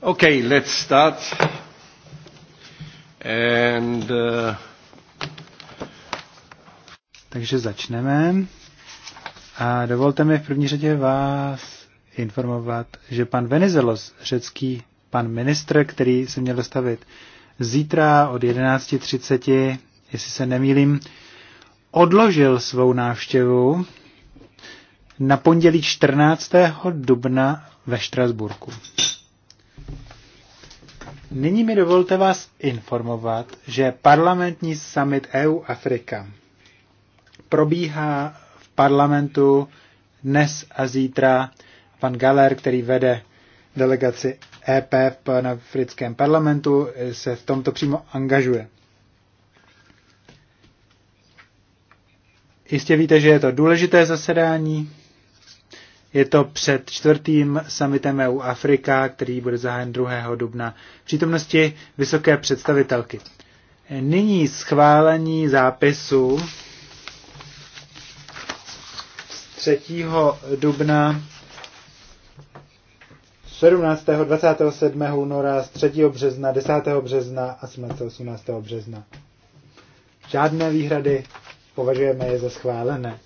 Okay, let's start. And, uh... Takže začneme. A dovolte mi v první řadě vás informovat, že pan Venizelos, řecký pan ministr, který se měl dostavit zítra od 11.30, jestli se nemýlím, odložil svou návštěvu na pondělí 14. dubna ve Štrasburku. Nyní mi dovolte vás informovat, že parlamentní summit EU Afrika probíhá v parlamentu dnes a zítra. Pan Galer, který vede delegaci EP na africkém parlamentu, se v tomto přímo angažuje. Jistě víte, že je to důležité zasedání, je to před čtvrtým summitem EU Afrika, který bude zahájen 2. dubna v přítomnosti vysoké představitelky. Nyní schválení zápisu z 3. dubna 17. 27. února, z 3. března, 10. března a 17. 18. března. Žádné výhrady, považujeme je za schválené.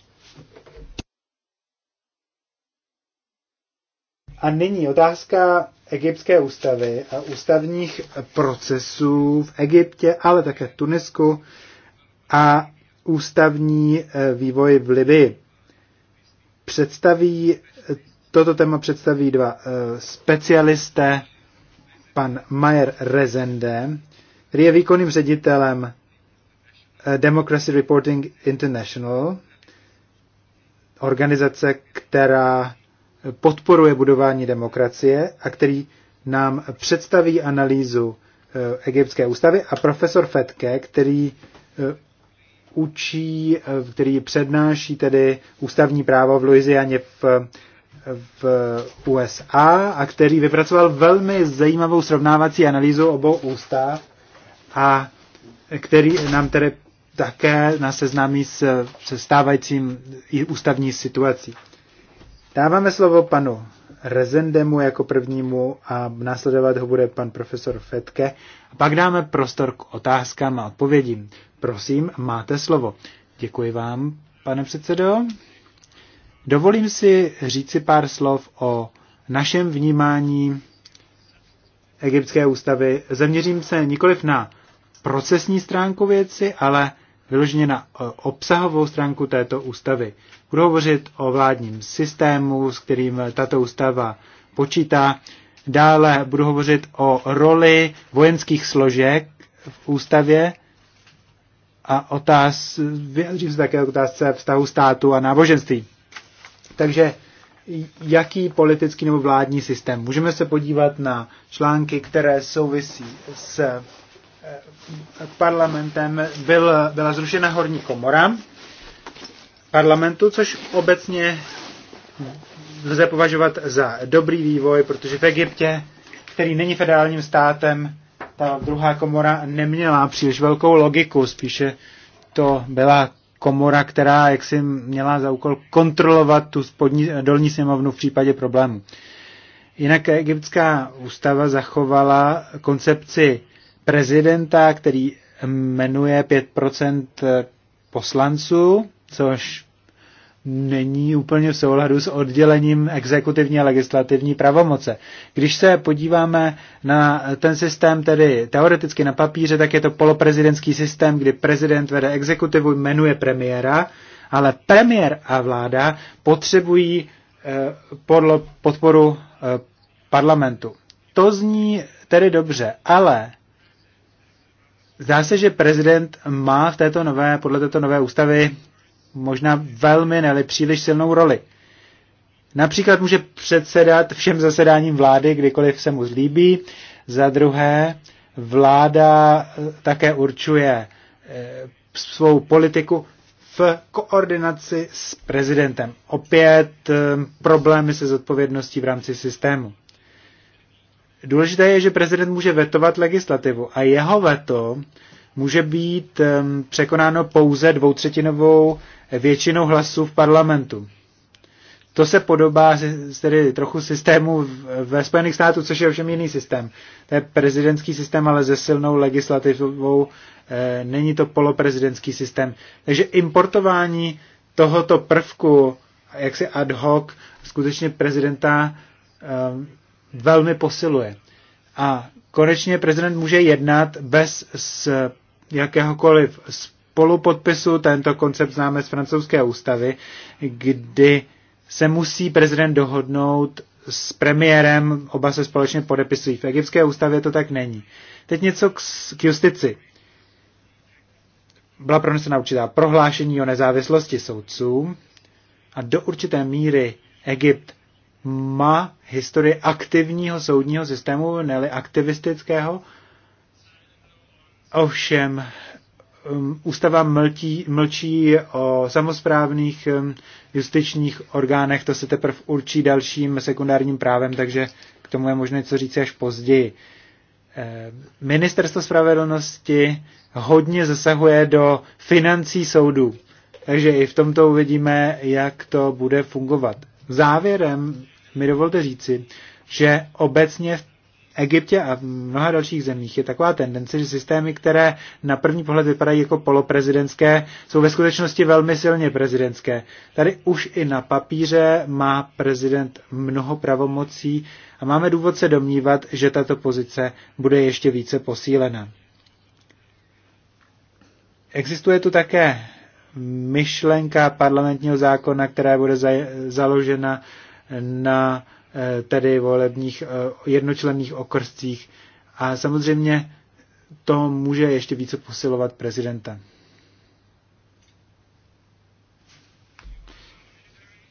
A nyní otázka egyptské ústavy a ústavních procesů v Egyptě, ale také v Tunisku a ústavní eh, vývoj v Libii. Představí, toto téma představí dva eh, specialisté, pan Mayer Rezende, který je výkonným ředitelem eh, Democracy Reporting International, organizace, která podporuje budování demokracie a který nám představí analýzu eh, egyptské ústavy a profesor Fetke, který eh, učí, eh, který přednáší tedy ústavní právo v Louisianě v, v USA a který vypracoval velmi zajímavou srovnávací analýzu obou ústav a který nám tedy také nás seznámí s, se stávajícím ústavní situací. Dáváme slovo panu Rezendemu jako prvnímu a následovat ho bude pan profesor Fetke. A pak dáme prostor k otázkám a odpovědím. Prosím, máte slovo. Děkuji vám, pane předsedo. Dovolím si říci pár slov o našem vnímání egyptské ústavy. Zaměřím se nikoliv na procesní stránku věci, ale vyloženě na e, obsahovou stránku této ústavy. Budu hovořit o vládním systému, s kterým tato ústava počítá. Dále budu hovořit o roli vojenských složek v ústavě a otáz, vyjadřím se také otázce vztahu státu a náboženství. Takže jaký politický nebo vládní systém? Můžeme se podívat na články, které souvisí s Eh, eh, parlamentem byl, byla zrušena horní komora parlamentu, což obecně lze považovat za dobrý vývoj, protože v Egyptě, který není federálním státem, ta druhá komora neměla příliš velkou logiku, spíše to byla komora, která jaksi měla za úkol kontrolovat tu spodní, dolní sněmovnu v případě problému. Jinak egyptská ústava zachovala koncepci prezidenta, který jmenuje 5% poslanců, což není úplně v souladu s oddělením exekutivní a legislativní pravomoce. Když se podíváme na ten systém, tedy teoreticky na papíře, tak je to poloprezidentský systém, kdy prezident vede exekutivu, jmenuje premiéra, ale premiér a vláda potřebují eh, podporu eh, parlamentu. To zní tedy dobře, ale Zdá se, že prezident má v této nové, podle této nové ústavy možná velmi, neli příliš silnou roli. Například může předsedat všem zasedáním vlády, kdykoliv se mu zlíbí. Za druhé, vláda eh, také určuje eh, svou politiku v koordinaci s prezidentem. Opět eh, problémy se zodpovědností v rámci systému. Důležité je, že prezident může vetovat legislativu a jeho veto může být překonáno pouze dvoutřetinovou většinou hlasů v parlamentu. To se podobá tedy trochu systému ve Spojených států, což je ovšem jiný systém. To je prezidentský systém, ale se silnou legislativou. E, není to poloprezidentský systém. Takže importování tohoto prvku, jak se ad hoc, skutečně prezidenta e, velmi posiluje. A konečně prezident může jednat bez z jakéhokoliv spolupodpisu, tento koncept známe z francouzské ústavy, kdy se musí prezident dohodnout s premiérem, oba se společně podepisují. V egyptské ústavě to tak není. Teď něco k, k justici. Byla pronesena určitá prohlášení o nezávislosti soudců a do určité míry Egypt má historii aktivního soudního systému, neli aktivistického. Ovšem, um, ústava mlčí, mlčí o samozprávných um, justičních orgánech, to se teprve určí dalším sekundárním právem, takže k tomu je možné co říct až později. Eh, Ministerstvo spravedlnosti hodně zasahuje do financí soudů, takže i v tomto uvidíme, jak to bude fungovat. Závěrem mi dovolte říci, že obecně v Egyptě a v mnoha dalších zemích je taková tendence, že systémy, které na první pohled vypadají jako poloprezidentské, jsou ve skutečnosti velmi silně prezidentské. Tady už i na papíře má prezident mnoho pravomocí a máme důvod se domnívat, že tato pozice bude ještě více posílena. Existuje tu také myšlenka parlamentního zákona, která bude založena na eh, tedy volebních eh, jednočlenných okrscích. A samozřejmě to může ještě více posilovat prezidenta.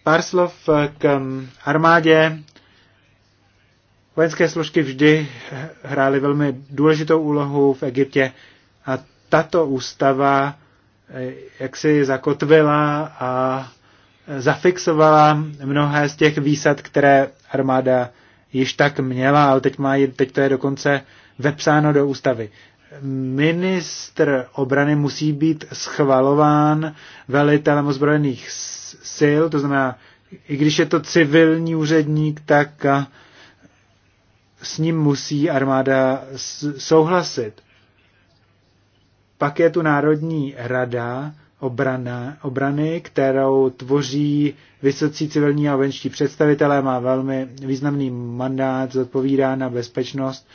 Pár slov eh, k mm, armádě. Vojenské složky vždy hrály velmi důležitou úlohu v Egyptě a tato ústava jak si zakotvila a zafixovala mnohé z těch výsad, které armáda již tak měla, ale teď, má, teď to je dokonce vepsáno do ústavy. Ministr obrany musí být schvalován velitelem ozbrojených sil, to znamená, i když je to civilní úředník, tak s ním musí armáda souhlasit. Pak je tu Národní rada, obrana, obrany, kterou tvoří vysocí civilní a vojenští představitelé, má velmi významný mandát, zodpovídá na bezpečnost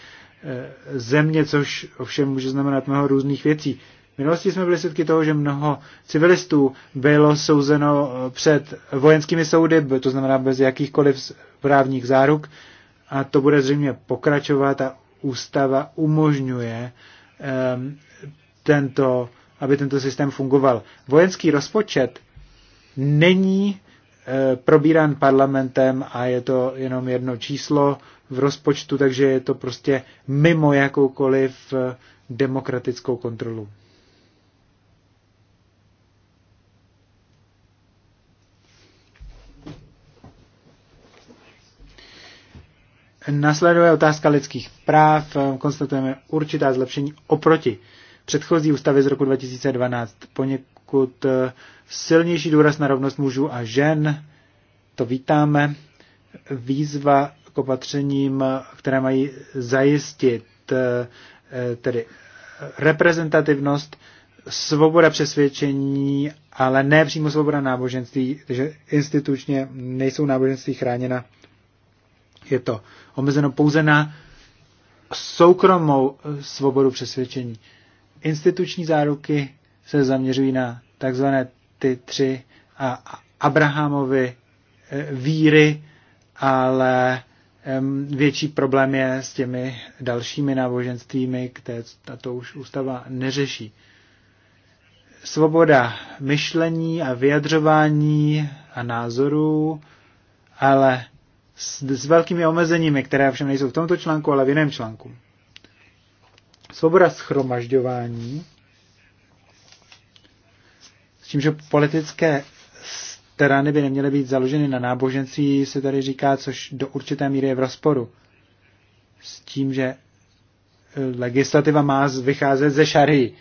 eh, země, což ovšem může znamenat mnoho různých věcí. V minulosti jsme byli svědky toho, že mnoho civilistů bylo souzeno eh, před vojenskými soudy, to znamená bez jakýchkoliv právních záruk, a to bude zřejmě pokračovat a ústava umožňuje um, tento aby tento systém fungoval. Vojenský rozpočet není e, probírán parlamentem a je to jenom jedno číslo v rozpočtu, takže je to prostě mimo jakoukoliv e, demokratickou kontrolu. Nasleduje otázka lidských práv. Konstatujeme určitá zlepšení oproti předchozí ústavy z roku 2012. Poněkud eh, silnější důraz na rovnost mužů a žen, to vítáme. Výzva k opatřením, eh, které mají zajistit eh, tedy reprezentativnost, svoboda přesvědčení, ale ne přímo svoboda náboženství, takže institučně nejsou náboženství chráněna. Je to omezeno pouze na soukromou svobodu přesvědčení instituční záruky se zaměřují na takzvané ty tři a Abrahamovy eh, víry, ale větší problém je s těmi dalšími náboženstvími, které to už ústava neřeší. Svoboda myšlení a vyjadřování a názorů, ale s, s velkými omezeními, které všem nejsou v tomto článku, ale v jiném článku svoboda schromažďování, s tím, že politické strany by neměly být založeny na náboženství, se tady říká, což do určité míry je v rozporu s tím, že legislativa má vycházet ze šary.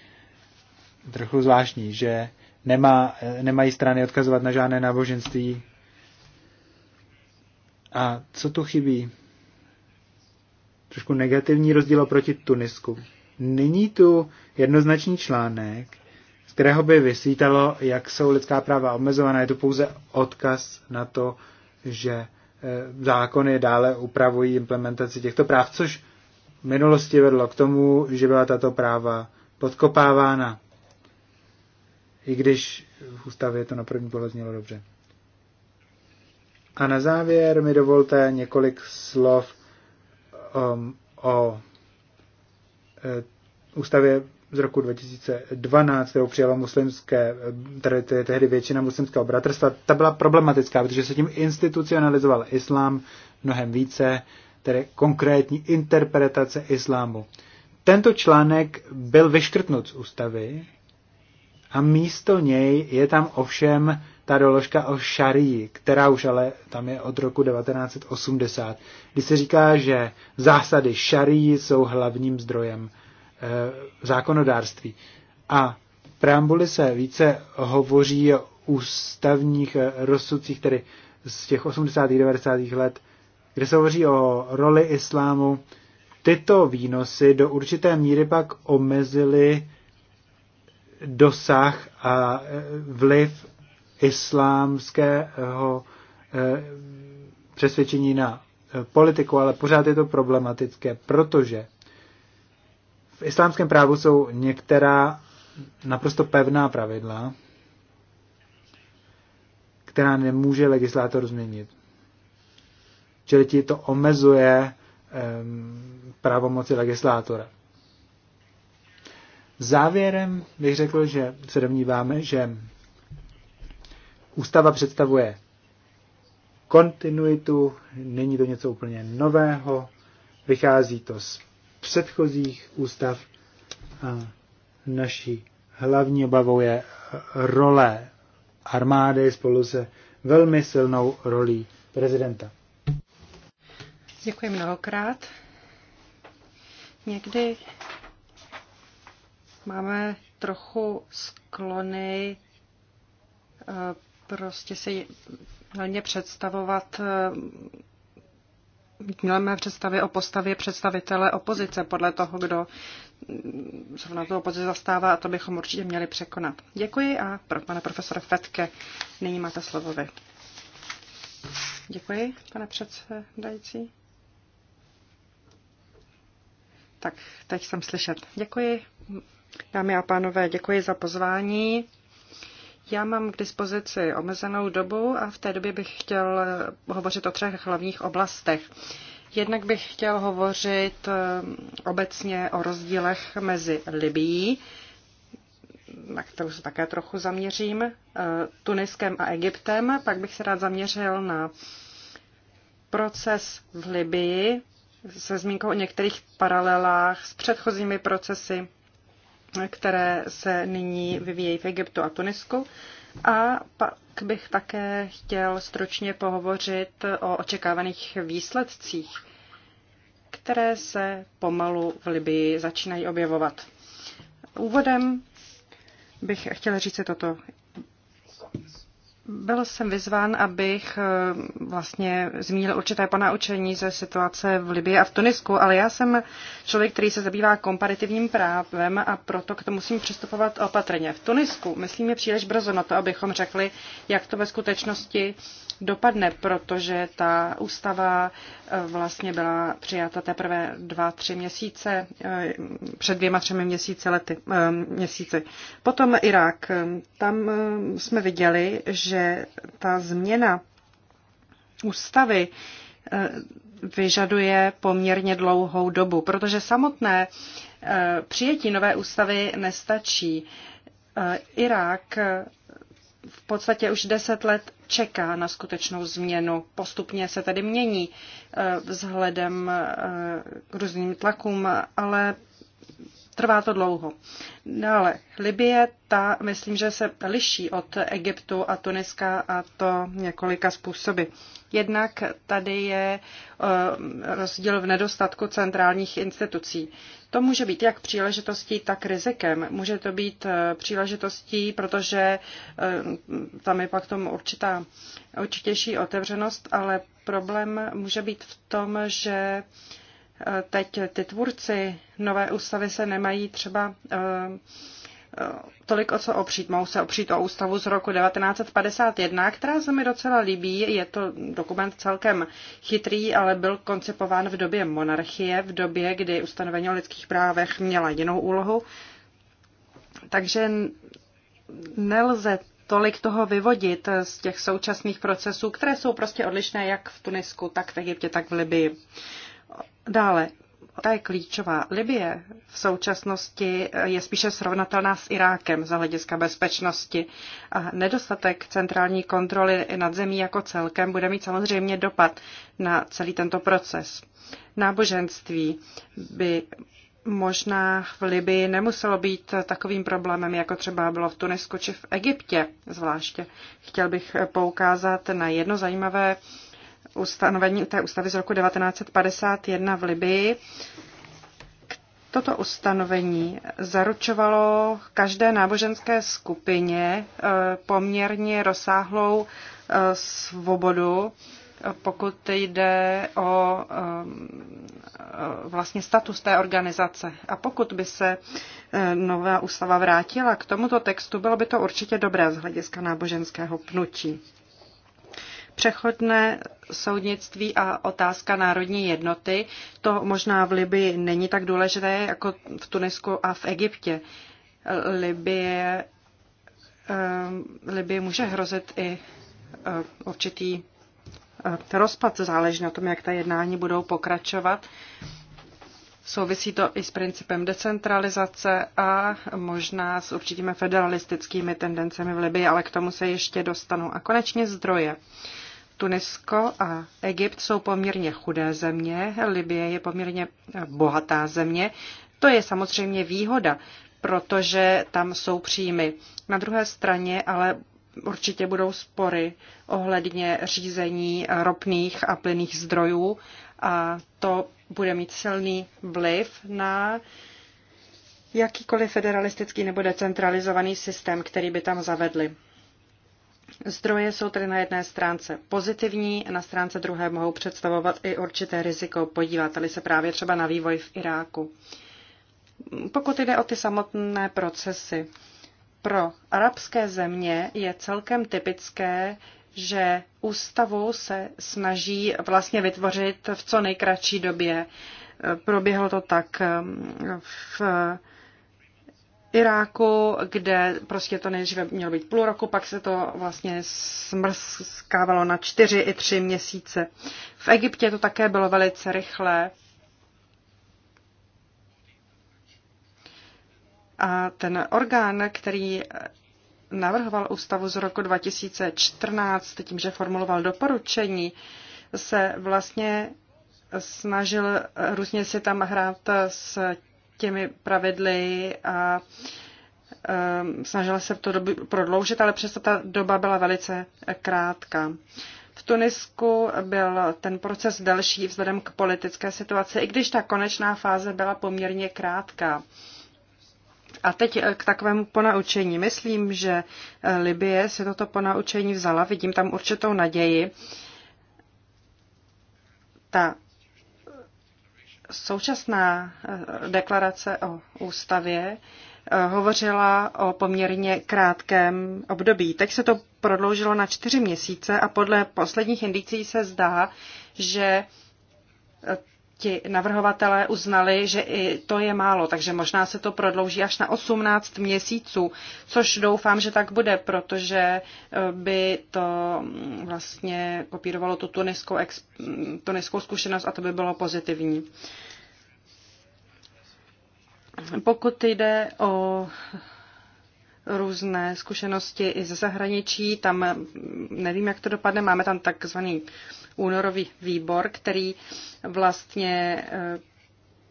Trochu zvláštní, že nemá, nemají strany odkazovat na žádné náboženství. A co tu chybí? Trošku negativní rozdíl oproti Tunisku není tu jednoznačný článek, z kterého by vysvítalo, jak jsou lidská práva omezovaná. Je to pouze odkaz na to, že e, zákony dále upravují implementaci těchto práv, což v minulosti vedlo k tomu, že byla tato práva podkopávána. I když v ústavě to na první pohled znělo dobře. A na závěr mi dovolte několik slov um, o Eh, ústavě z roku 2012, kterou přijala muslimské, eh, tedy tehdy většina muslimského bratrstva, ta byla problematická, protože se tím institucionalizoval islám mnohem více, tedy konkrétní interpretace islámu. Tento článek byl vyškrtnut z ústavy a místo něj je tam ovšem ta doložka o šarii, která už ale tam je od roku 1980, kdy se říká, že zásady šarii jsou hlavním zdrojem e, zákonodárství. A preambuli se více hovoří o ústavních eh, rozsudcích, tedy z těch 80. a 90. let, kde se hovoří o roli islámu. Tyto výnosy do určité míry pak omezily dosah a eh, vliv islámského eh, přesvědčení na eh, politiku, ale pořád je to problematické, protože v islámském právu jsou některá naprosto pevná pravidla, která nemůže legislátor změnit. Čili ti to omezuje ehm, pravomoci legislátora. Závěrem bych řekl, že se domníváme, že Ústava představuje kontinuitu, není to něco úplně nového, vychází to z předchozích ústav a naší hlavní obavou je role armády spolu se velmi silnou rolí prezidenta. Děkuji mnohokrát. Někdy máme trochu sklony eh, prostě si mělně představovat eh, měl mé představy o postavě představitele opozice podle toho, kdo zrovna mm, tu opozici zastává a to bychom určitě měli překonat. Děkuji a pro pana profesora Fetke, nyní máte slovo vy. Děkuji, pane předsedající. Tak, teď jsem slyšet. Děkuji, dámy a pánové, děkuji za pozvání. Já mám k dispozici omezenou dobu a v té době bych chtěl hovořit o třech hlavních oblastech. Jednak bych chtěl hovořit eh, obecně o rozdílech mezi Libií, na kterou se také trochu zaměřím, eh, Tuniskem a Egyptem. Pak bych se rád zaměřil na proces v Libii se zmínkou o některých paralelách s předchozími procesy které se nyní vyvíjejí v Egyptu a Tunisku. A pak bych také chtěl stručně pohovořit o očekávaných výsledcích, které se pomalu v Libii začínají objevovat. Úvodem bych chtěla říct toto. Byl jsem vyzván, abych eh, vlastně zmínil určité ponaučení ze situace v Libii a v Tunisku, ale já jsem člověk, který se zabývá komparativním právem a proto k tomu musím přistupovat opatrně. V Tunisku, myslím, je příliš brzo na to, abychom řekli, jak to ve skutečnosti dopadne, protože ta ústava eh, vlastně byla přijata teprve dva, tři měsíce, eh, před dvěma, třemi měsíci lety, eh, měsíci. Potom Irák. Tam jsme viděli, že ta změna ústavy vyžaduje poměrně dlouhou dobu, protože samotné přijetí nové ústavy nestačí. Irák v podstatě už deset let čeká na skutečnou změnu. Postupně se tedy mění eh, vzhledem eh, k různým tlakům, ale trvá to dlouho. Dále, Libie, ta myslím, že se liší od Egyptu a Tuniska a to několika způsoby. Jednak tady je eh, rozdíl v nedostatku centrálních institucí. To může být jak příležitostí, tak rizikem. Může to být eh, příležitostí, protože eh, tam je pak tomu určitá určitější otevřenost, ale problém může být v tom, že Eh, teď ty tvůrci nové ústavy se nemají třeba eh, eh, tolik o co opřít. Mohou se opřít o ústavu z roku 1951, která se mi docela líbí. Je to dokument celkem chytrý, ale byl koncipován v době monarchie, v době, kdy ustanovení o lidských právech měla jinou úlohu. Takže nelze tolik toho vyvodit z těch současných procesů, které jsou prostě odlišné jak v Tunisku, tak v Egyptě, tak v Libii. Dále, ta je klíčová. Libie v současnosti je spíše srovnatelná s Irákem z hlediska bezpečnosti a nedostatek centrální kontroly nad zemí jako celkem bude mít samozřejmě dopad na celý tento proces. Náboženství by možná v Libii nemuselo být takovým problémem, jako třeba bylo v Tunisku či v Egyptě zvláště. Chtěl bych poukázat na jedno zajímavé ustanovení té ústavy z roku 1951 v Libii. Toto ustanovení zaručovalo každé náboženské skupině eh, poměrně rozsáhlou eh, svobodu, eh, pokud jde o vlastně status té organizace. A pokud by se nová ústava vrátila k tomuto textu, bylo by to určitě dobré z hlediska náboženského pnutí přechodné soudnictví a otázka národní jednoty, to možná v Libii není tak důležité jako v Tunisku a v Egyptě. Libie, eh, Libie může hrozit i eh, určitý eh, rozpad, záleží na tom, jak ta jednání budou pokračovat. Souvisí to i s principem decentralizace a možná s určitými federalistickými tendencemi v Libii, ale k tomu se ještě dostanu. A konečně zdroje. Tunisko a Egypt jsou poměrně chudé země, Libie je poměrně eh, bohatá země. To je samozřejmě výhoda, protože tam jsou příjmy. Na druhé straně ale určitě budou spory ohledně řízení ropných a plynných zdrojů a to bude mít silný vliv na jakýkoliv federalistický nebo decentralizovaný systém, který by tam zavedli. Zdroje jsou tedy na jedné stránce pozitivní, na stránce druhé mohou představovat i určité riziko, podíváte-li se právě třeba na vývoj v Iráku. Pokud jde o ty samotné procesy, pro arabské země je celkem typické, že ústavu se snaží vlastně vytvořit v co nejkratší době. Proběhlo to tak um, v Iráku, kde prostě to nejdříve mělo být půl roku, pak se to vlastně smrskávalo na čtyři i tři měsíce. V Egyptě to také bylo velice rychlé. A ten orgán, který navrhoval ústavu z roku 2014, tím, že formuloval doporučení, se vlastně snažil různě si tam hrát s těmi pravidly a ehm, snažila se to dobu prodloužit, ale přesto ta doba byla velice krátká. V Tunisku byl ten proces delší vzhledem k politické situaci, i když ta konečná fáze byla poměrně krátká. A teď eh, k takovému ponaučení. Myslím, že eh, Libie si toto ponaučení vzala, vidím tam určitou naději. Ta Současná eh, deklarace o ústavě eh, hovořila o poměrně krátkém období. Teď se to prodloužilo na čtyři měsíce a podle posledních indicí se zdá, že ti navrhovatelé uznali, že i to je málo, takže možná se to prodlouží až na 18 měsíců, což doufám, že tak bude, protože eh, by to mm, vlastně kopírovalo tu tuniskou, ex, mm, tuniskou zkušenost a to by bylo pozitivní. Pokud jde o různé zkušenosti i ze zahraničí. Tam mm, nevím, jak to dopadne. Máme tam takzvaný únorový výbor, který vlastně e,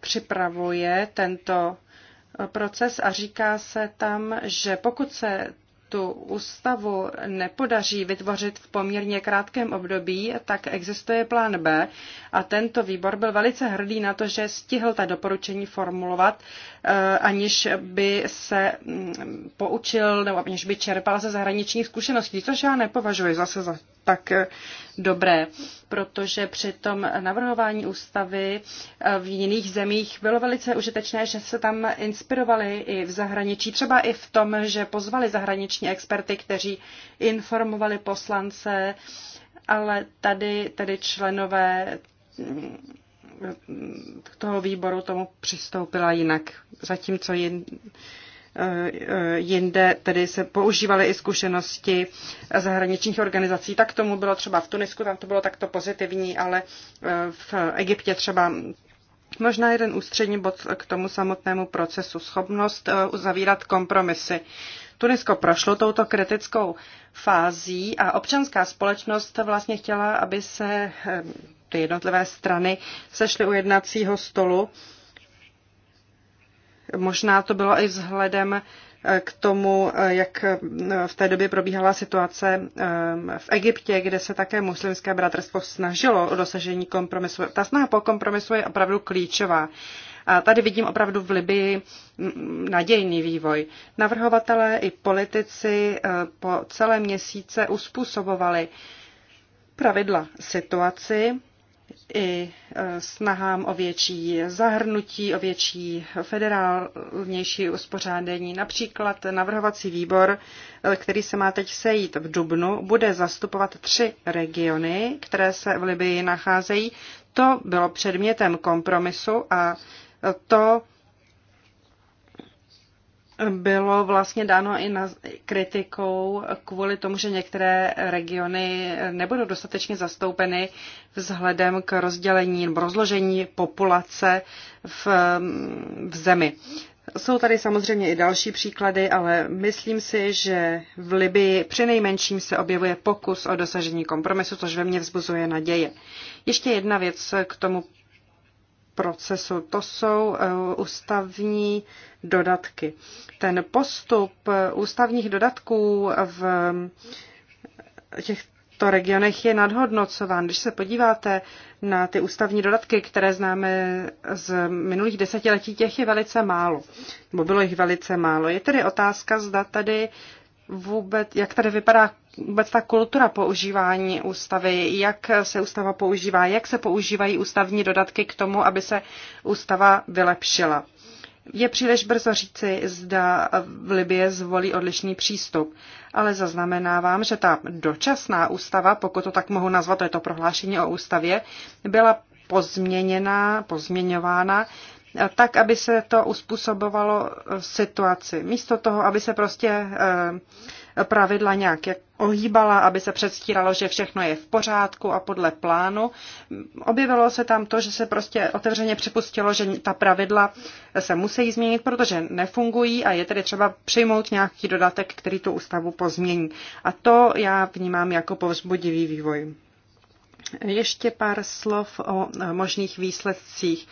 připravuje tento e, proces a říká se tam, že pokud se tu ústavu nepodaří vytvořit v poměrně krátkém období, tak existuje plán B a tento výbor byl velice hrdý na to, že stihl ta doporučení formulovat, eh, aniž by se mm, poučil nebo aniž by čerpal ze zahraničních zkušeností, což já nepovažuji zase za tak eh, dobré, protože při tom navrhování ústavy eh, v jiných zemích bylo velice užitečné, že se tam inspirovali i v zahraničí, třeba i v tom, že pozvali zahraniční experty, kteří informovali poslance, ale tady, tady členové mm, toho výboru tomu přistoupila jinak, zatímco jin, jinde tedy se používaly i zkušenosti zahraničních organizací. Tak tomu bylo třeba v Tunisku, tam to bylo takto pozitivní, ale e, v Egyptě třeba Možná jeden ústřední bod k tomu samotnému procesu. Schopnost e, uzavírat kompromisy. Tunisko prošlo touto kritickou fází a občanská společnost vlastně chtěla, aby se e, ty jednotlivé strany sešly u jednacího stolu Možná to bylo i vzhledem eh, k tomu, eh, jak eh, v té době probíhala situace v Egyptě, kde se také muslimské bratrstvo snažilo o dosažení kompromisu. Ta snaha po kompromisu je opravdu klíčová. A tady vidím opravdu v Libii nadějný vývoj. Navrhovatelé i politici po celé měsíce uspůsobovali pravidla situaci i e, snahám o větší zahrnutí, o větší federálnější uspořádání. Například navrhovací výbor, e, který se má teď sejít v Dubnu, bude zastupovat tři regiony, které se v Libii nacházejí. To bylo předmětem kompromisu a to bylo vlastně dáno i na kritikou kvůli tomu, že některé regiony nebudou dostatečně zastoupeny vzhledem k rozdělení nebo rozložení populace v, v zemi. Jsou tady samozřejmě i další příklady, ale myslím si, že v Libii přinejmenším se objevuje pokus o dosažení kompromisu, což ve mně vzbuzuje naděje. Ještě jedna věc k tomu procesu. To jsou eh, ústavní dodatky. Ten postup eh, ústavních dodatků v eh, těchto regionech je nadhodnocován. Když se podíváte na ty ústavní dodatky, které známe z minulých desetiletí, těch je velice málo, bylo jich velice málo. Je tedy otázka, zda tady vůbec, jak tady vypadá vůbec ta kultura používání ústavy, jak se ústava používá, jak se používají ústavní dodatky k tomu, aby se ústava vylepšila. Je příliš brzo říci, zda v Libě zvolí odlišný přístup, ale zaznamenávám, že ta dočasná ústava, pokud to tak mohu nazvat, to je to prohlášení o ústavě, byla pozměněná, pozměňována tak, aby se to uspůsobovalo eh, situaci. Místo toho, aby se prostě eh, pravidla nějak ohýbala, aby se předstíralo, že všechno je v pořádku a podle plánu. Objevilo se tam to, že se prostě otevřeně připustilo, že ta pravidla se musí změnit, protože nefungují a je tedy třeba přijmout nějaký dodatek, který tu ústavu pozmění. A to já vnímám jako povzbudivý vývoj. Ještě pár slov o eh, možných výsledcích.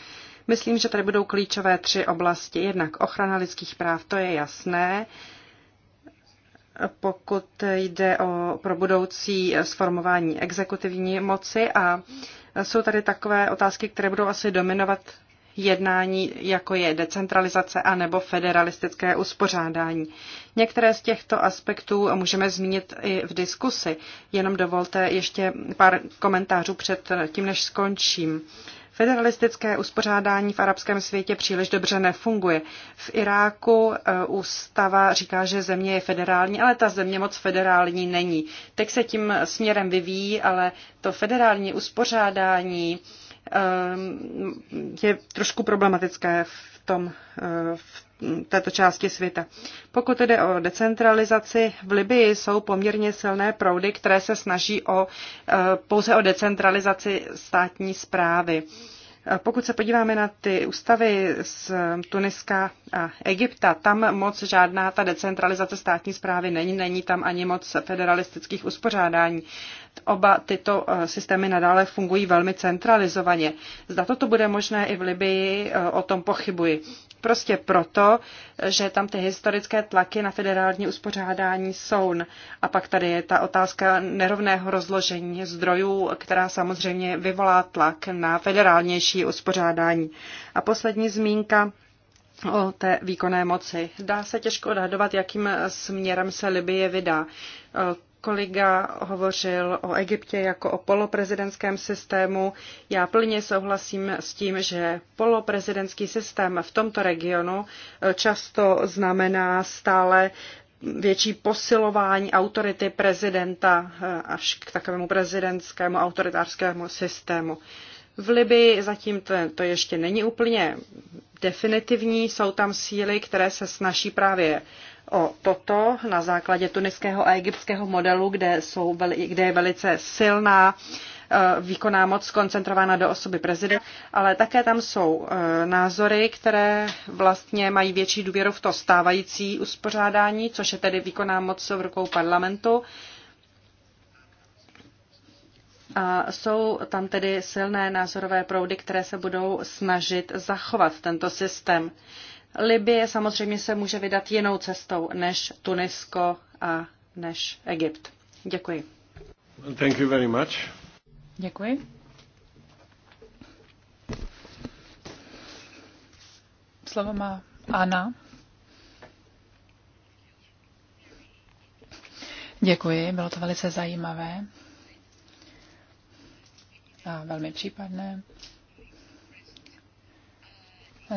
Myslím, že tady budou klíčové tři oblasti. Jednak ochrana lidských práv, to je jasné. Pokud jde o pro budoucí sformování exekutivní moci a jsou tady takové otázky, které budou asi dominovat jednání, jako je decentralizace a nebo federalistické uspořádání. Některé z těchto aspektů můžeme zmínit i v diskusi. Jenom dovolte ještě pár komentářů před tím, než skončím. Federalistické uspořádání v arabském světě příliš dobře nefunguje. V Iráku eh, ústava říká, že země je federální, ale ta země moc federální není. Teď se tím směrem vyvíjí, ale to federální uspořádání ehm, je trošku problematické v tom, eh, v této části světa. Pokud jde o decentralizaci, v Libii jsou poměrně silné proudy, které se snaží o, eh, pouze o decentralizaci státní zprávy. Pokud se podíváme na ty ústavy z Tuniska a Egypta, tam moc žádná ta decentralizace státní zprávy není, není tam ani moc federalistických uspořádání. Oba tyto eh, systémy nadále fungují velmi centralizovaně. Zda toto bude možné i v Libii, eh, o tom pochybuji. Prostě proto, že tam ty historické tlaky na federální uspořádání jsou. A pak tady je ta otázka nerovného rozložení zdrojů, která samozřejmě vyvolá tlak na federálnější uspořádání. A poslední zmínka o té výkonné moci. Dá se těžko odhadovat, jakým směrem se Libie vydá. Kolega hovořil o Egyptě jako o poloprezidentském systému. Já plně souhlasím s tím, že poloprezidentský systém v tomto regionu eh, často znamená stále větší posilování autority prezidenta eh, až k takovému prezidentskému autoritářskému systému. V Libii zatím to, to ještě není úplně definitivní, jsou tam síly, které se snaží právě o toto na základě tuniského a egyptského modelu, kde, jsou, kde je velice silná e, výkonná moc koncentrována do osoby prezidenta, ale také tam jsou e, názory, které vlastně mají větší důvěru v to stávající uspořádání, což je tedy výkonná moc v rukou parlamentu. A jsou tam tedy silné názorové proudy, které se budou snažit zachovat tento systém. Libie samozřejmě se může vydat jinou cestou než Tunisko a než Egypt. Děkuji. Thank you very much. Děkuji. Slovo má Anna. Děkuji, bylo to velice zajímavé a velmi případné.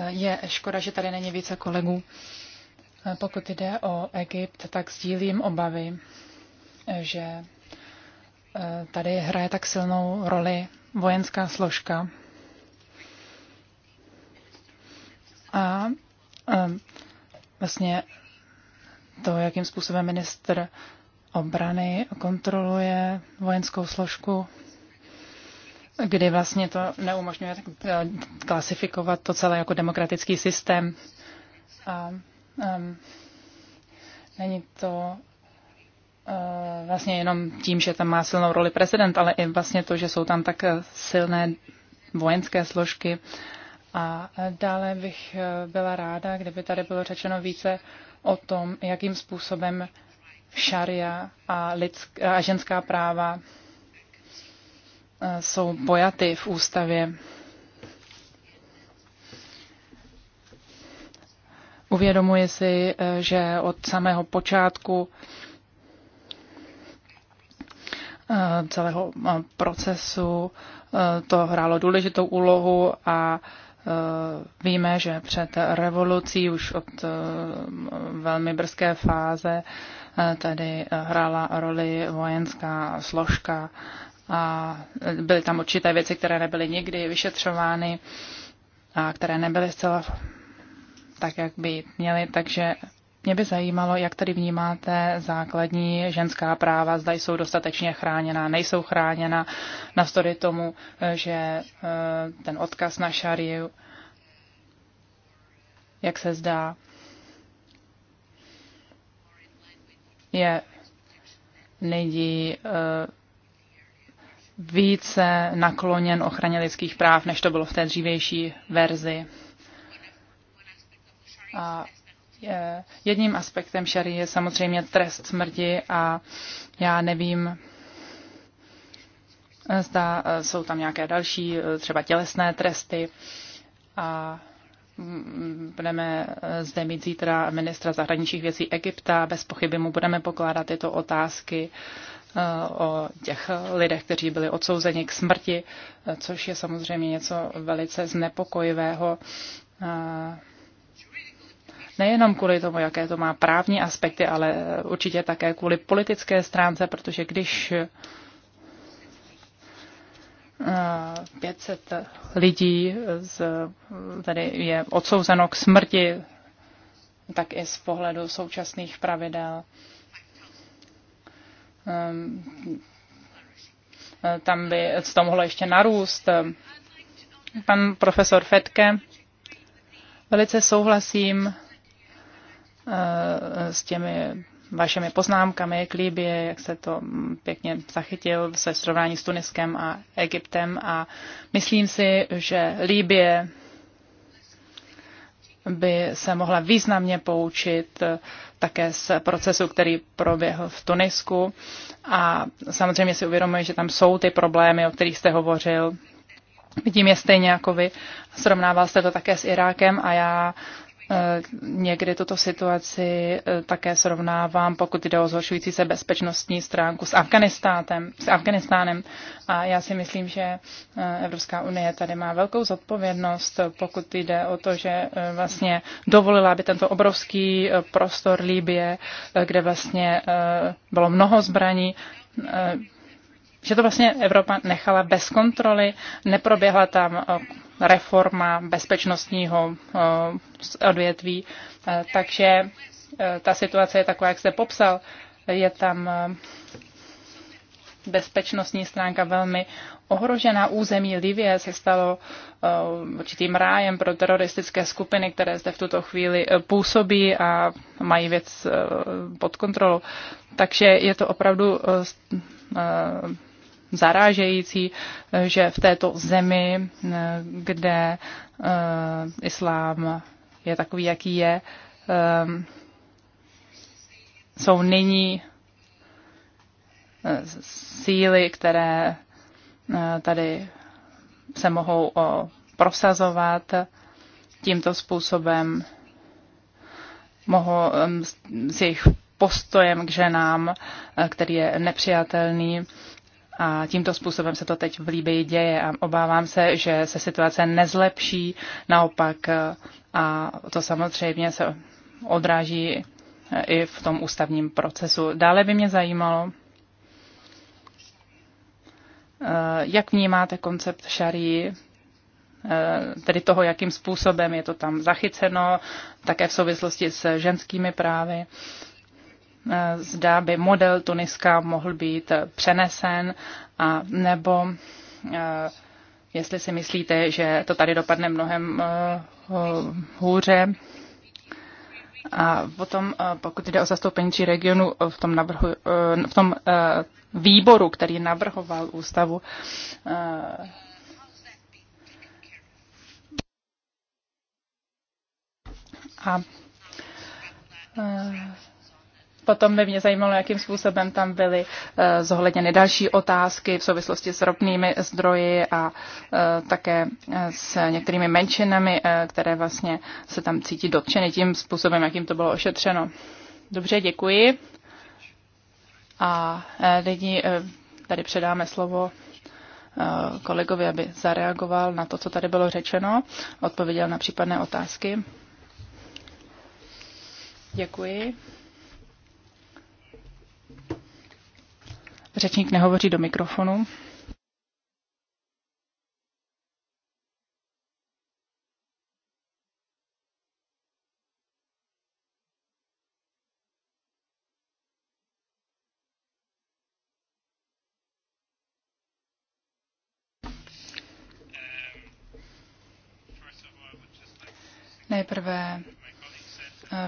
Je škoda, že tady není více kolegů. Eh, Pokud jde o Egypt, tak sdílím obavy, že eh, tady hraje tak silnou roli vojenská složka. A eh, vlastně to, jakým způsobem ministr obrany kontroluje vojenskou složku, kdy vlastně to neumožňuje eh, klasifikovat to celé jako demokratický systém. A um, není to uh, vlastně jenom tím, že tam má silnou roli prezident, ale i vlastně to, že jsou tam tak eh, silné vojenské složky. A dále bych byla ráda, kdyby tady bylo řečeno více o tom, jakým způsobem šaria a, lidská, a ženská práva Eh, jsou pojaty v ústavě. Uvědomuji si, eh, že od samého počátku eh, celého procesu to hrálo důležitou úlohu a víme, že před revolucí už od velmi brzké fáze tady hrála roli vojenská složka a byly tam určité věci, které nebyly nikdy vyšetřovány a které nebyly zcela tak, jak by měly, takže mě by zajímalo, jak tady vnímáte základní ženská práva, zda jsou dostatečně chráněna, nejsou chráněna, navzdory tomu, že e, ten odkaz na šariu, jak se zdá, je není e, více nakloněn ochraně lidských práv, než to bylo v té dřívější verzi. A e, jedním aspektem šary je samozřejmě trest smrti a já nevím, zda e, jsou tam nějaké další, e, třeba tělesné tresty a mm, budeme zde mít zítra ministra zahraničních věcí Egypta, bez pochyby mu budeme pokládat tyto otázky. Uh, Eh, o těch lidech, kteří byli odsouzeni k smrti, eh, což je samozřejmě něco velice znepokojivého. Eh, nejenom kvůli tomu, jaké to má právní aspekty, ale určitě také kvůli politické stránce, protože když 500 lidí z, tady je odsouzeno k smrti, tak i z pohledu současných pravidel Ehm, tam by to mohlo ještě narůst. Ehm, pan profesor Fetke, velice souhlasím ehm, s těmi vašimi poznámkami k Líbě, jak se to mm, pěkně zachytil se srovnání s Tuniskem a Egyptem a myslím si, že Líbě by se mohla významně poučit eh, také z procesu, který proběhl v Tunisku. A samozřejmě si uvědomuji, že tam jsou ty problémy, o kterých jste hovořil. Vidím je stejně jako vy. Srovnával jste to také s Irákem a já Eh, někdy tuto situaci eh, také srovnávám, pokud jde o zhoršující se bezpečnostní stránku s Afganistánem. S Afganistánem. A já si myslím, že eh, Evropská unie tady má velkou zodpovědnost, pokud jde o to, že vlastně dovolila, aby tento obrovský prostor Líbie, kde vlastně bylo mnoho zbraní, že to vlastně Evropa nechala bez kontroly, neproběhla tam eh, reforma bezpečnostního eh, odvětví, eh, takže ta situace je taková, jak jste popsal. Je tam bezpečnostní stránka velmi ohrožená. Území Libie se stalo určitým rájem pro teroristické skupiny, které zde v tuto chvíli působí a mají věc pod kontrolou. Takže je to opravdu zarážející, že v této zemi, eh, kde eh, islám je takový, jaký je, eh, jsou nyní síly, které tady se mohou prosazovat tímto způsobem, mohou s jejich postojem k ženám, který je nepřijatelný, a tímto způsobem se to teď v Líbii děje a obávám se, že se situace nezlepší, naopak a to samozřejmě se odráží i v tom ústavním procesu. Dále by mě zajímalo, eh, jak vnímáte koncept šarí, eh, tedy toho, jakým způsobem je to tam zachyceno, také v souvislosti s ženskými právy. Eh, zda by model Tuniska mohl být přenesen a nebo eh, jestli si myslíte, že to tady dopadne mnohem eh, hůře. A potom, pokud jde o zastoupení či regionu v tom, navrhu, v tom výboru, který navrhoval ústavu, a Potom by mě zajímalo, jakým způsobem tam byly eh, zohledněny další otázky v souvislosti s ropnými zdroji a eh, také eh, s některými menšinami, které vlastně se tam cítí dotčeny tím způsobem, jakým to bylo ošetřeno. Dobře, děkuji. A nyní tady předáme slovo kolegovi, aby zareagoval na to, co tady bylo řečeno, odpověděl na případné otázky. Děkuji. Řečník nehovoří do mikrofonu. Nejprve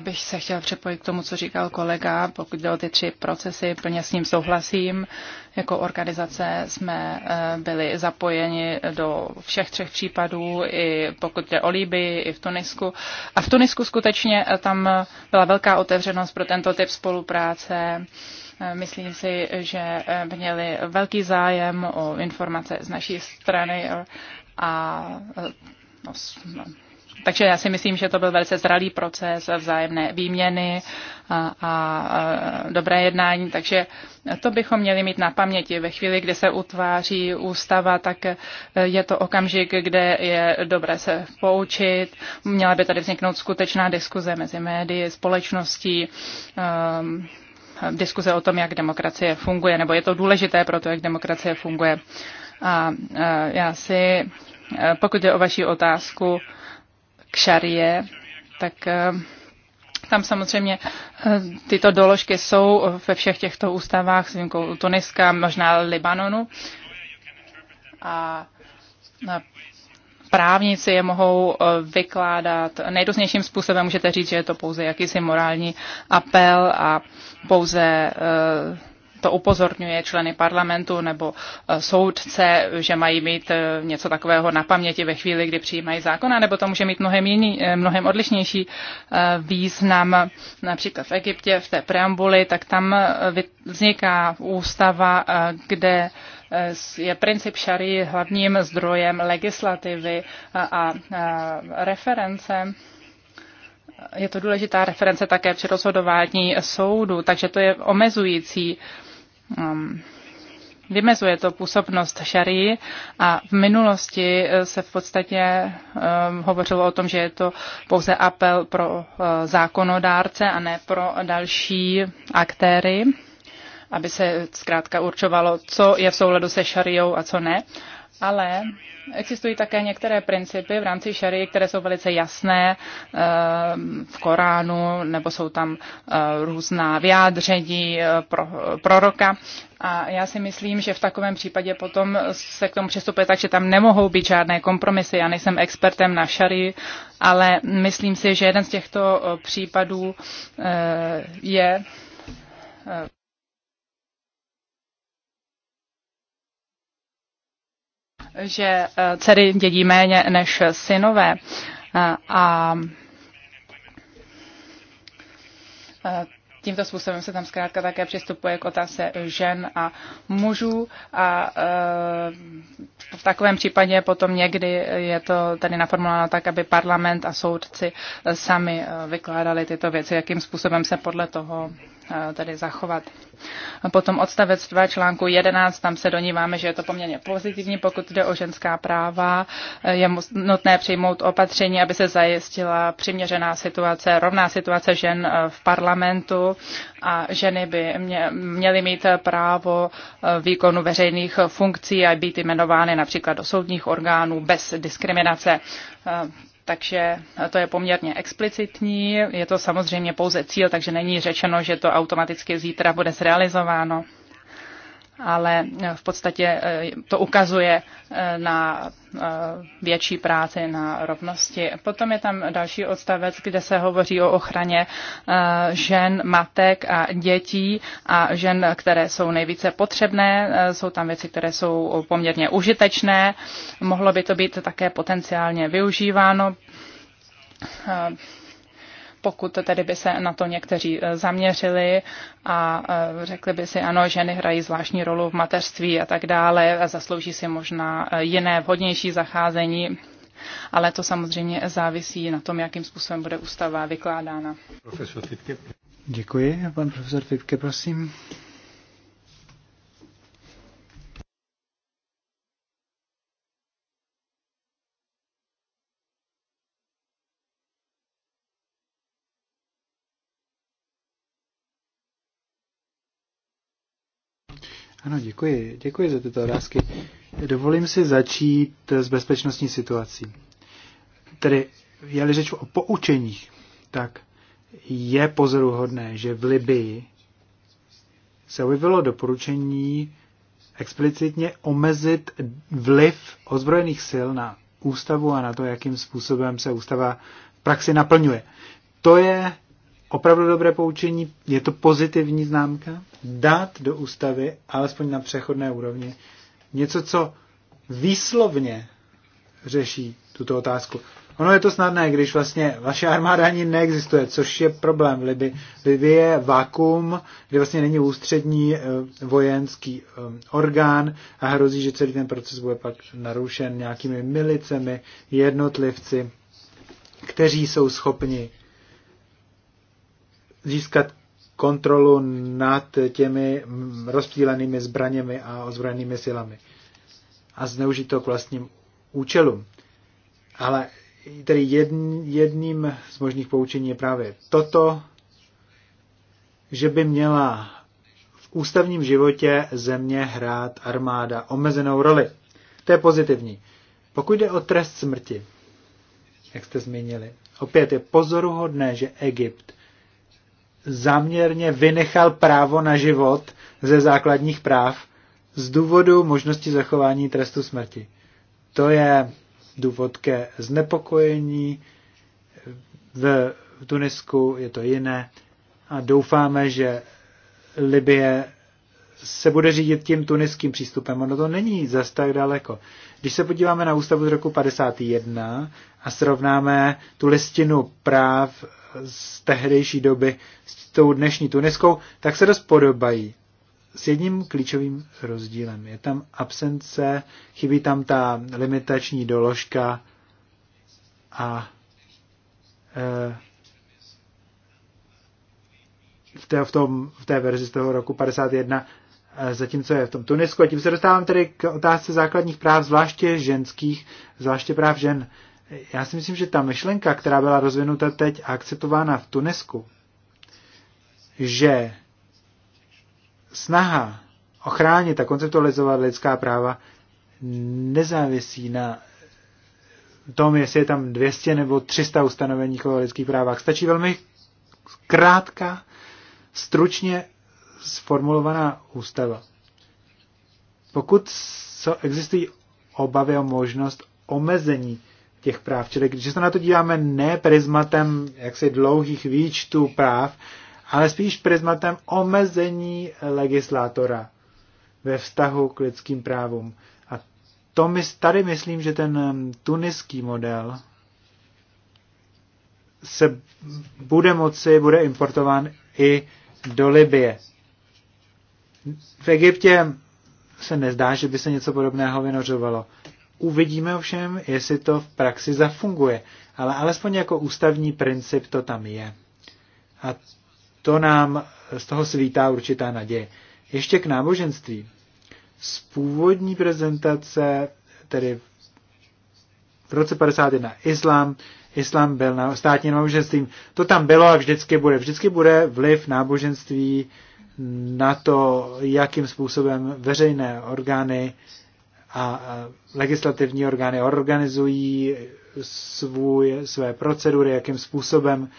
bych se chtěla přepojit k tomu, co říkal kolega, pokud jde o ty tři procesy, plně s ním souhlasím. Jako organizace jsme eh, byli zapojeni do všech třech případů, i pokud jde o Líbii, i v Tunisku. A v Tunisku skutečně eh, tam byla velká otevřenost pro tento typ spolupráce. Eh, myslím si, že měli velký zájem o informace z naší strany a no, no, takže já si myslím, že to byl velice zralý proces vzájemné výměny a, a dobré jednání, takže to bychom měli mít na paměti. Ve chvíli, kdy se utváří ústava, tak je to okamžik, kde je dobré se poučit. Měla by tady vzniknout skutečná diskuze mezi médii, společností, um, diskuze o tom, jak demokracie funguje, nebo je to důležité pro to, jak demokracie funguje. A já si, eh, pokud je o vaši otázku, k šarie, tak eh, tam samozřejmě eh, tyto doložky jsou ve všech těchto ústavách, s výjimkou Tuniska, možná Libanonu. A eh, právníci je mohou vykládat nejrůznějším způsobem. Můžete říct, že je to pouze jakýsi morální apel a pouze to upozorňuje členy parlamentu nebo e, soudce, že mají mít e, něco takového na paměti ve chvíli, kdy přijímají zákona, nebo to může mít mnohem, jiný, e, mnohem odlišnější význam. Například v Egyptě v té preambuli, tak tam vzniká ústava, kde je princip šary hlavním zdrojem legislativy a reference je to důležitá reference také při rozhodování soudu, takže to je omezující um, vymezuje to působnost šarii a v minulosti eh, se v podstatě um, hovořilo o tom, že je to pouze apel pro uh, zákonodárce a ne pro další aktéry, aby se zkrátka určovalo, co je v souladu se šariou a co ne ale existují také některé principy v rámci šary, které jsou velice jasné ehm, v Koránu, nebo jsou tam eh, různá vyjádření eh, pro, proroka. A já si myslím, že v takovém případě potom se k tomu přistupuje tak, že tam nemohou být žádné kompromisy. Já nejsem expertem na šary, ale myslím si, že jeden z těchto eh, případů je že eh, dcery dědí méně než synové. Eh, a eh, tímto způsobem se tam zkrátka také přistupuje k otázce žen a mužů a v takovém případě potom někdy je to tady naformulováno tak, aby parlament a soudci sami vykládali tyto věci, jakým způsobem se podle toho Eh, tady zachovat. Potom odstavec 2 článku 11, tam se doníváme, že je to poměrně pozitivní, pokud jde o ženská práva. Eh, je nutné přijmout opatření, aby se zajistila přiměřená situace, rovná situace žen eh, v parlamentu a ženy by měly mít právo výkonu veřejných funkcí a být jmenovány například do soudních orgánů bez diskriminace takže to je poměrně explicitní. Je to samozřejmě pouze cíl, takže není řečeno, že to automaticky zítra bude zrealizováno ale eh, v podstatě eh, to ukazuje eh, na větší práci na rovnosti. Potom je tam další odstavec, kde se hovoří o ochraně žen, matek a dětí a žen, které jsou nejvíce potřebné. Jsou tam věci, které jsou poměrně užitečné. Mohlo by to být také potenciálně využíváno pokud tedy by se na to někteří eh, zaměřili a eh, řekli by si, ano, ženy hrají zvláštní rolu v mateřství a tak dále a zaslouží si možná eh, jiné vhodnější zacházení, ale to samozřejmě závisí na tom, jakým způsobem bude ústava vykládána. Děkuji. Pan profesor Fitke, prosím. Ano, děkuji. Děkuji za tyto otázky. Dovolím si začít s bezpečnostní situací. Tedy, je-li řeč o poučeních, tak je pozoruhodné, že v Libii se objevilo doporučení explicitně omezit vliv ozbrojených sil na ústavu a na to, jakým způsobem se ústava v praxi naplňuje. To je opravdu dobré poučení, je to pozitivní známka, dát do ústavy, alespoň na přechodné úrovni, něco, co výslovně řeší tuto otázku. Ono je to snadné, když vlastně vaše armáda ani neexistuje, což je problém v Libii. Libie je vakuum, kde vlastně není ústřední eh, vojenský eh, orgán a hrozí, že celý ten proces bude pak narušen nějakými milicemi, jednotlivci, kteří jsou schopni získat kontrolu nad těmi rozptýlenými zbraněmi a ozbrojenými silami a zneužít to k vlastním účelům. Ale tedy jedn, jedním z možných poučení je právě toto, že by měla v ústavním životě země hrát armáda omezenou roli. To je pozitivní. Pokud jde o trest smrti, jak jste zmínili, opět je pozoruhodné, že Egypt záměrně vynechal právo na život ze základních práv z důvodu možnosti zachování trestu smrti. To je důvod ke znepokojení. V Tunisku je to jiné a doufáme, že Libie se bude řídit tím tuniským přístupem. Ono to není zas tak daleko. Když se podíváme na ústavu z roku 51 a srovnáme tu listinu práv z tehdejší doby s tou dnešní Tuniskou, tak se dost podobají. S jedním klíčovým rozdílem. Je tam absence, chybí tam ta limitační doložka a e, v, té, v, tom, v té verzi z toho roku 51 eh, zatímco je v tom Tunisku. A tím se dostávám tedy k otázce základních práv, zvláště ženských, zvláště práv žen já si myslím, že ta myšlenka, která byla rozvinuta teď a akceptována v Tunesku, že snaha ochránit a konceptualizovat lidská práva nezávisí na tom, jestli je tam 200 nebo 300 ustanovení o lidských právách. Stačí velmi krátká, stručně sformulovaná ústava. Pokud existují obavy o možnost omezení těch práv. Čili když se na to díváme ne prismatem jaksi dlouhých výčtů práv, ale spíš prismatem omezení legislátora ve vztahu k lidským právům. A to my, tady myslím, že ten mm, tuniský model se bude moci, bude importován i do Libie. V Egyptě se nezdá, že by se něco podobného vynořovalo. Uvidíme ovšem, jestli to v praxi zafunguje, ale alespoň jako ústavní princip to tam je. A to nám z toho svítá určitá naděje. Ještě k náboženství. Z původní prezentace, tedy v roce 51 islám, islám byl na, státním náboženstvím, to tam bylo a vždycky bude. Vždycky bude vliv náboženství na to, jakým způsobem veřejné orgány a legislativní orgány organizují svůj, své procedury, jakým způsobem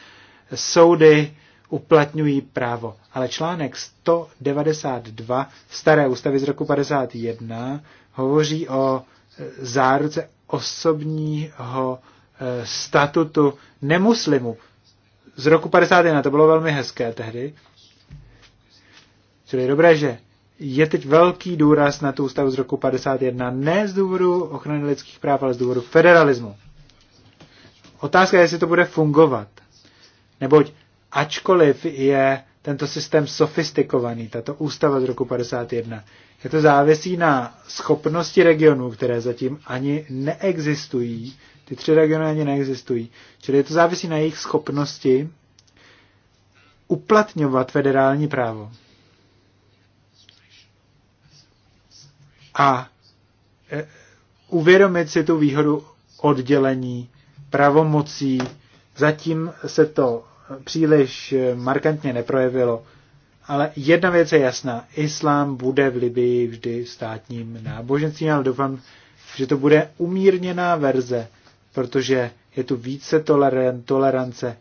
soudy uplatňují právo. Ale článek 192 staré ústavy z roku 51 hovoří o záruce osobního e, statutu nemuslimu. Z roku 51 to bylo velmi hezké tehdy. Čili dobré, že je teď velký důraz na tu ústavu z roku 51, ne z důvodu ochrany lidských práv, ale z důvodu federalismu. Otázka je, jestli to bude fungovat. Neboť ačkoliv je tento systém sofistikovaný, tato ústava z roku 51, je to závisí na schopnosti regionů, které zatím ani neexistují. Ty tři regiony ani neexistují. Čili je to závisí na jejich schopnosti uplatňovat federální právo. a e, uvědomit si tu výhodu oddělení pravomocí. Zatím se to příliš markantně neprojevilo. Ale jedna věc je jasná. Islám bude v Libii vždy státním náboženstvím, ale doufám, že to bude umírněná verze, protože je tu více tolerance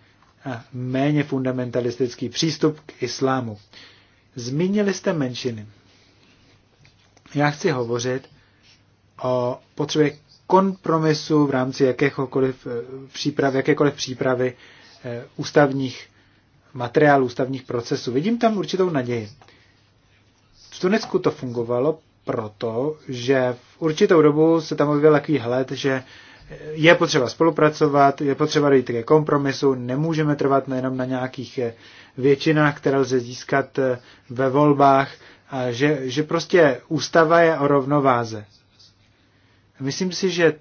a méně fundamentalistický přístup k islámu. Zmínili jste menšiny. Já chci hovořit o potřebě kompromisu v rámci jakékoliv eh, přípravy, jakékoliv přípravy eh, ústavních materiálů, ústavních procesů. Vidím tam určitou naději. V Tunisku to fungovalo proto, že v určitou dobu se tam objevil takový hled, že je potřeba spolupracovat, je potřeba dojít ke kompromisu, nemůžeme trvat nejenom na nějakých eh, většinách, které lze získat ve volbách, a že, že prostě ústava je o rovnováze. Myslím si, že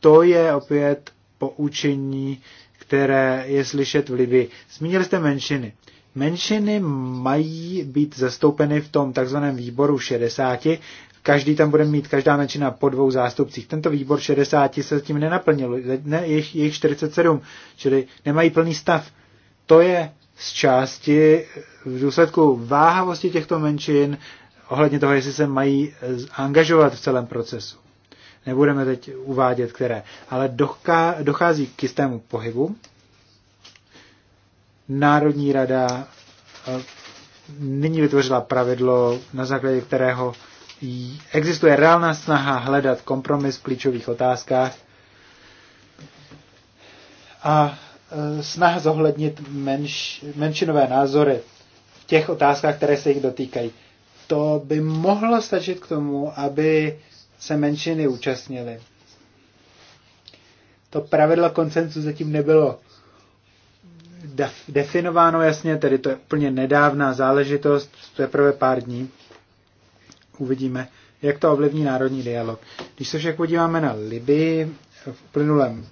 to je opět poučení, které je slyšet v Libii. Zmínili jste menšiny. Menšiny mají být zastoupeny v tom takzvaném výboru 60. Každý tam bude mít, každá menšina po dvou zástupcích. Tento výbor 60 se tím nenaplnil, ne, jejich, jich 47, čili nemají plný stav. To je z části v důsledku váhavosti těchto menšin ohledně toho, jestli se mají eh, angažovat v celém procesu. Nebudeme teď uvádět, které. Ale dochází k jistému pohybu. Národní rada eh, nyní vytvořila pravidlo, na základě kterého existuje reálná snaha hledat kompromis v klíčových otázkách. A Eh, snaha zohlednit menš, menšinové názory v těch otázkách, které se jich dotýkají. To by mohlo stačit k tomu, aby se menšiny účastnily. To pravidlo koncensu zatím nebylo definováno jasně, tedy to je úplně nedávná záležitost, prvé pár dní. Uvidíme, jak to ovlivní národní dialog. Když se však podíváme na Libii v uplynulém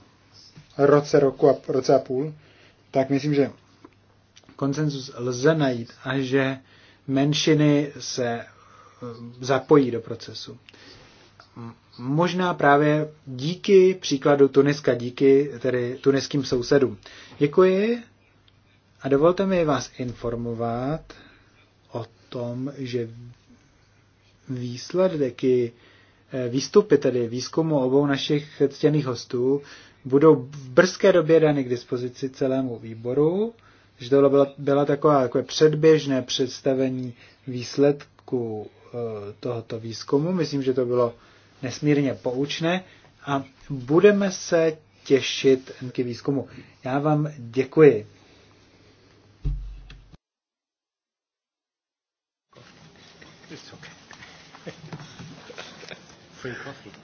roce, roku a roce a půl, tak myslím, že konsenzus lze najít a že menšiny se eh, zapojí do procesu. Možná právě díky příkladu Tuniska, díky tedy tuniským sousedům. Děkuji a dovolte mi vás informovat o tom, že výsledky, eh, výstupy tedy výzkumu obou našich ctěných hostů budou v brzké době dany k dispozici celému výboru, že to byla, byla taková jako předběžné představení výsledku eh, tohoto výzkumu. Myslím, že to bylo nesmírně poučné a budeme se těšit k výzkumu. Já vám děkuji. Free coffee.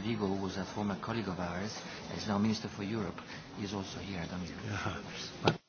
Vigo, who was a former colleague of ours, is now Minister for Europe, is also here. I don't know. Yeah. But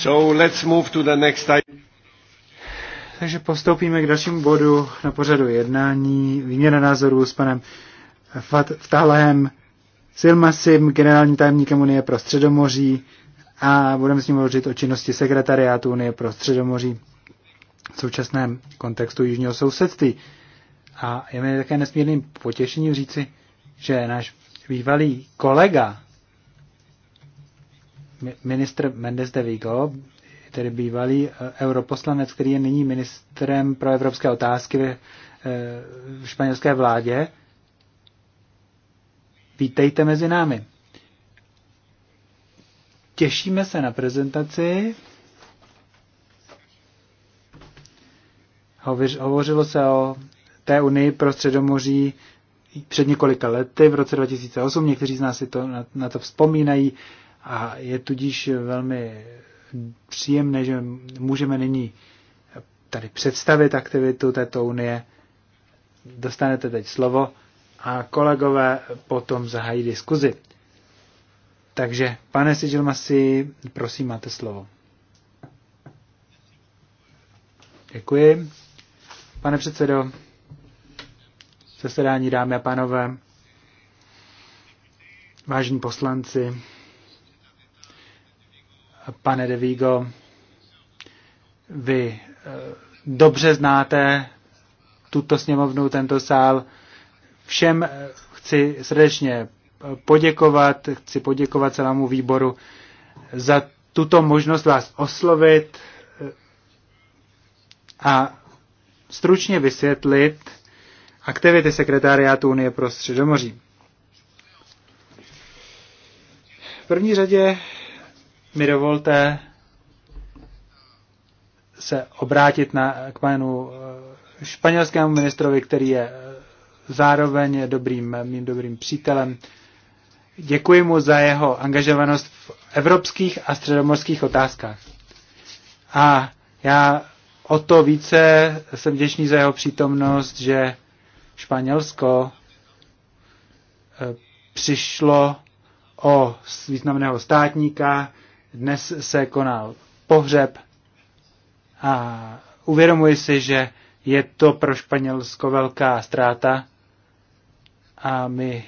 So let's move to the next item. Takže postoupíme k dalšímu bodu na pořadu jednání. Výměna názorů s panem Vtahem Silmasim, generálním tajemníkem Unie pro Středomoří a budeme s ním hovořit o činnosti sekretariátu Unie pro Středomoří v současném kontextu jižního sousedství. A je mi také nesmírným potěšením říci, že náš bývalý kolega ministr Mendes de Vigo, tedy bývalý eh, europoslanec, který je nyní ministrem pro evropské otázky ve eh, španělské vládě. Vítejte mezi námi. Těšíme se na prezentaci. Hovořilo se o té unii pro středomoří před několika lety, v roce 2008. Někteří z nás si to, na, na to vzpomínají. A je tudíž velmi příjemné, že můžeme nyní tady představit aktivitu této unie. Dostanete teď slovo a kolegové potom zahají diskuzi. Takže, pane Sigilmasi, prosím, máte slovo. Děkuji. Pane předsedo, zasedání dámy a pánové, vážení poslanci, pane De Vigo, vy eh, dobře znáte tuto sněmovnu, tento sál. Všem eh, chci srdečně eh, poděkovat, chci poděkovat celému výboru za tuto možnost vás oslovit a stručně vysvětlit aktivity sekretariátu Unie pro Středomoří. V první řadě mi dovolte se obrátit na, k panu eh, španělskému ministrovi, který je eh, zároveň dobrým, mým dobrým přítelem. Děkuji mu za jeho angažovanost v evropských a středomorských otázkách. A já o to více jsem vděčný za jeho přítomnost, že Španělsko eh, přišlo o významného státníka, dnes se konal pohřeb a uvědomuji si, že je to pro Španělsko velká ztráta a my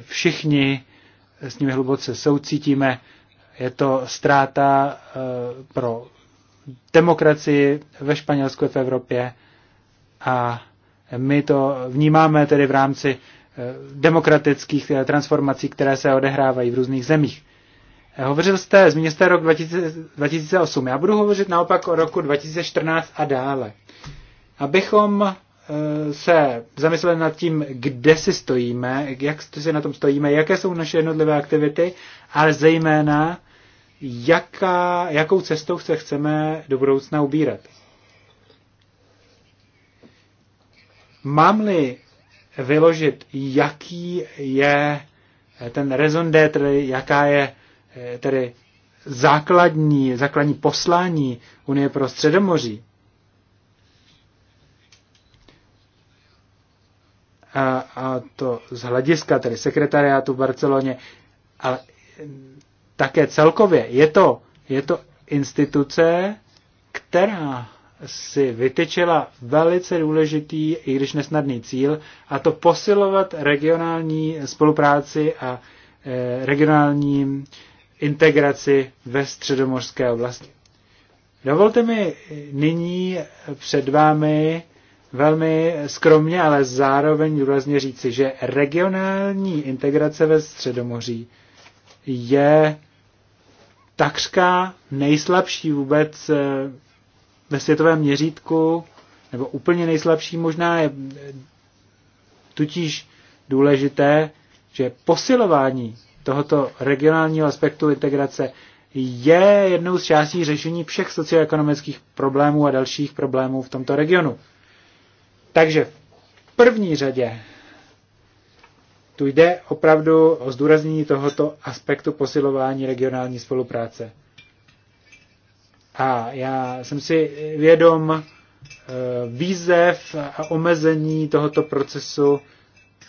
všichni s nimi hluboce soucítíme. Je to ztráta eh, pro demokracii ve Španělsku a v Evropě a my to vnímáme tedy v rámci eh, demokratických eh, transformací, které se odehrávají v různých zemích. Hovořil jste, zmínil jste rok 2008. Já budu hovořit naopak o roku 2014 a dále. Abychom e, se zamysleli nad tím, kde si stojíme, jak si na tom stojíme, jaké jsou naše jednotlivé aktivity, ale zejména, jaká, jakou cestou se chceme do budoucna ubírat. Mám-li vyložit, jaký je ten raison d'être, jaká je Eh, tedy základní, základní poslání Unie pro Středomoří. A, a to z hlediska tedy sekretariátu v Barceloně, ale také celkově je to, je to instituce, která si vytyčila velice důležitý, i když nesnadný cíl, a to posilovat regionální spolupráci a eh, regionální integraci ve středomořské oblasti. Dovolte mi nyní před vámi velmi skromně, ale zároveň důrazně říci, že regionální integrace ve Středomoří je takřka nejslabší vůbec eh, ve světovém měřítku, nebo úplně nejslabší možná je eh, tutíž důležité, že posilování tohoto regionálního aspektu integrace je jednou z částí řešení všech socioekonomických problémů a dalších problémů v tomto regionu. Takže v první řadě tu jde opravdu o zdůraznění tohoto aspektu posilování regionální spolupráce. A já jsem si vědom eh, výzev a omezení tohoto procesu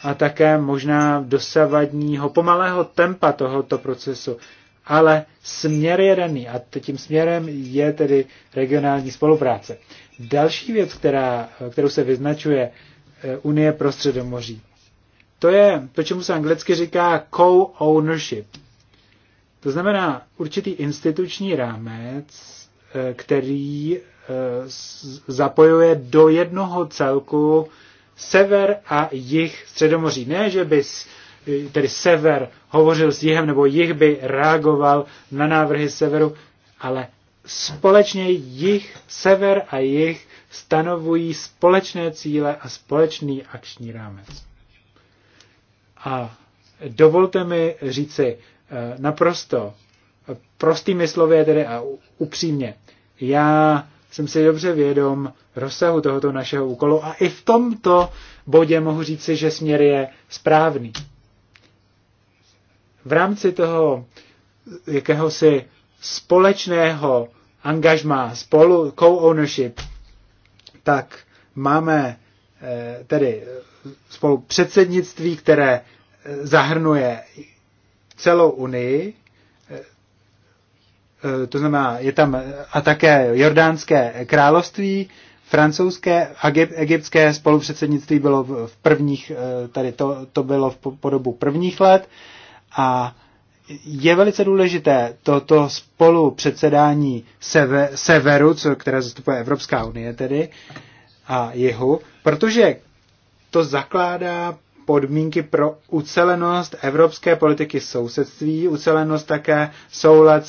a také možná dosavadního pomalého tempa tohoto procesu. Ale směr je daný a tím směrem je tedy regionální spolupráce. Další věc, která, kterou se vyznačuje eh, Unie pro středomoří, to je to, čemu se anglicky říká co-ownership. To znamená určitý instituční rámec, eh, který eh, zapojuje do jednoho celku sever a jih Středomoří. Ne, že by tedy sever hovořil s jihem, nebo jich by reagoval na návrhy severu, ale společně jich, sever a jich stanovují společné cíle a společný akční rámec. A dovolte mi říci eh, naprosto prostými slovy tedy a upřímně. Já jsem si dobře vědom rozsahu tohoto našeho úkolu a i v tomto bodě mohu říci, že směr je správný. V rámci toho jakéhosi společného angažma, spolu co-ownership, tak máme eh, tedy spolu předsednictví, které eh, zahrnuje celou Unii Eh, to znamená, je tam eh, a také Jordánské království, francouzské, egyptské spolupředsednictví bylo v prvních, eh, tady to, to bylo v podobu prvních let a je velice důležité toto spolupředsedání sever, severu, co, které zastupuje Evropská unie tedy, a jihu, protože to zakládá podmínky pro ucelenost evropské politiky sousedství, ucelenost také soulad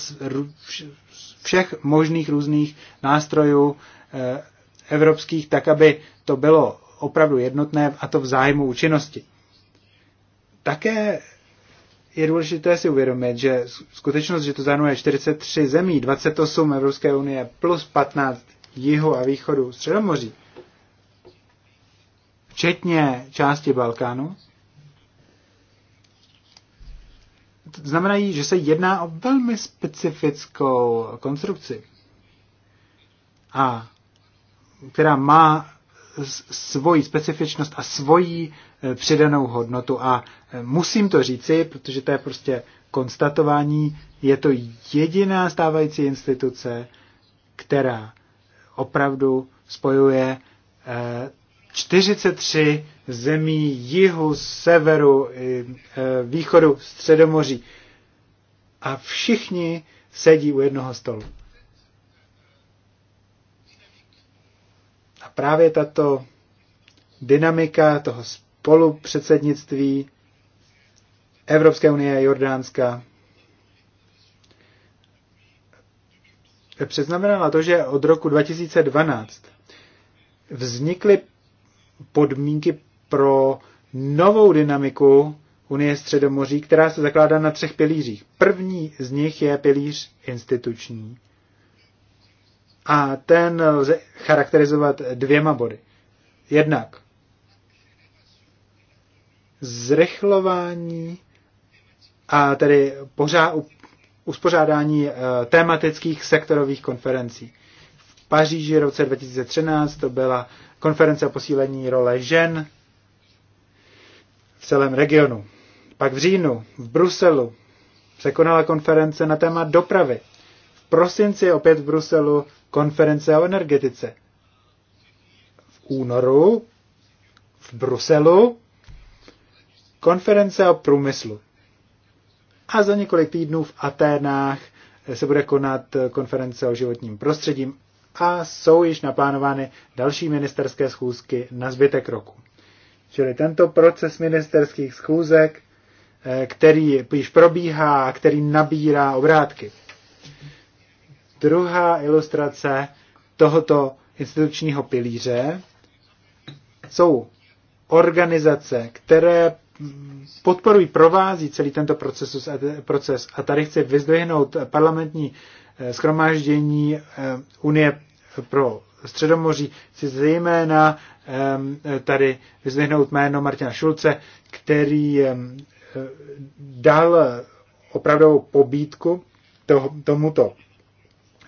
všech možných různých nástrojů eh, evropských, tak aby to bylo opravdu jednotné a to v zájmu účinnosti. Také je důležité si uvědomit, že skutečnost, že to zahrnuje 43 zemí, 28 Evropské unie plus 15 jihu a východu Středomoří, včetně části Balkánu, znamenají, že se jedná o velmi specifickou konstrukci, a která má svoji specifičnost a svoji e, přidanou hodnotu. A e, musím to říci, protože to je prostě konstatování, je to jediná stávající instituce, která opravdu spojuje e, 43 zemí jihu, severu, e, východu, středomoří. A všichni sedí u jednoho stolu. A právě tato dynamika toho spolupředsednictví Evropské unie a Jordánska přeznamenala to, že od roku 2012 vznikly podmínky pro novou dynamiku Unie Středomoří, která se zakládá na třech pilířích. První z nich je pilíř instituční. A ten lze charakterizovat dvěma body. Jednak zrychlování a tedy pořád uspořádání eh, tématických sektorových konferencí. V Paříži v roce 2013 to byla konference o posílení role žen v celém regionu. Pak v říjnu v Bruselu se konala konference na téma dopravy. V prosinci opět v Bruselu konference o energetice. V únoru v Bruselu konference o průmyslu. A za několik týdnů v Aténách se bude konat konference o životním prostředím a jsou již naplánovány další ministerské schůzky na zbytek roku. Čili tento proces ministerských schůzek, eh, který již probíhá a který nabírá obrátky. Druhá ilustrace tohoto institučního pilíře jsou organizace, které podporují, provází celý tento proces. A tady chci vyzdvihnout parlamentní Eh, schromáždění eh, Unie pro Středomoří si zejména tady vyzvihnout jméno Martina Šulce, který eh, dal opravdovou pobídku tomuto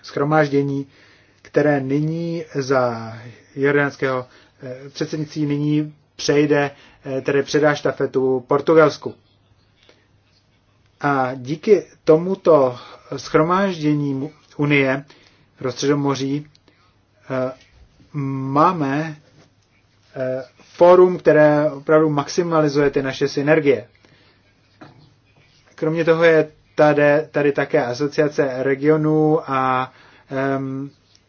schromáždění, které nyní za jordánského předsednictví nyní přejde, tedy předá štafetu Portugalsku. A díky tomuto schromáždění Unie pro Středomoří eh, máme eh, fórum, které opravdu maximalizuje ty naše synergie. Kromě toho je tady, tady také asociace regionů a,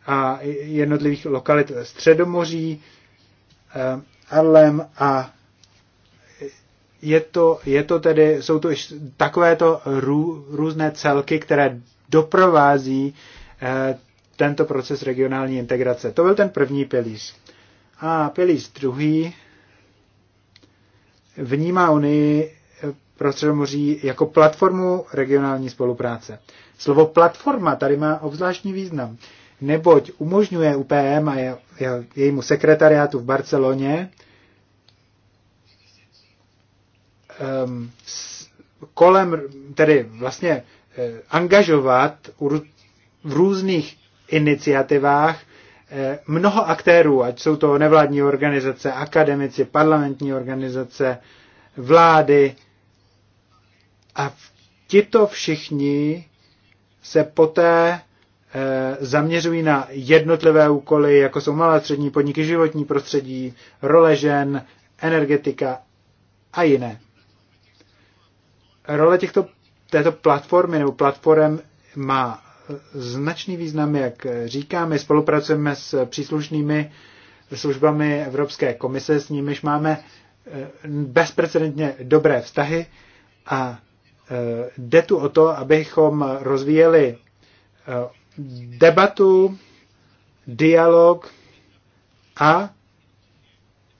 a jednotlivých lokalit Středomoří, eh, Arlem a je to, je to tedy, jsou to takovéto rů, různé celky, které doprovází eh, tento proces regionální integrace. To byl ten první pilíř. A pilíř druhý vnímá Unii eh, pro Středomoří jako platformu regionální spolupráce. Slovo platforma tady má obzvláštní význam, neboť umožňuje UPM a jejímu sekretariátu v Barceloně Ehm, kolem, tedy vlastně eh, angažovat v různých iniciativách eh, mnoho aktérů, ať jsou to nevládní organizace, akademici, parlamentní organizace, vlády. A tito všichni se poté eh, zaměřují na jednotlivé úkoly, jako jsou malé střední podniky, životní prostředí, role žen, energetika a jiné. Role těchto, této platformy nebo platform má značný význam, jak říkáme, spolupracujeme s příslušnými službami Evropské komise, s nimiž máme eh, bezprecedentně dobré vztahy a eh, jde tu o to, abychom rozvíjeli eh, debatu, dialog a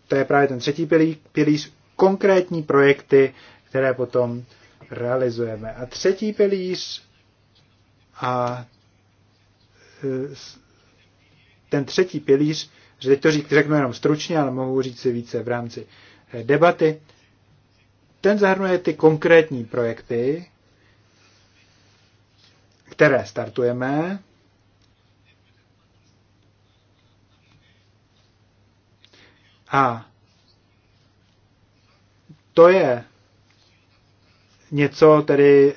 to je právě ten třetí pilíř, pilíř konkrétní projekty, které potom realizujeme. A třetí pilíř a e, ten třetí pilíř, že teď to řeknu jenom stručně, ale mohu říct si více v rámci e, debaty, ten zahrnuje ty konkrétní projekty, které startujeme, a to je něco tedy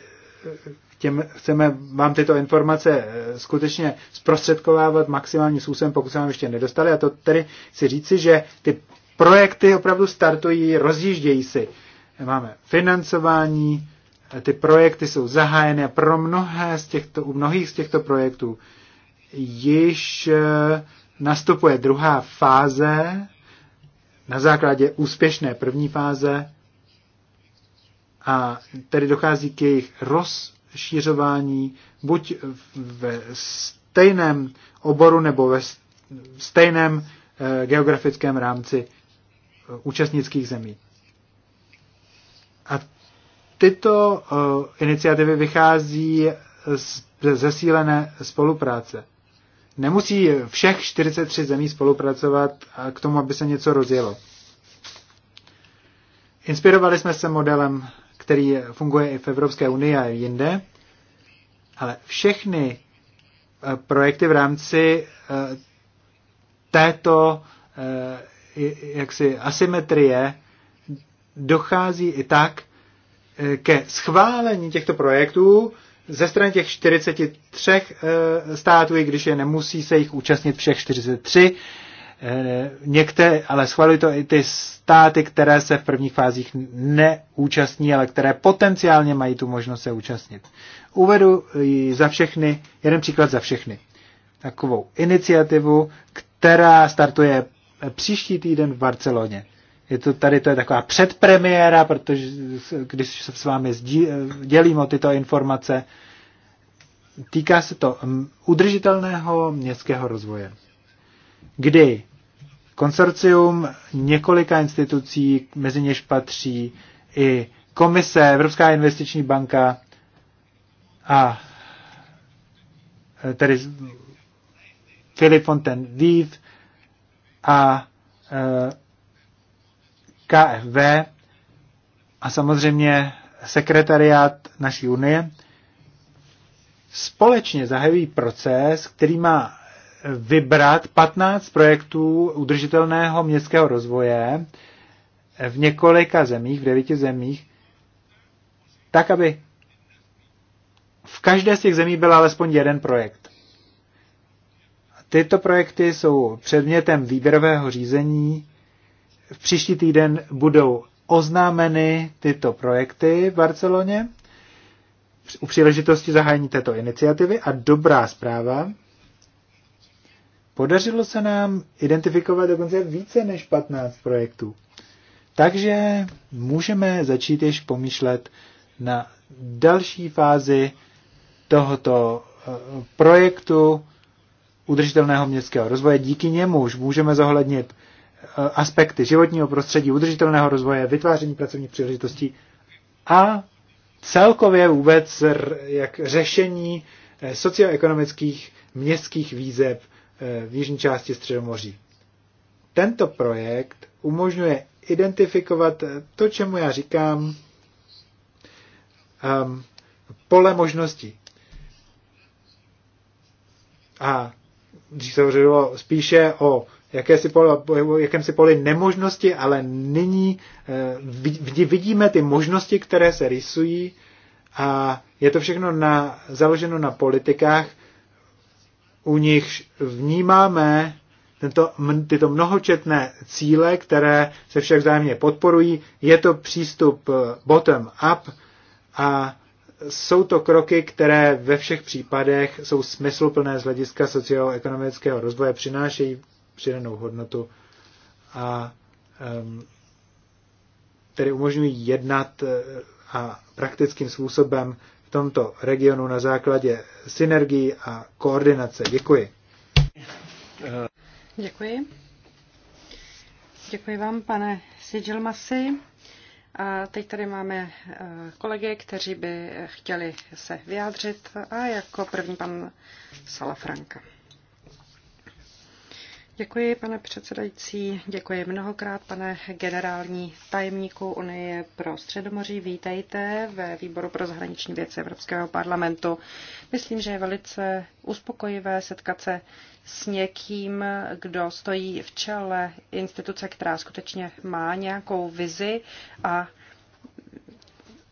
eh, těm, chceme vám tyto informace eh, skutečně zprostředkovávat maximálním způsobem, pokud se vám ještě nedostali. A to tedy chci říci, že ty projekty opravdu startují, rozjíždějí si. Máme financování, eh, ty projekty jsou zahájeny a pro mnohé z těchto, u mnohých z těchto projektů již nastupuje druhá fáze na základě úspěšné první fáze a tedy dochází k jejich rozšířování buď ve stejném oboru nebo ve stejném eh, geografickém rámci eh, účastnických zemí. A tyto eh, iniciativy vychází z zesílené spolupráce. Nemusí všech 43 zemí spolupracovat k tomu, aby se něco rozjelo. Inspirovali jsme se modelem který funguje i v Evropské unii a jinde, ale všechny eh, projekty v rámci eh, této eh, jaksi asymetrie dochází i tak ke schválení těchto projektů ze strany těch 43 států, i když je nemusí se jich účastnit všech 43, Eh, Někte, ale schvalují to i ty státy, které se v prvních fázích neúčastní, ale které potenciálně mají tu možnost se účastnit. Uvedu za všechny, jeden příklad za všechny. Takovou iniciativu, která startuje příští týden v Barceloně. Je to tady to je taková předpremiéra, protože když se s vámi dělím o tyto informace, týká se to mm, udržitelného městského rozvoje kdy konsorcium několika institucí, mezi něž patří i komise, Evropská investiční banka a e, tedy Philip Fontaine Vive a e, KFV a samozřejmě sekretariát naší unie, společně zahajují proces, který má vybrat 15 projektů udržitelného městského rozvoje v několika zemích, v devíti zemích, tak, aby v každé z těch zemí byl alespoň jeden projekt. Tyto projekty jsou předmětem výběrového řízení. V příští týden budou oznámeny tyto projekty v Barceloně u příležitosti zahájení této iniciativy a dobrá zpráva Podařilo se nám identifikovat dokonce více než 15 projektů. Takže můžeme začít již pomýšlet na další fázi tohoto eh, projektu udržitelného městského rozvoje. Díky němuž můžeme zohlednit eh, aspekty životního prostředí, udržitelného rozvoje, vytváření pracovních příležitostí a celkově vůbec jak řešení eh, socioekonomických městských výzev v jižní části Středomoří. Tento projekt umožňuje identifikovat to, čemu já říkám um, pole možností. A když se hovořilo spíše o jakési pole, jakémsi poli nemožnosti, ale nyní eh, vidíme ty možnosti, které se rysují a je to všechno na, založeno na politikách, u nich vnímáme tento, tyto mnohočetné cíle, které se však vzájemně podporují. Je to přístup eh, bottom-up a jsou to kroky, které ve všech případech jsou smysluplné z hlediska socioekonomického rozvoje, přinášejí přidanou hodnotu a um, tedy umožňují jednat eh, a praktickým způsobem tomto regionu na základě synergii a koordinace. Děkuji. Děkuji. Děkuji vám, pane Sigilmasi. A teď tady máme eh, kolegy, kteří by chtěli se vyjádřit a jako první pan Salafranka. Děkuji, pane předsedající. Děkuji mnohokrát, pane generální tajemníku Unie pro Středomoří. Vítejte ve výboru pro zahraniční věci Evropského parlamentu. Myslím, že je velice uspokojivé setkat se s někým, kdo stojí v čele instituce, která skutečně má nějakou vizi a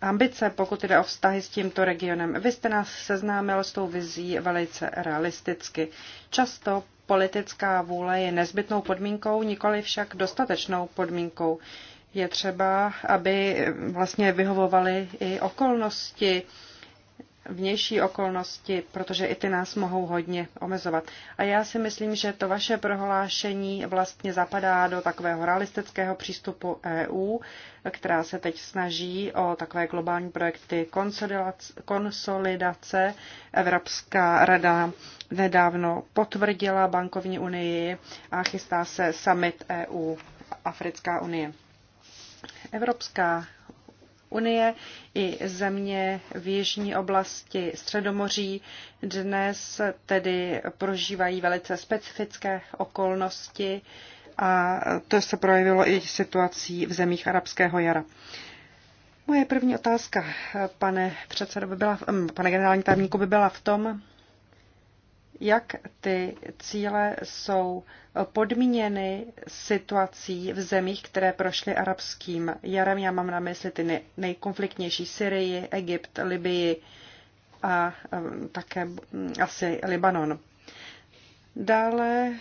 ambice, pokud jde o vztahy s tímto regionem. Vy jste nás seznámil s tou vizí velice realisticky. Často politická vůle je nezbytnou podmínkou, nikoli však dostatečnou podmínkou. Je třeba, aby vlastně vyhovovaly i okolnosti, vnější okolnosti, protože i ty nás mohou hodně omezovat. A já si myslím, že to vaše prohlášení vlastně zapadá do takového realistického přístupu EU, která se teď snaží o takové globální projekty konsolidace. Evropská rada nedávno potvrdila bankovní unii a chystá se summit EU Africká unie. Evropská unie i země v jižní oblasti Středomoří dnes tedy prožívají velice specifické okolnosti a to se projevilo i situací v zemích arabského jara. Moje první otázka, pane předsedo, by byla, hm, pane generální tajemníku, by byla v tom, jak ty cíle jsou podmíněny situací v zemích, které prošly arabským jarem. Já mám na mysli ty nejkonfliktnější Syrii, Egypt, Libii a um, také mm, asi Libanon. Dále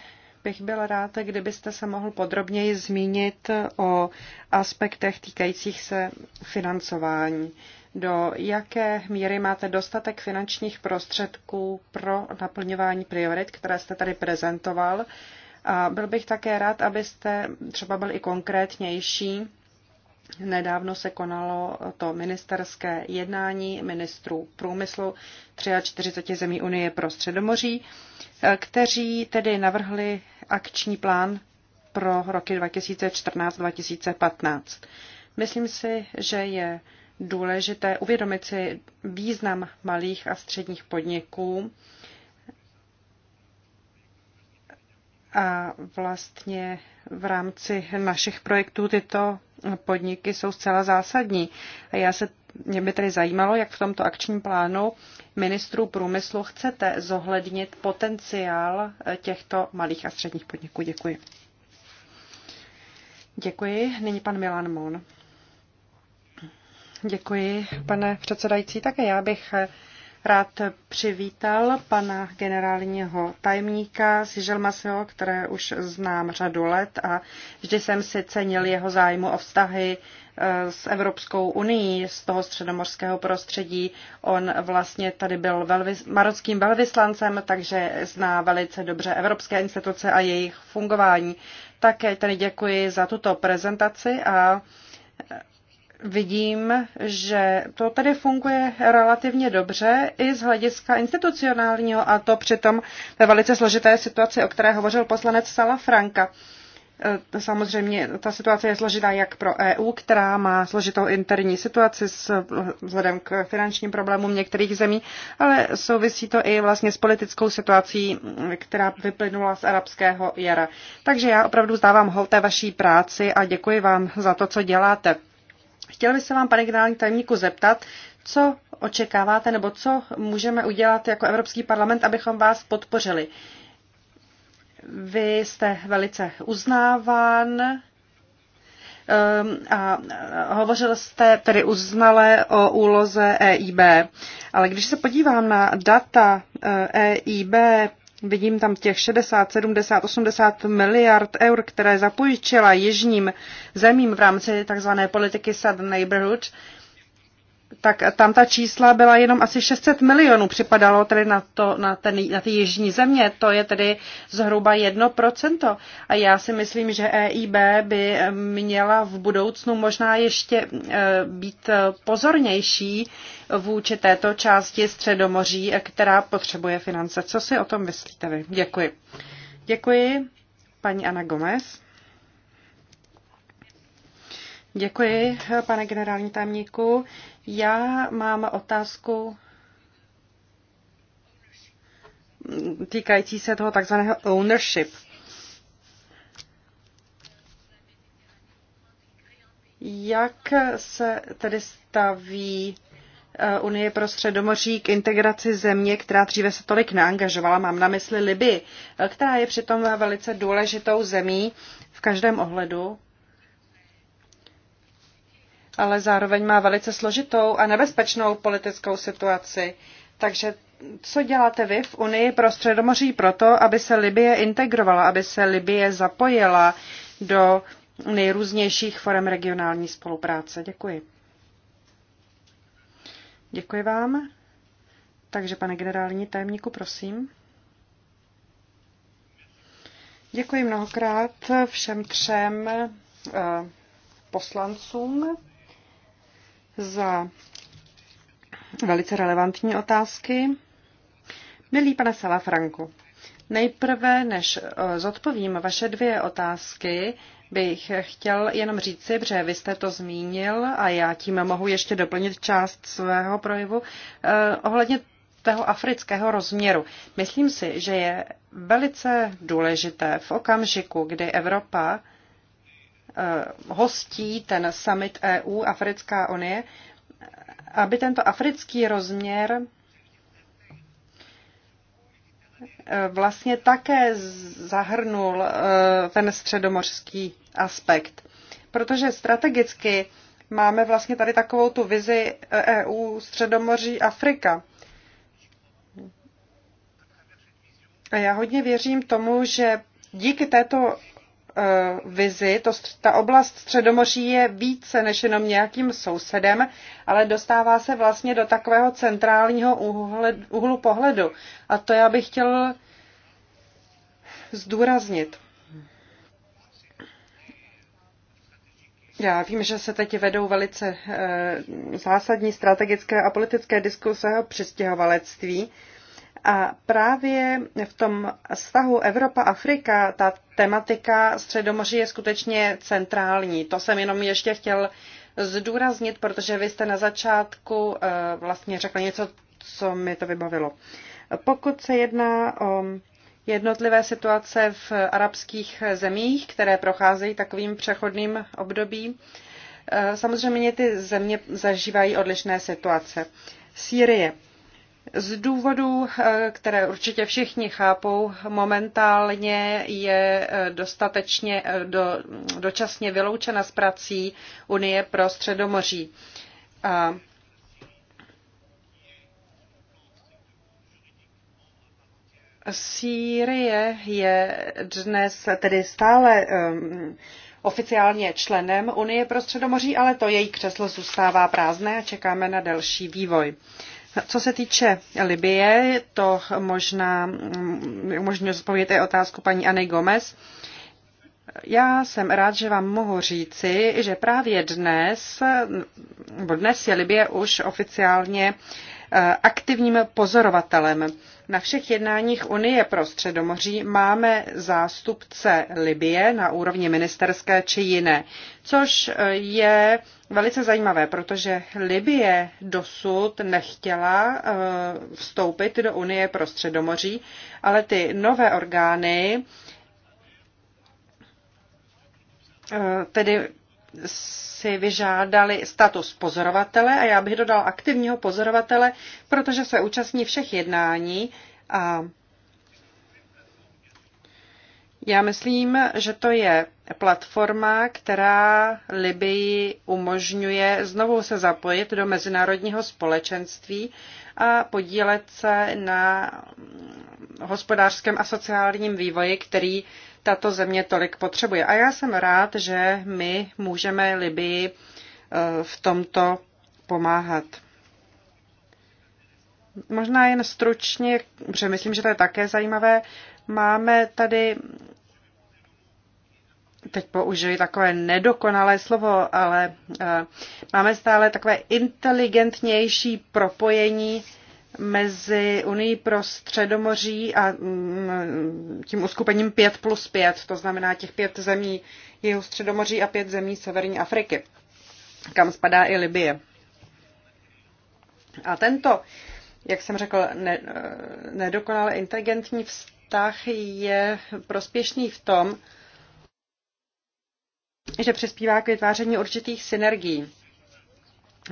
bych byl rád, kdybyste se mohl podrobněji zmínit o aspektech týkajících se financování do jaké míry máte dostatek finančních prostředků pro naplňování priorit, které jste tady prezentoval. A byl bych také rád, abyste třeba byl i konkrétnější. Nedávno se konalo to ministerské jednání ministrů průmyslu 43 zemí Unie pro Středomoří, kteří tedy navrhli akční plán pro roky 2014-2015. Myslím si, že je důležité uvědomit si význam malých a středních podniků a vlastně v rámci našich projektů tyto podniky jsou zcela zásadní. A já se, mě by tedy zajímalo, jak v tomto akčním plánu ministrů průmyslu chcete zohlednit potenciál těchto malých a středních podniků. Děkuji. Děkuji. Nyní pan Milan Mon. Děkuji, pane předsedající. Také já bych rád přivítal pana generálního tajemníka Siželmaseho, které už znám řadu let a vždy jsem si cenil jeho zájmu o vztahy eh, s Evropskou unii, z toho středomorského prostředí. On vlastně tady byl velvys- marockým velvyslancem, takže zná velice dobře evropské instituce a jejich fungování. Také tady děkuji za tuto prezentaci a vidím, že to tady funguje relativně dobře i z hlediska institucionálního a to přitom ve velice složité situaci, o které hovořil poslanec Sala Franka. E, samozřejmě ta situace je složitá jak pro EU, která má složitou interní situaci s, vzhledem k finančním problémům některých zemí, ale souvisí to i vlastně s politickou situací, která vyplynula z arabského jara. Takže já opravdu zdávám hol té vaší práci a děkuji vám za to, co děláte. Chtěla bych se vám, pane generální tajemníku, zeptat, co očekáváte nebo co můžeme udělat jako Evropský parlament, abychom vás podpořili. Vy jste velice uznáván ehm, a hovořil jste tedy uznale o úloze EIB. Ale když se podívám na data EIB e Vidím tam těch 60, 70, 80 miliard eur, které zapůjčila jižním zemím v rámci tzv. politiky sad Neighborhood tak tam ta čísla byla jenom asi 600 milionů, připadalo tedy na, to, na, ten, na ty jižní země, to je tedy zhruba 1%. A já si myslím, že EIB by měla v budoucnu možná ještě e, být pozornější vůči této části Středomoří, která potřebuje finance. Co si o tom myslíte vy? Děkuji. Děkuji, paní Ana Gomez. Děkuji, pane generální tajemníku. Já mám otázku týkající se toho takzvaného ownership. Jak se tedy staví eh, Unie pro středomoří k integraci země, která dříve se tolik neangažovala, mám na mysli Libii, eh, která je přitom velice důležitou zemí v každém ohledu ale zároveň má velice složitou a nebezpečnou politickou situaci. Takže co děláte vy v Unii pro Středomoří proto, aby se Libie integrovala, aby se Libie zapojila do nejrůznějších forem regionální spolupráce? Děkuji. Děkuji vám. Takže, pane generální tajemníku, prosím. Děkuji mnohokrát všem třem eh, poslancům za velice relevantní otázky. Milý pane Salafranku, nejprve, než eh, zodpovím vaše dvě otázky, bych chtěl jenom říci, protože vy jste to zmínil a já tím mohu ještě doplnit část svého projevu eh, ohledně toho afrického rozměru. Myslím si, že je velice důležité v okamžiku, kdy Evropa eh, Eh, hostí ten summit EU Africká unie, aby tento africký rozměr eh, vlastně také zahrnul eh, ten středomořský aspekt. Protože strategicky máme vlastně tady takovou tu vizi EU e Středomoří Afrika. A já hodně věřím tomu, že díky této Eh, vizi, to, ta oblast Středomoří je více než jenom nějakým sousedem, ale dostává se vlastně do takového centrálního úhlu pohledu. A to já bych chtěl zdůraznit. Já vím, že se teď vedou velice e, zásadní strategické a politické diskuse o přistěhovalectví. E, a právě v tom vztahu Evropa-Afrika ta tematika Středomoří je skutečně centrální. To jsem jenom ještě chtěl zdůraznit, protože vy jste na začátku eh, vlastně řekl něco, co mi to vybavilo. Pokud se jedná o jednotlivé situace v arabských zemích, které procházejí takovým přechodným obdobím, eh, samozřejmě ty země zažívají odlišné situace. Sýrie. Z důvodů, eh, které určitě všichni chápou, momentálně je eh, dostatečně eh, do, dočasně vyloučena z prací Unie pro Středomoří. A Sýrie je dnes tedy stále um, oficiálně členem Unie pro Středomoří, ale to její křeslo zůstává prázdné a čekáme na další vývoj. Uh, co se týče Libie, to možná mm, umožňuje zpovědět i otázku paní Anny Gomez. Já jsem rád, že vám mohu říci, že právě dnes, nebo dnes je Libie už oficiálně eh, aktivním pozorovatelem na všech jednáních Unie pro Středomoří máme zástupce Libie na úrovni ministerské či jiné, což je velice zajímavé, protože Libie dosud nechtěla eh, vstoupit do Unie pro Středomoří, ale ty nové orgány eh, tedy si vyžádali status pozorovatele a já bych dodal aktivního pozorovatele, protože se účastní všech jednání a já myslím, že to je platforma, která Libii umožňuje znovu se zapojit do mezinárodního společenství a podílet se na hospodářském a sociálním vývoji, který tato země tolik potřebuje. A já jsem rád, že my můžeme Libii eh, v tomto pomáhat. Možná jen stručně, protože myslím, že to je také zajímavé, máme tady, teď použili takové nedokonalé slovo, ale eh, máme stále takové inteligentnější propojení mezi Unii pro středomoří a mm, tím uskupením 5 plus 5, to znamená těch pět zemí jeho středomoří a pět zemí severní Afriky, kam spadá i Libie. A tento, jak jsem řekl, ne, eh, nedokonale inteligentní vztah je prospěšný v tom, že přispívá k vytváření určitých synergií.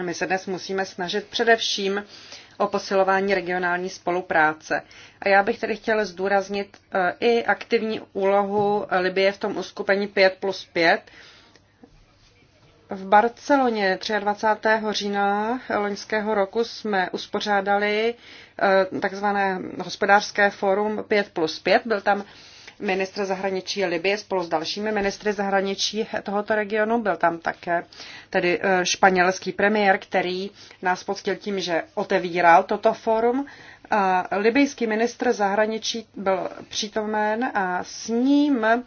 My se dnes musíme snažit především uh, o posilování regionální spolupráce. A já bych tedy chtěla zdůraznit eh, i aktivní úlohu eh, Libie v tom uskupení 5 plus 5. V Barceloně 23. října loňského roku jsme uspořádali eh, takzvané hospodářské fórum 5 plus 5. Byl tam ministr zahraničí Libie spolu s dalšími ministry zahraničí tohoto regionu. Byl tam také tedy eh, španělský premiér, který nás poctil tím, že otevíral toto forum. libijský ministr zahraničí byl přítomen a s ním eh,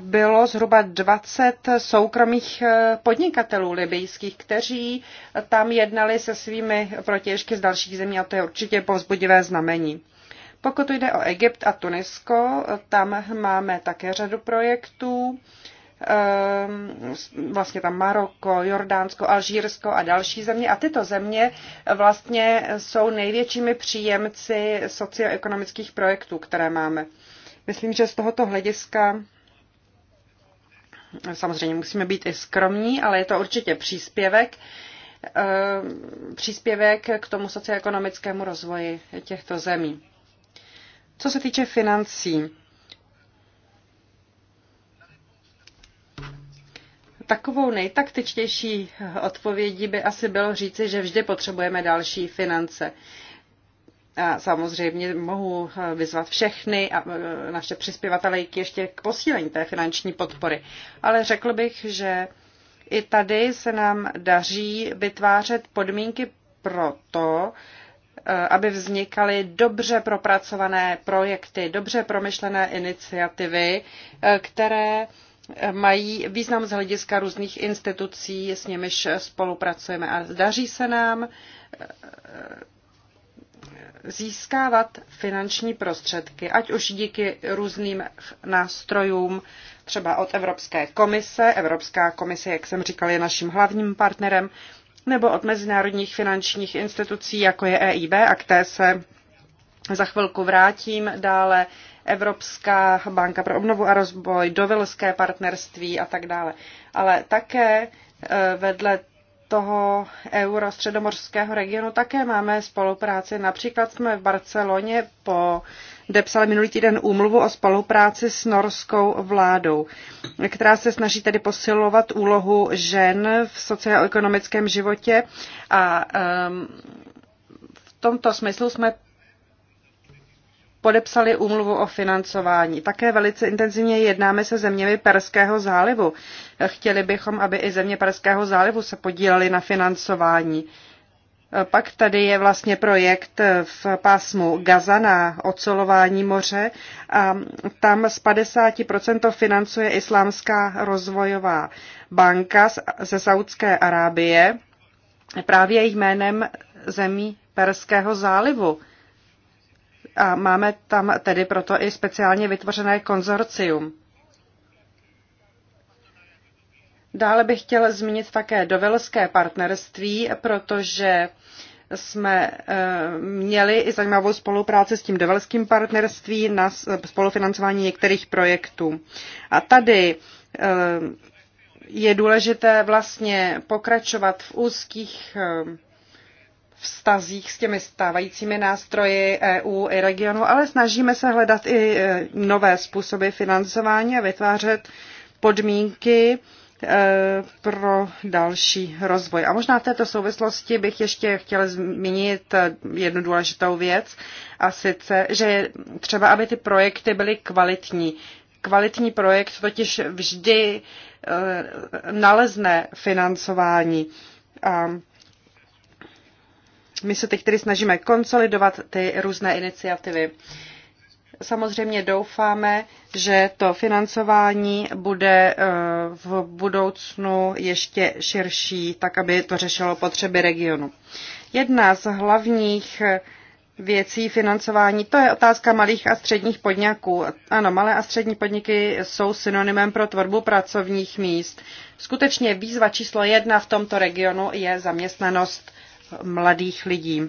bylo zhruba 20 soukromých eh, podnikatelů libijských, kteří tam jednali se svými protěžky z dalších zemí a to je určitě povzbudivé znamení. Pokud jde o Egypt a Tunisko, tam máme také řadu projektů. Ehm, vlastně tam Maroko, Jordánsko, Alžírsko a další země. A tyto země vlastně jsou největšími příjemci socioekonomických projektů, které máme. Myslím, že z tohoto hlediska samozřejmě musíme být i skromní, ale je to určitě příspěvek, ehm, příspěvek k tomu socioekonomickému rozvoji těchto zemí. Co se týče financí, takovou nejtaktičtější odpovědí by asi bylo říci, že vždy potřebujeme další finance. A samozřejmě mohu vyzvat všechny a e, naše přispěvatele ještě k posílení té finanční podpory. Ale řekl bych, že i tady se nám daří vytvářet podmínky pro to, Eh, aby vznikaly dobře propracované projekty, dobře promyšlené iniciativy, eh, které mají význam z hlediska různých institucí, s nimiž spolupracujeme. A daří se nám eh, získávat finanční prostředky, ať už díky různým nástrojům, třeba od Evropské komise. Evropská komise, jak jsem říkal, je naším hlavním partnerem, nebo od mezinárodních finančních institucí, jako je EIB, a k té se za chvilku vrátím. Dále Evropská banka pro obnovu a rozvoj, dovilské partnerství a tak dále. Ale také e, vedle toho euro středomorského regionu také máme spolupráci. Například jsme v Barceloně po podepsala minulý týden úmluvu o spolupráci s norskou vládou, která se snaží tedy posilovat úlohu žen v socioekonomickém životě a ehm, v tomto smyslu jsme podepsali úmluvu o financování. Také velice intenzivně jednáme se zeměmi Perského zálivu. Chtěli bychom, aby i země Perského zálivu se podílely na financování. Uh, pak tady je vlastně projekt v pásmu Gaza na ocelování moře a tam z 50% to financuje Islámská rozvojová banka ze Saudské Arábie právě jménem zemí Perského zálivu. A máme tam tedy proto i speciálně vytvořené konzorcium. Dále bych chtěl zmínit také dovelské partnerství, protože jsme eh, měli i zajímavou spolupráci s tím dovelským partnerství na eh, spolufinancování některých projektů. A tady eh, je důležité vlastně pokračovat v úzkých vztazích s těmi stávajícími nástroji EU i regionu, ale snažíme se hledat i nové způsoby financování a vytvářet podmínky, Eh, pro další rozvoj. A možná v této souvislosti bych ještě chtěla zmínit eh, jednu důležitou věc, a sice, že je třeba, aby ty projekty byly kvalitní. Kvalitní projekt totiž vždy eh, nalezne financování. A my se teď tedy snažíme konsolidovat ty různé iniciativy samozřejmě doufáme, že to financování bude eh, v budoucnu ještě širší, tak aby to řešilo potřeby regionu. Jedna z hlavních eh, věcí financování, to je otázka malých a středních podniků. Ano, malé a střední podniky jsou synonymem pro tvorbu pracovních míst. Skutečně výzva číslo jedna v tomto regionu je zaměstnanost mladých lidí.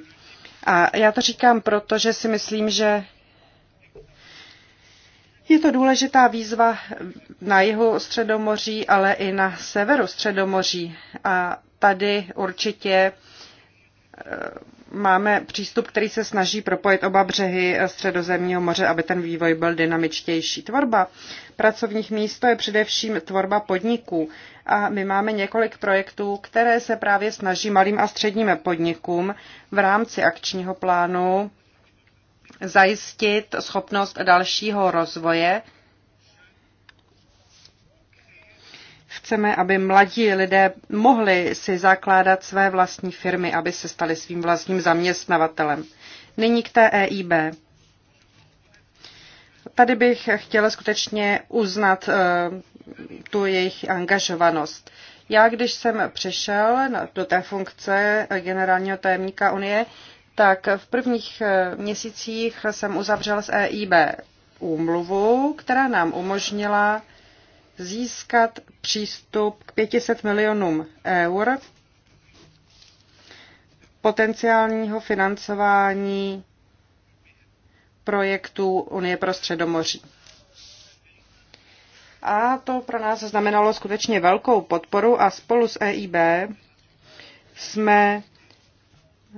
A já to říkám proto, že si myslím, že je to důležitá výzva na jihu Středomoří, ale i na severu Středomoří. A tady určitě e, máme přístup, který se snaží propojit oba břehy Středozemního moře, aby ten vývoj byl dynamičtější. Tvorba pracovních míst to je především tvorba podniků. A my máme několik projektů, které se právě snaží malým a středním podnikům v rámci akčního plánu zajistit schopnost dalšího rozvoje. Chceme, aby mladí lidé mohli si zakládat své vlastní firmy, aby se stali svým vlastním zaměstnavatelem. Nyní k té EIB. Tady bych chtěla skutečně uznat eh, tu jejich angažovanost. Já, když jsem přešel do té funkce generálního tajemníka Unie, tak v prvních eh, měsících jsem uzavřel s EIB úmluvu, která nám umožnila získat přístup k 500 milionům eur potenciálního financování projektu Unie pro středomoří. A to pro nás znamenalo skutečně velkou podporu a spolu s EIB jsme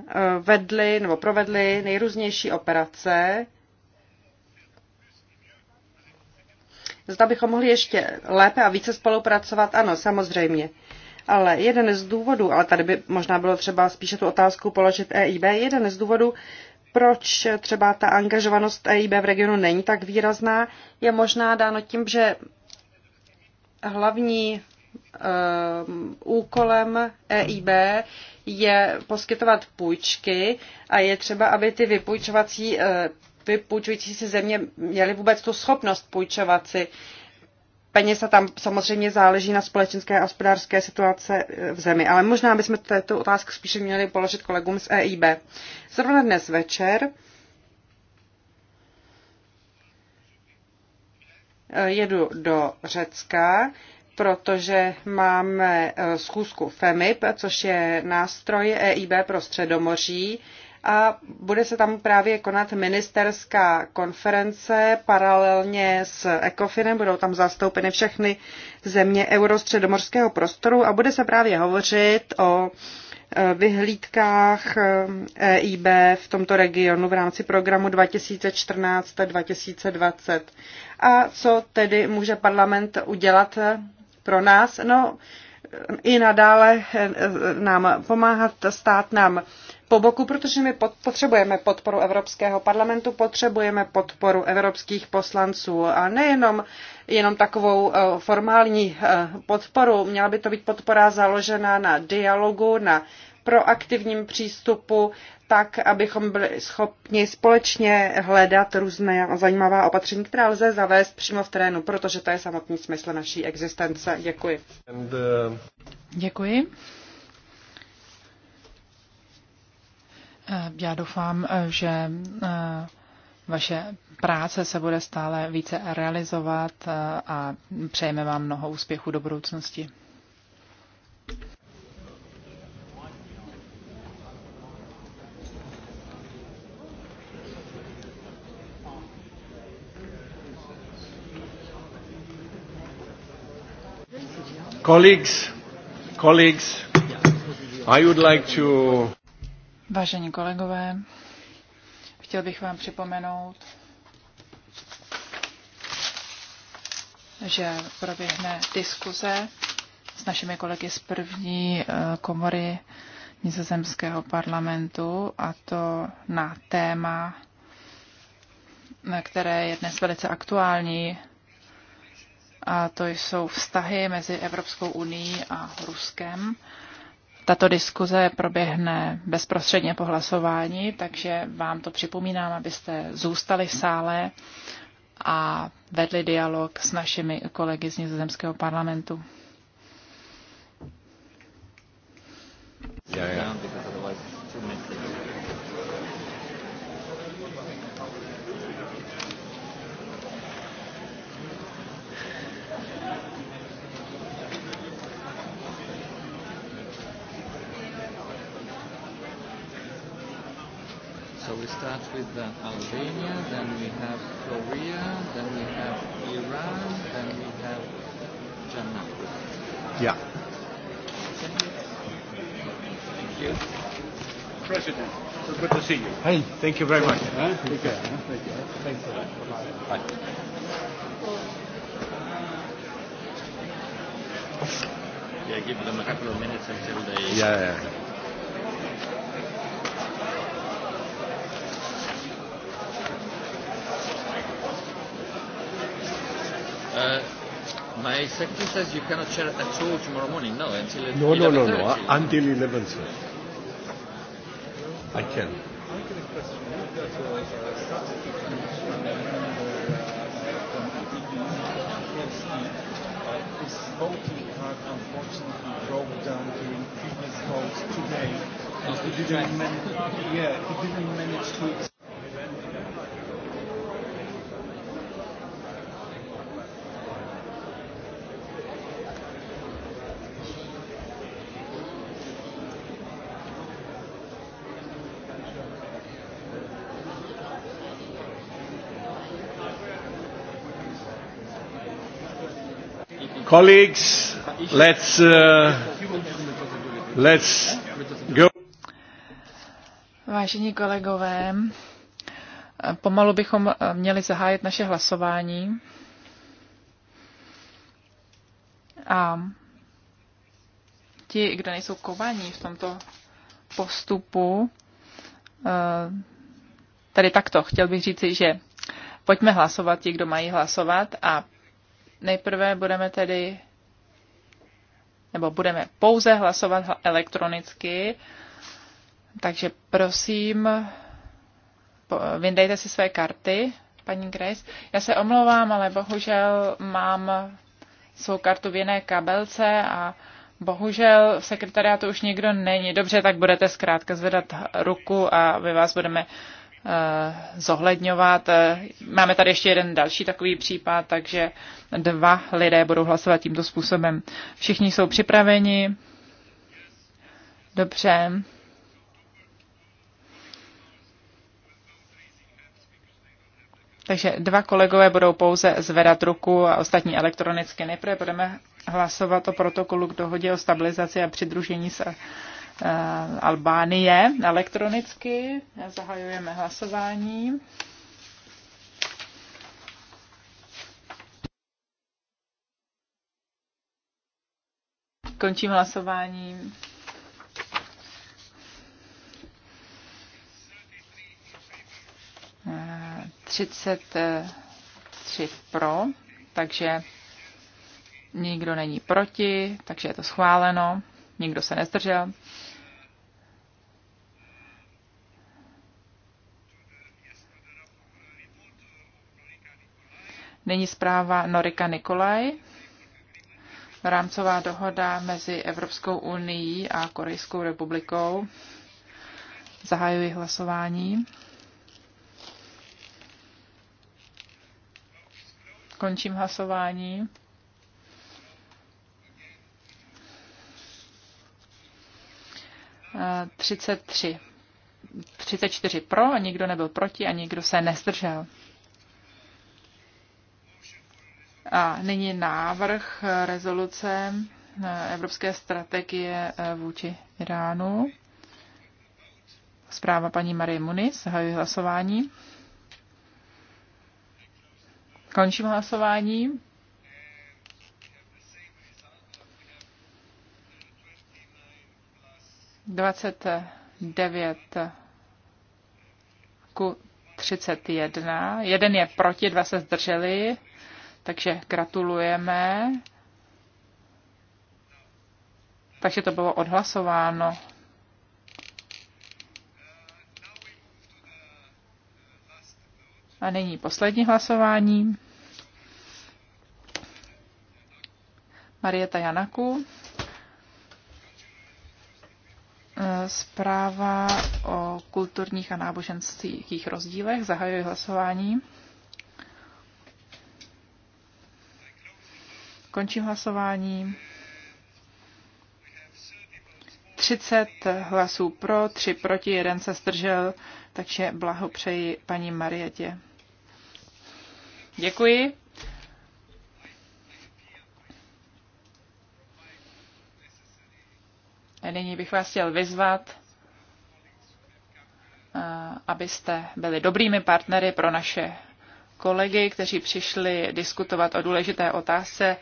Eh, vedli nebo provedli nejrůznější operace. Zda bychom mohli ještě lépe a více spolupracovat, ano, samozřejmě. Ale jeden z důvodů, ale tady by možná bylo třeba spíše tu otázku položit EIB, jeden z důvodů, proč třeba ta angažovanost EIB v regionu není tak výrazná, je možná dáno tím, že hlavní eh, úkolem EIB je poskytovat půjčky a je třeba, aby ty vypůjčovací, eh, vypůjčující si země měly vůbec tu schopnost půjčovat si peněz a tam samozřejmě záleží na společenské a hospodářské situace eh, v zemi. Ale možná bychom této otázku spíše měli položit kolegům z EIB. Zrovna dnes večer eh, jedu do Řecka protože máme eh, schůzku FEMIP, což je nástroj EIB pro Středomoří a bude se tam právě konat ministerská konference paralelně s ECOFINem, budou tam zastoupeny všechny země eurostředomorského prostoru a bude se právě hovořit o eh, vyhlídkách EIB eh, e v tomto regionu v rámci programu 2014-2020. A co tedy může parlament udělat pro nás. No, i nadále eh, eh, nám pomáhat, stát nám po boku, protože my potřebujeme podporu Evropského parlamentu, potřebujeme podporu evropských poslanců a nejenom jenom takovou eh, formální podporu. Měla by to být podpora založená na dialogu, na proaktivním přístupu, tak abychom byli schopni společně hledat různé zajímavá opatření, která lze zavést přímo v terénu, protože to je samotný smysl naší existence. Děkuji. And, uh... Děkuji. Eh, já doufám, eh, že eh, vaše práce se bude stále více realizovat a přejeme vám mnoho úspěchů do budoucnosti. Colleagues, colleagues, I would like to... Vážení kolegové, chtěl bych vám připomenout, že proběhne diskuze s našimi kolegy z první eh, komory nizozemského parlamentu a to na téma, na které je dnes velice aktuální, a to jsou vztahy mezi Evropskou unii a Ruskem. Tato diskuze proběhne bezprostředně po hlasování, takže vám to připomínám, abyste zůstali v sále a vedli dialog s našimi kolegy z nizozemského parlamentu. Yeah, yeah. we start with uh, Albania, then we have Korea, then we have Iran, then we have Jannah. Yeah. Thank you. President, so good to see you. Hey, thank you very thank much. You, huh? Take Thank you. Thank you. Thanks Bye. Bye. Yeah, give them a couple of minutes until they. Yeah, yeah. Uh, my secretary says you cannot share at all tomorrow morning. No, until no, 11 no, no, no, no, until 11. Sir. I can. voting card unfortunately broke down during previous votes today. yeah, he didn't manage to. Colleagues, let's, uh, let's go. Vážení kolegové, pomalu bychom eh, měli zahájit naše hlasování. A ti, kdo nejsou kovaní v tomto postupu, eh, tady takto, chtěl bych říci, že pojďme hlasovat ti, kdo mají hlasovat a Nejprve budeme tedy, nebo budeme pouze hlasovat elektronicky, takže prosím, vyndejte si své karty, paní Grace. Já se omlouvám, ale bohužel mám svou kartu v jiné kabelce a bohužel v sekretariátu už nikdo není. Dobře, tak budete zkrátka zvedat ruku a my vás budeme Eh, zohledňovat. Eh, máme tady ještě jeden další takový případ, takže dva lidé budou hlasovat tímto způsobem. Všichni jsou připraveni. Dobře. Takže dva kolegové budou pouze zvedat ruku a ostatní elektronicky. Nejprve budeme hlasovat o protokolu k dohodě o stabilizaci a přidružení se Eh, Albánie elektronicky. Zahajujeme hlasování. Končím hlasování. 33 eh, pro, takže nikdo není proti, takže je to schváleno, nikdo se nezdržel. Nyní zpráva Norika Nikolaj. Rámcová dohoda mezi Evropskou unii a Korejskou republikou. Zahajuji hlasování. Končím hlasování. Eh, třicet tři. 34 pro, nikdo nebyl proti a nikdo se nezdržel. A nyní návrh rezoluce eh, Evropské strategie eh, vůči Iránu. Zpráva paní Marie Muniz, zahajuji hlasování. Končím hlasování. Dvacet devět ku 31. Jeden je proti, dva se zdrželi. Takže gratulujeme. Takže to bylo odhlasováno. A nyní poslední hlasování. Marieta Janaku. Zpráva o kulturních a náboženských rozdílech. Zahajuji hlasování. Končím hlasování. 30 hlasů pro, 3 proti, 1 se zdržel, takže blahopřeji paní Marietě. Děkuji. Nyní bych vás chtěl vyzvat, eh, abyste byli dobrými partnery pro naše kolegy, kteří přišli diskutovat o důležité otázce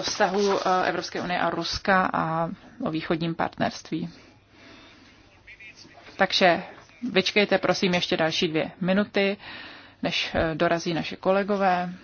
vztahu eh, Evropské unie a Ruska a o východním partnerství. Takže vyčkejte prosím ještě další dvě minuty, než eh, dorazí naše kolegové.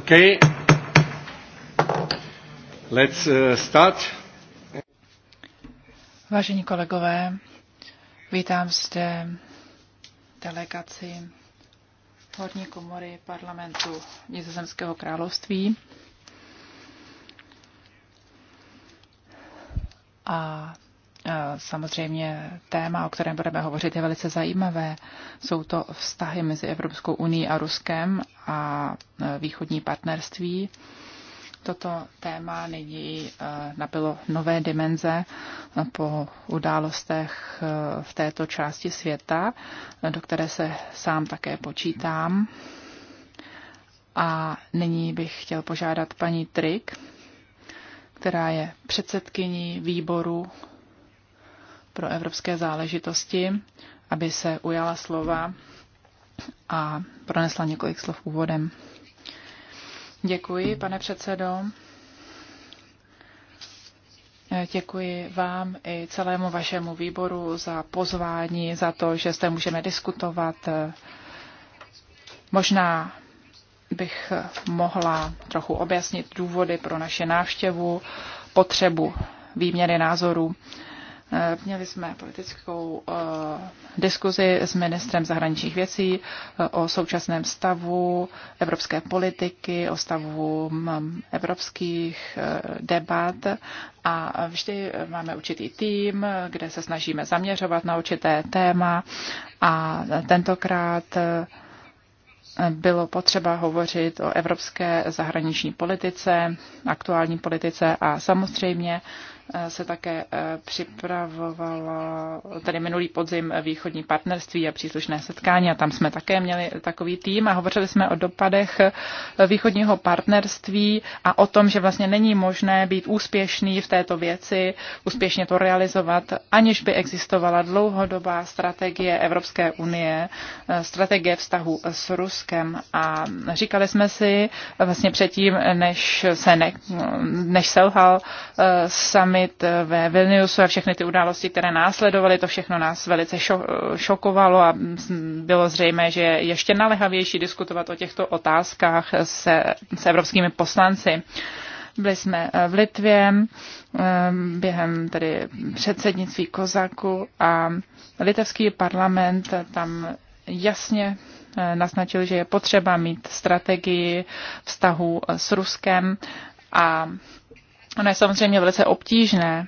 Okay. Let's eh, start. Vážení kolegové, vítám zde delegaci Horní komory parlamentu Nizozemského království. A eh, Samozřejmě téma, o kterém budeme hovořit, je velice zajímavé. Jsou to vztahy mezi Evropskou uní a Ruskem a e, východní partnerství. Toto téma nyní e, nabilo nové dimenze e, po událostech v této části světa, do které se sám také počítám. A nyní bych chtěl požádat paní Trik, která je předsedkyní výboru pro evropské záležitosti, aby se ujala slova a pronesla několik slov úvodem. Děkuji, pane předsedo. Děkuji vám i celému vašemu výboru za pozvání, za to, že zde můžeme diskutovat. Možná bych mohla trochu objasnit důvody pro naše návštěvu, potřebu výměny názorů. Měli jsme politickou eh, diskuzi s ministrem zahraničních věcí eh, o současném stavu evropské politiky, o stavu mm, evropských eh, debat a vždy máme určitý tým, kde se snažíme zaměřovat na určité téma a tentokrát eh, bylo potřeba hovořit o evropské zahraniční politice, aktuální politice a samozřejmě Eh, se také eh, připravovalo tedy minulý podzim eh, východní partnerství a příslušné setkání a tam jsme také měli takový tým a hovořili jsme o dopadech východního partnerství a o tom, že vlastně není možné být úspěšný v této věci, úspěšně to realizovat, aniž by existovala dlouhodobá strategie Evropské unie, strategie vztahu s Ruskem a říkali jsme si vlastně předtím, než se ne, než selhal sami summit eh, ve Vilniusu a všechny ty události, které následovaly, to všechno nás velice šokovalo a bylo zřejmé, že je ještě nalehavější diskutovat o těchto otázkách se, se evropskými poslanci. Byli jsme eh, v Litvě eh, během tedy předsednictví Kozaku a litevský parlament tam jasně naznačil, že je potřeba mít strategii vztahu s Ruskem a Ono je samozřejmě velice obtížné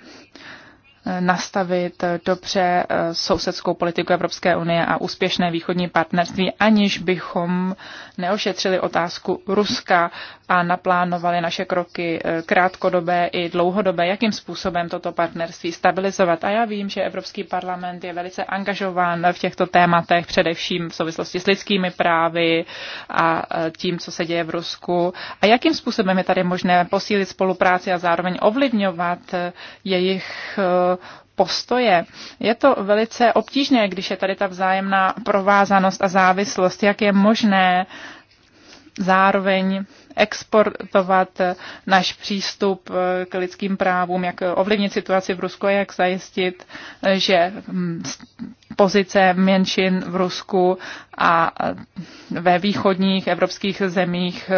nastavit dobře eh, sousedskou politiku Evropské unie a úspěšné východní partnerství, aniž bychom neošetřili otázku Ruska a naplánovali naše kroky eh, krátkodobé i dlouhodobé, jakým způsobem toto partnerství stabilizovat. A já vím, že Evropský parlament je velice angažován v těchto tématech, především v souvislosti s lidskými právy a eh, tím, co se děje v Rusku. A jakým způsobem je tady možné posílit spolupráci a zároveň ovlivňovat jejich postoje. Je to velice obtížné, když je tady ta vzájemná provázanost a závislost, jak je možné zároveň exportovat náš přístup k lidským právům, jak ovlivnit situaci v Rusku a jak zajistit, že hm, pozice menšin v Rusku a ve východních evropských zemích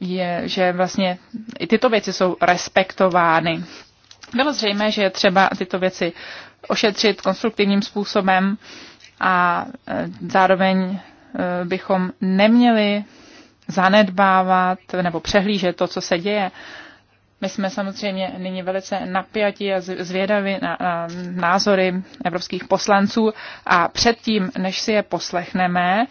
je, že vlastně i tyto věci jsou respektovány. Bylo zřejmé, že je třeba tyto věci ošetřit konstruktivním způsobem a e, zároveň e, bychom neměli zanedbávat nebo přehlížet to, co se děje. My jsme samozřejmě nyní velice napjatí a zvědaví na, na názory evropských poslanců a předtím, než si je poslechneme,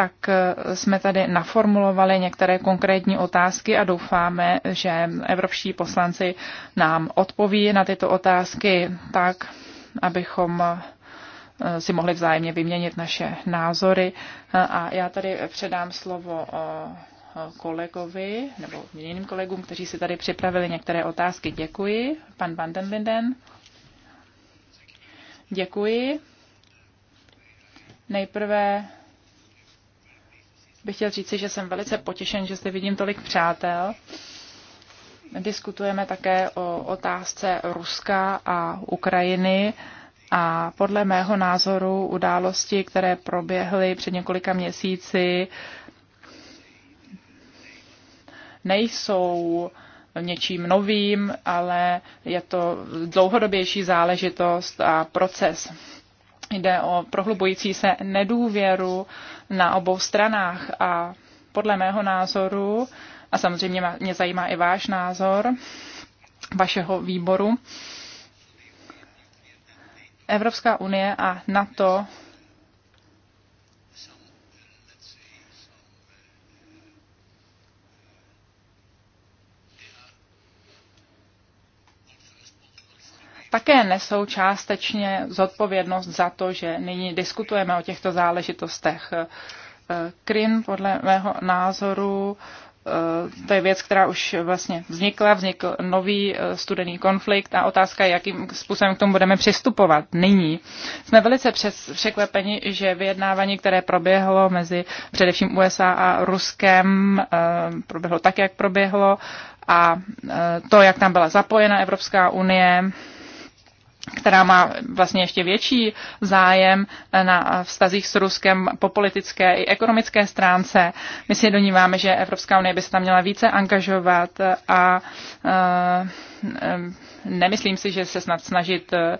tak eh, jsme tady naformulovali některé konkrétní otázky a doufáme, že evropští poslanci nám odpoví na tyto otázky tak, abychom eh, si mohli vzájemně vyměnit naše názory. Eh, a já tady předám slovo kolegovi nebo jiným kolegům, kteří si tady připravili některé otázky. Děkuji. Pan Vandenlinden. Děkuji. Nejprve bych chtěl říci, že jsem velice potěšen, že zde vidím tolik přátel. Diskutujeme také o otázce Ruska a Ukrajiny a podle mého názoru události, které proběhly před několika měsíci, nejsou něčím novým, ale je to dlouhodobější záležitost a proces. Jde o prohlubující se nedůvěru na obou stranách a podle mého názoru, a samozřejmě mě zajímá i váš názor, vašeho výboru, Evropská unie a NATO také nesou částečně zodpovědnost za to, že nyní diskutujeme o těchto záležitostech. Eh, Krim podle mého názoru eh, to je věc, která už vlastně vznikla, vznikl nový eh, studený konflikt a otázka je, jakým způsobem k tomu budeme přistupovat nyní. Jsme velice překvapeni, že vyjednávání, které proběhlo mezi především USA a Ruskem, proběhlo tak, jak proběhlo a to, jak tam byla zapojena Evropská unie, která má vlastně ještě větší zájem na vztazích s Ruskem po politické i ekonomické stránce. My si domníváme, že Evropská unie by se tam měla více angažovat a eh, nemyslím si, že se snad snažit eh,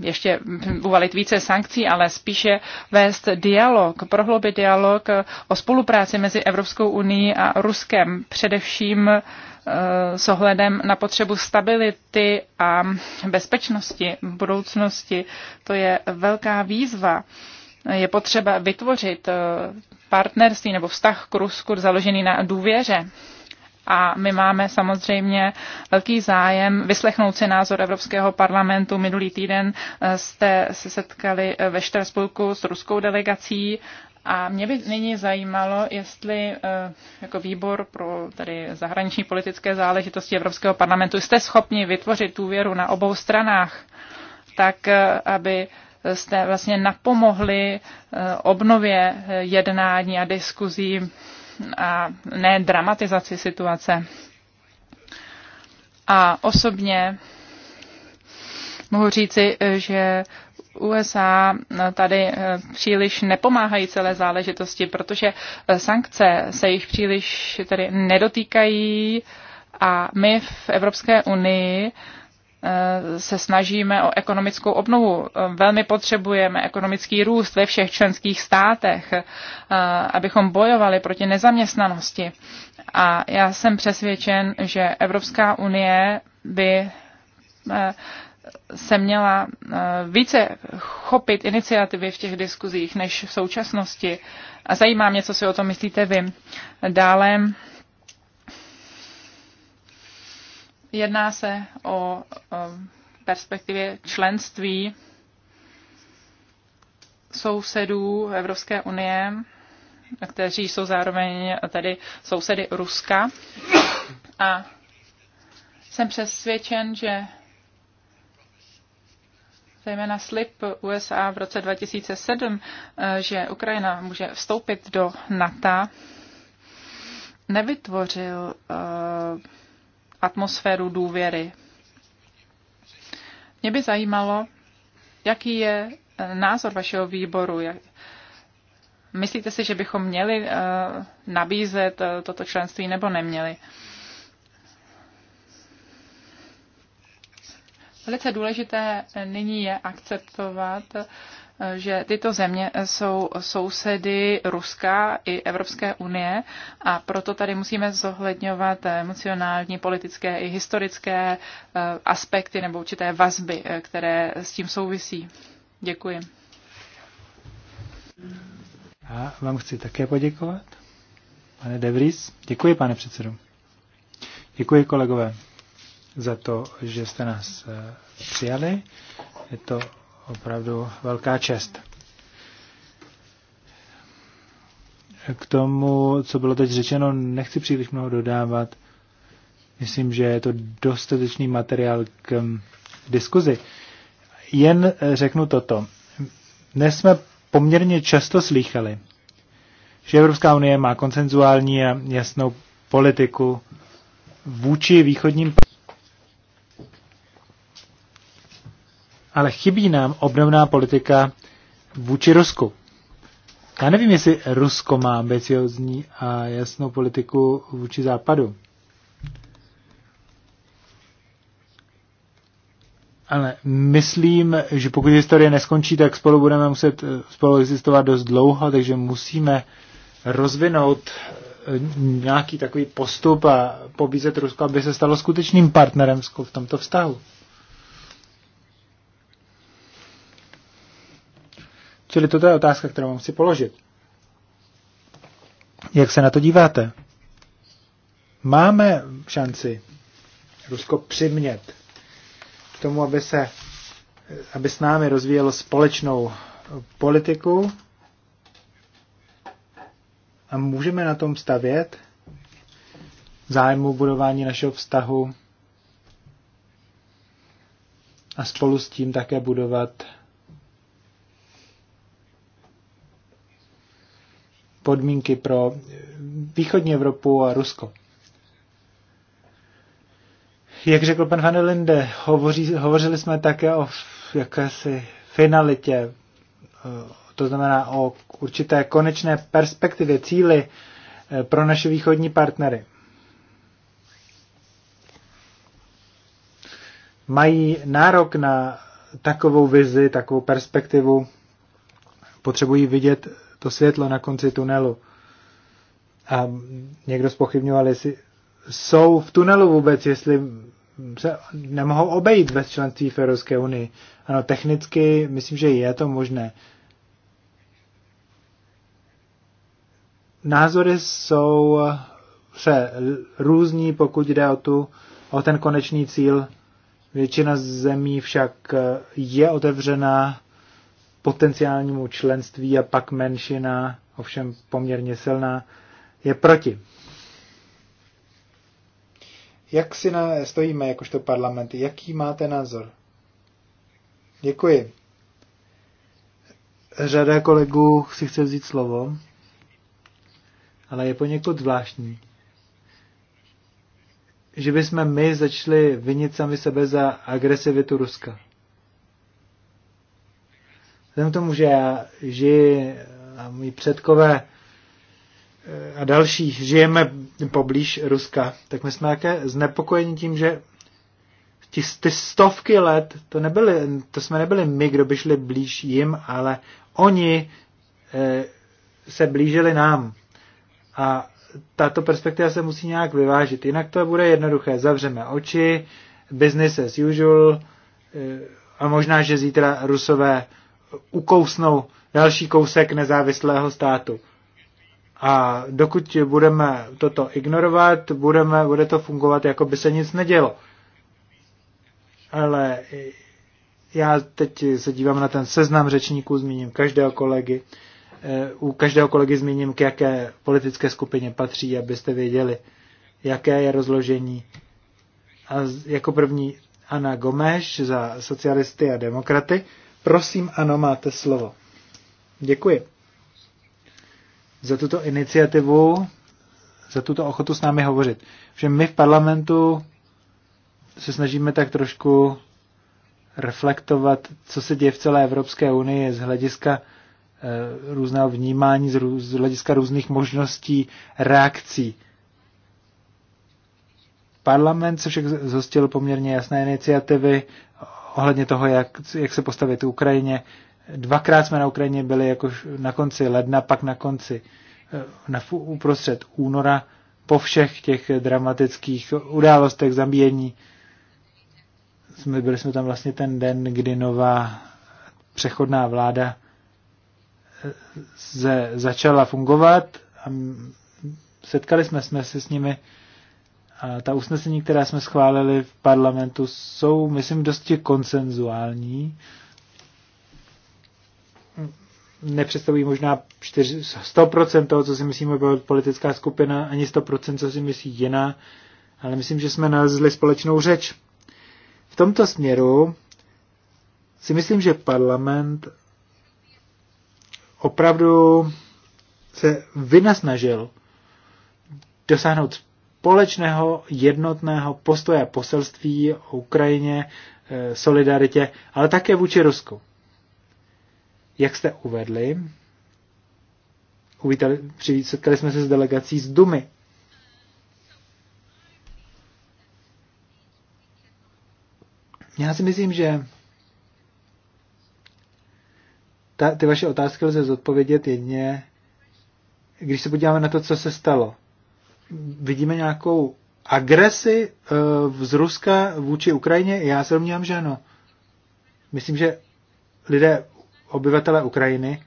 ještě uvalit více sankcí, ale spíše vést dialog, prohloubit dialog o spolupráci mezi Evropskou unii a Ruskem, především Eh, s ohledem na potřebu stability a bezpečnosti v budoucnosti. To je velká výzva. Je potřeba vytvořit eh, partnerství nebo vztah k Rusku založený na důvěře. A my máme samozřejmě velký zájem vyslechnout si názor Evropského parlamentu. Minulý týden eh, jste se setkali ve Štrasburku s ruskou delegací a mě by nyní zajímalo, jestli eh, jako výbor pro tady zahraniční politické záležitosti Evropského parlamentu jste schopni vytvořit důvěru na obou stranách, tak eh, aby jste vlastně napomohli eh, obnově jednání a diskuzí a ne dramatizaci situace. A osobně mohu říci, že USA tady eh, příliš nepomáhají celé záležitosti, protože eh, sankce se jich příliš tedy nedotýkají a my v Evropské unii eh, se snažíme o ekonomickou obnovu. Velmi potřebujeme ekonomický růst ve všech členských státech, abychom bojovali proti nezaměstnanosti. A já jsem přesvědčen, že Evropská unie by se měla eh, více chopit iniciativy v těch diskuzích než v současnosti. A zajímá mě, co si o tom myslíte vy. Dále jedná se o perspektivě členství sousedů Evropské unie, kteří jsou zároveň tady sousedy Ruska. A jsem přesvědčen, že zejména slib USA v roce 2007, eh, že Ukrajina může vstoupit do NATO, nevytvořil eh, atmosféru důvěry. Mě by zajímalo, jaký je eh, názor vašeho výboru. Myslíte si, že bychom měli nabízet toto členství nebo neměli? Velice důležité nyní je akceptovat, že tyto země jsou sousedy Ruska i Evropské unie a proto tady musíme zohledňovat emocionální, politické i historické eh, aspekty nebo určité vazby, eh, které s tím souvisí. Děkuji. Já vám chci také poděkovat. Pane Devries, děkuji, pane předsedo. Děkuji, kolegové za to, že jste nás eh, přijali. Je to opravdu velká čest. K tomu, co bylo teď řečeno, nechci příliš mnoho dodávat. Myslím, že je to dostatečný materiál k hm, diskuzi. Jen eh, řeknu toto. Dnes jsme poměrně často slýchali, že Evropská unie má koncenzuální a jasnou politiku vůči východním ale chybí nám obnovná politika vůči Rusku. Já nevím, jestli Rusko má ambiciozní a jasnou politiku vůči západu. Ale myslím, že pokud historie neskončí, tak spolu budeme muset eh, spolu existovat dost dlouho, takže musíme rozvinout eh, nějaký takový postup a pobízet Rusko, aby se stalo skutečným partnerem v tomto vztahu. Čili toto je otázka, kterou vám chci položit. Jak se na to díváte? Máme šanci Rusko přimět k tomu, aby se aby s námi rozvíjelo společnou politiku a můžeme na tom stavět zájmu budování našeho vztahu a spolu s tím také budovat podmínky pro východní Evropu a Rusko. Jak řekl pan Van Linde, hovoří, hovořili jsme také o jakési finalitě, e, to znamená o určité konečné perspektivě, cíly e, pro naše východní partnery. Mají nárok na takovou vizi, takovou perspektivu, potřebují vidět to světlo na konci tunelu. A někdo spochybňoval, jestli jsou v tunelu vůbec, jestli se nemohou obejít bez členství v Evropské unii. Ano, technicky myslím, že je to možné. Názory jsou se různí, pokud jde o, tu, o ten konečný cíl. Většina zemí však je otevřená potenciálnímu členství a pak menšina, ovšem poměrně silná, je proti. Jak si na, stojíme jakožto parlament? Jaký máte názor? Děkuji. Řada kolegů si chce vzít slovo, ale je poněkud zvláštní, že bychom my začali vinit sami sebe za agresivitu Ruska. Vzhledem tomu, že já žiji a moji předkové eh, a další žijeme poblíž Ruska, tak my jsme také znepokojeni tím, že ty, ty stovky let, to, nebyly, to jsme nebyli my, kdo by šli blíž jim, ale oni e, se blížili nám. A tato perspektiva se musí nějak vyvážit, jinak to bude jednoduché. Zavřeme oči, business as usual e, a možná, že zítra rusové ukousnou další kousek nezávislého státu. A dokud budeme toto ignorovat, budeme, bude to fungovat, jako by se nic nedělo. Ale já teď se dívám na ten seznam řečníků, zmíním každého kolegy. Eh, u každého kolegy zmíním, k jaké politické skupině patří, abyste věděli, jaké je rozložení. A jako první Ana Gomeš za socialisty a demokraty. Prosím, ano, máte slovo. Děkuji za tuto iniciativu, za tuto ochotu s námi hovořit. Že my v parlamentu se snažíme tak trošku reflektovat, co se děje v celé Evropské unii z hlediska eh, různého vnímání, z hlediska různých možností reakcí. Parlament se však zhostil poměrně jasné iniciativy ohledně toho, jak, jak se postavit Ukrajině. Dvakrát jsme na Ukrajině byli jako na konci ledna, pak na konci, eh, na, uprostřed února, po všech těch dramatických událostech, zabíjení. Jsme, byli jsme tam vlastně ten den, kdy nová přechodná vláda se eh, začala fungovat a setkali jsme, jsme se s nimi ta usnesení, která jsme schválili v parlamentu, jsou, myslím, dosti konsenzuální. Nepředstavují možná 100% toho, co si myslíme politická skupina, ani 100%, co si myslí jiná, ale myslím, že jsme nalezli společnou řeč. V tomto směru si myslím, že parlament opravdu se vynasnažil dosáhnout společného jednotného postoje poselství o Ukrajině, eh, solidaritě, ale také vůči Rusku. Jak jste uvedli, uvítali, setkali jsme se s delegací z Dumy. Já si myslím, že ta, ty vaše otázky lze zodpovědět jedně. když se podíváme na to, co se stalo vidíme nějakou agresi eh, z Ruska vůči Ukrajině? Já se domnívám, že ano. Myslím, že lidé, obyvatele Ukrajiny,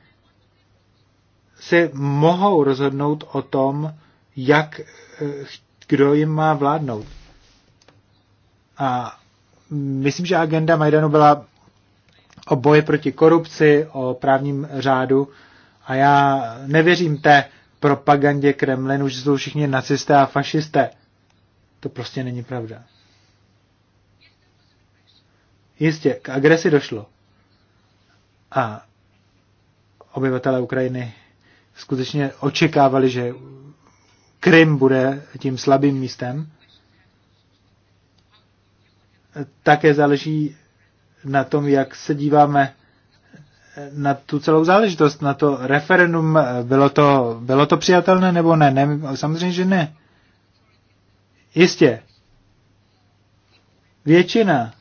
si mohou rozhodnout o tom, jak eh, kdo jim má vládnout. A myslím, že agenda Majdanu byla o boji proti korupci, o právním řádu a já nevěřím té propagandě Kremlinu, že jsou všichni nacisté a fašisté. To prostě není pravda. Jistě, k agresi došlo. A obyvatelé Ukrajiny skutečně očekávali, že Krym bude tím slabým místem. Také záleží na tom, jak se díváme na tu celou záležitost, na to referendum. Eh, bylo to, bylo to přijatelné nebo ne? ne? Samozřejmě, že ne. Jistě. Většina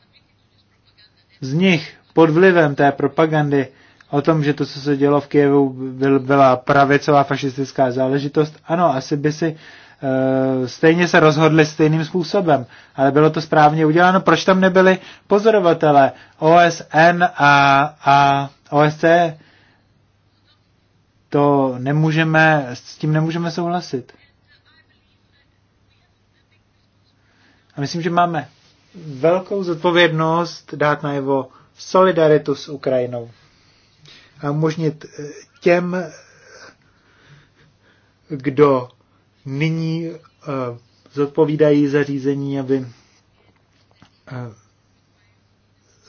z nich pod vlivem té propagandy o tom, že to, co se dělo v Kijevu, byl, byla pravicová fašistická záležitost. Ano, asi by si Eh, stejně se rozhodli stejným způsobem, ale bylo to správně uděláno. Proč tam nebyli pozorovatelé OSN a, a OSCE? To nemůžeme, s tím nemůžeme souhlasit. A myslím, že máme velkou zodpovědnost dát najevo solidaritu s Ukrajinou a umožnit eh, těm, kdo nyní eh, zodpovídají zařízení, aby aby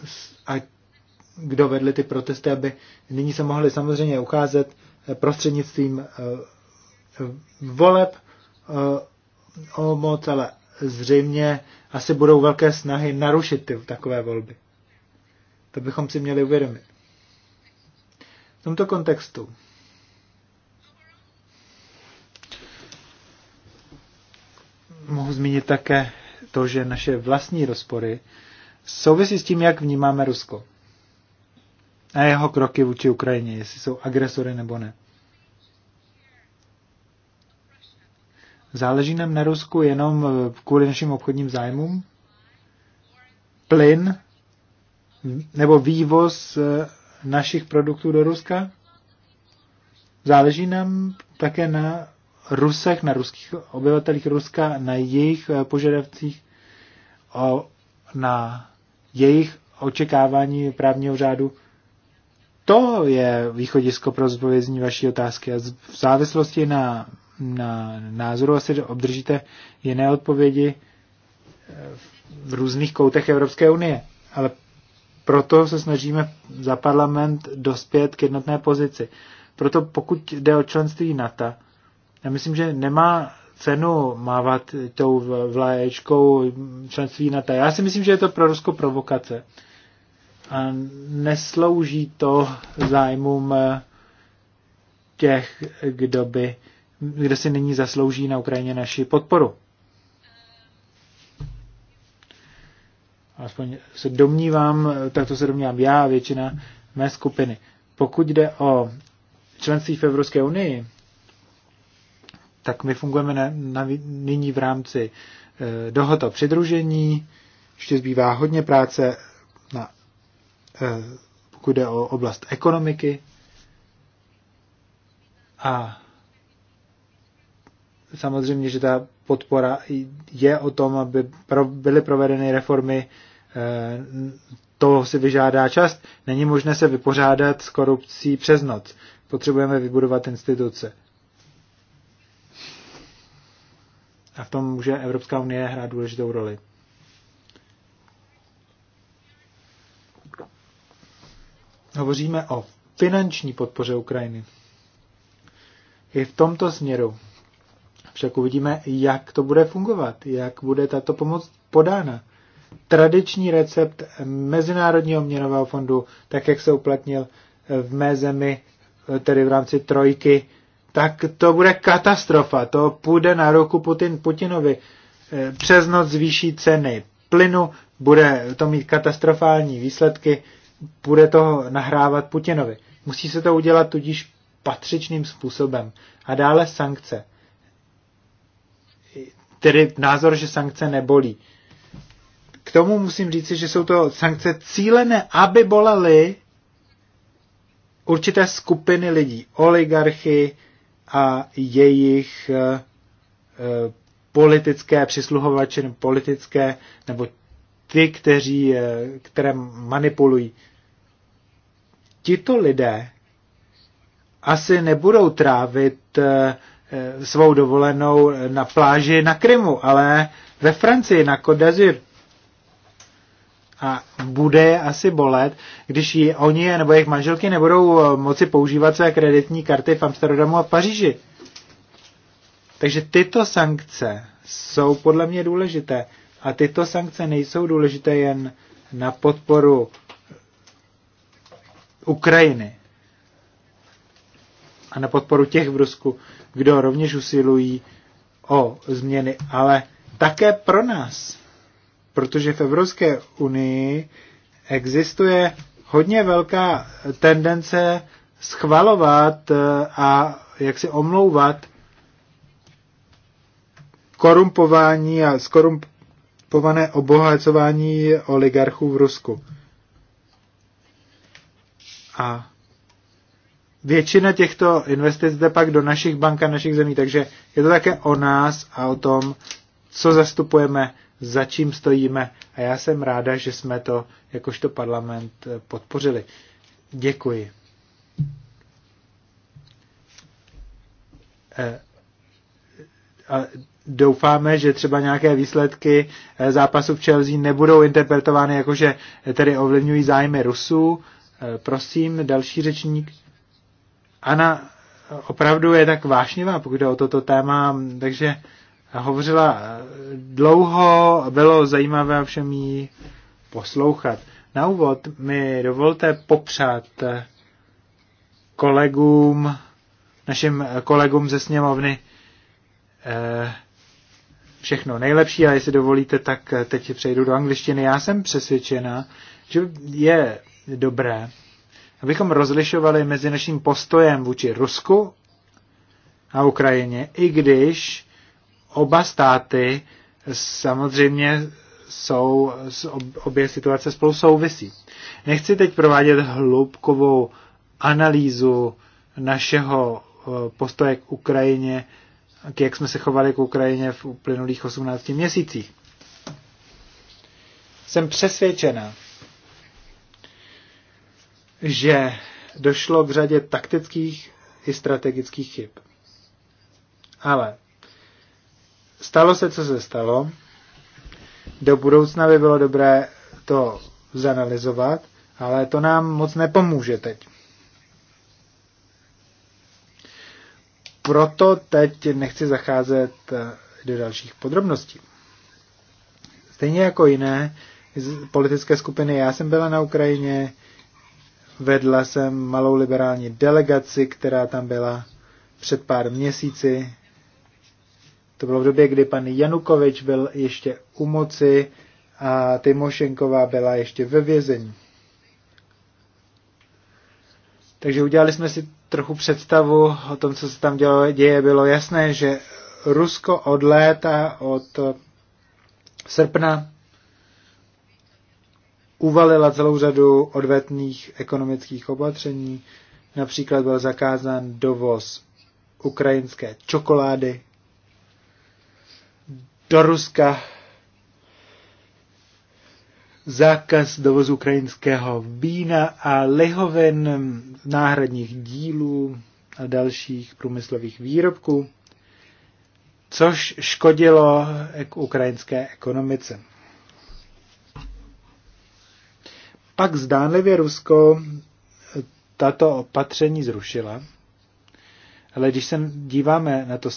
eh, a kdo vedli ty protesty, aby nyní se mohli samozřejmě ukázat eh, prostřednictvím voleb o moc, ale zřejmě asi budou velké snahy narušit ty takové volby. To bychom si měli uvědomit. V tomto kontextu mohu zmínit také to, že naše vlastní rozpory souvisí s tím, jak vnímáme Rusko a jeho kroky vůči Ukrajině, jestli jsou agresory nebo ne. Záleží nám na Rusku jenom kvůli našim obchodním zájmům? Plyn nebo vývoz eh, našich produktů do Ruska? Záleží nám také na Rusech, na ruských obyvatelích Ruska, na jejich eh, požadavcích, o, na jejich očekávání právního řádu. To je východisko pro zpovězní vaší otázky. A v závislosti na, na názoru asi obdržíte jiné odpovědi eh, v různých koutech Evropské unie. Ale proto se snažíme za parlament dospět k jednotné pozici. Proto pokud jde o členství NATO, já myslím, že nemá cenu mávat tou vlaječkou členství na té. Já si myslím, že je to pro Rusko provokace. A neslouží to zájmům těch, kdo, by, kdo si nyní zaslouží na Ukrajině naši podporu. Aspoň se domnívám, tak to se domnívám já a většina mé skupiny. Pokud jde o členství v Evropské unii, tak my fungujeme na, na, nyní v rámci e, dohod o přidružení. Ještě zbývá hodně práce, na, e, pokud jde o oblast ekonomiky. A samozřejmě, že ta podpora je o tom, aby pro, byly provedeny reformy. E, to si vyžádá čas. Není možné se vypořádat s korupcí přes noc. Potřebujeme vybudovat instituce. A v tom může Evropská unie hrát důležitou roli. Hovoříme o finanční podpoře Ukrajiny. I v tomto směru však uvidíme, jak to bude fungovat, jak bude tato pomoc podána. Tradiční recept Mezinárodního měnového fondu, tak jak se uplatnil v mé zemi, tedy v rámci trojky, tak to bude katastrofa. To půjde na ruku Putin, Putinovi. Eh, přes noc zvýší ceny plynu, bude to mít katastrofální výsledky, bude to nahrávat Putinovi. Musí se to udělat tudíž patřičným způsobem. A dále sankce. Tedy názor, že sankce nebolí. K tomu musím říci, že jsou to sankce cílené, aby bolely určité skupiny lidí, oligarchy, a jejich eh, eh, politické přisluhovače, politické, nebo ty, kteří, eh, které manipulují. Tito lidé asi nebudou trávit svou dovolenou na pláži na Krymu, ale ve Francii, na Côte d'Azur a bude asi bolet, když ji, oni nebo jejich manželky nebudou eh, moci používat své kreditní karty v Amsterdamu a v Paříži. Takže tyto sankce jsou podle mě důležité. A tyto sankce nejsou důležité jen na podporu Ukrajiny a na podporu těch v Rusku, kdo rovněž usilují o změny, ale také pro nás protože v Evropské unii existuje hodně velká tendence schvalovat eh, a jak si omlouvat korumpování a skorumpované obohacování oligarchů v Rusku. A většina těchto investic jde pak do našich bank a našich zemí, takže je to také o nás a o tom, co zastupujeme za čím stojíme a já jsem ráda, že jsme to jakožto parlament podpořili. Děkuji. Eh, a doufáme, že třeba nějaké výsledky eh, zápasu v Chelsea nebudou interpretovány jako, že tedy ovlivňují zájmy Rusů. Eh, prosím, další řečník. Ana opravdu je tak vášnivá, pokud jde o toto téma, takže hovořila eh, dlouho, bylo zajímavé všem jí poslouchat. Na úvod mi dovolte popřát eh, kolegům, našim eh, kolegům ze sněmovny všechno nejlepší a jestli dovolíte, tak teď přejdu do angličtiny. Já jsem přesvědčena, že je dobré, abychom rozlišovali mezi naším postojem vůči Rusku a Ukrajině, i když Oba státy samozřejmě jsou, obě situace spolu souvisí. Nechci teď provádět hloubkovou analýzu našeho eh, postoje k Ukrajině, k jak jsme se chovali k Ukrajině v uplynulých 18 měsících. Jsem přesvědčena, že došlo k řadě taktických i strategických chyb. Ale Stalo se, co se stalo. Do budoucna by bylo dobré to zanalizovat, ale to nám moc nepomůže teď. Proto teď nechci zacházet eh, do dalších podrobností. Stejně jako jiné politické skupiny, já jsem byla na Ukrajině, vedla jsem malou liberální delegaci, která tam byla před pár měsíci. To bylo v době, kdy pan Janukovič byl ještě u moci a Tymošenková byla ještě ve vězení. Takže udělali jsme si trochu představu o tom, co se tam dělo, děje. Bylo jasné, že Rusko od léta, od srpna uvalila celou řadu odvetných ekonomických opatření. Například byl zakázán dovoz ukrajinské čokolády do Ruska zákaz dovozu ukrajinského vína a lihovin, náhradních dílů a dalších průmyslových výrobků, což škodilo k ukrajinské ekonomice. Pak zdánlivě Rusko eh, tato opatření zrušila, ale když se díváme na to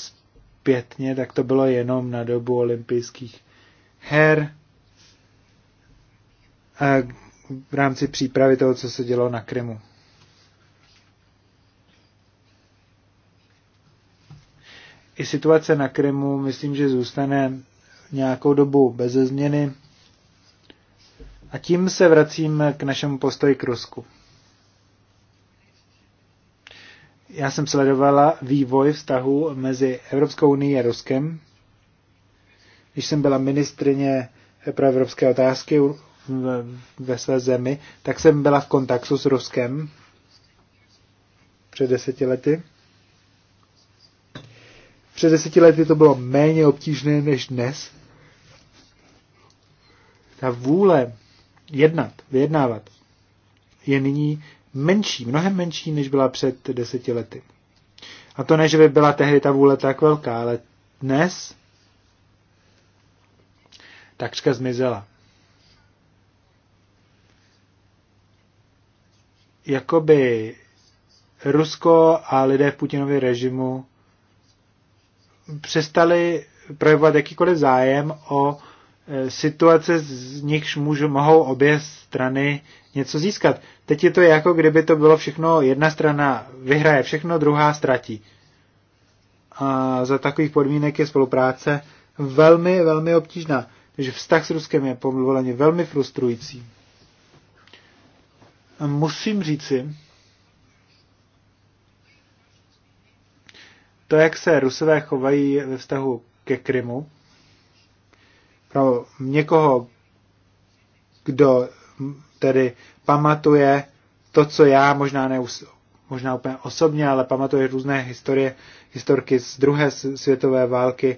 zpětně, tak to bylo jenom na dobu olympijských her v rámci přípravy toho, co se dělo na Krymu. I situace na Krymu, myslím, že zůstane nějakou dobu bez změny. A tím se vracím k našemu postoji k Rusku. já jsem sledovala vývoj vztahu mezi Evropskou unii a Ruskem. Když jsem byla ministrině pro evropské otázky ve své zemi, tak jsem byla v kontaktu s Ruskem před deseti lety. Před deseti lety to bylo méně obtížné než dnes. Ta vůle jednat, vyjednávat, je nyní menší, mnohem menší, než byla před deseti lety. A to ne, že by byla tehdy ta vůle tak velká, ale dnes takřka zmizela. Jakoby Rusko a lidé v Putinově režimu přestali projevovat jakýkoliv zájem o E, situace, z nichž můžu, mohou obě strany něco získat. Teď je to jako kdyby to bylo všechno, jedna strana vyhraje všechno, druhá ztratí. A za takových podmínek je spolupráce velmi, velmi obtížná. Takže vztah s Ruskem je povoleně velmi frustrující. A musím říci, to, jak se Rusové chovají ve vztahu ke Krymu, pro no, někoho, kdo tedy pamatuje to, co já, možná ne možná úplně osobně, ale pamatuje různé historie, historky z druhé světové války,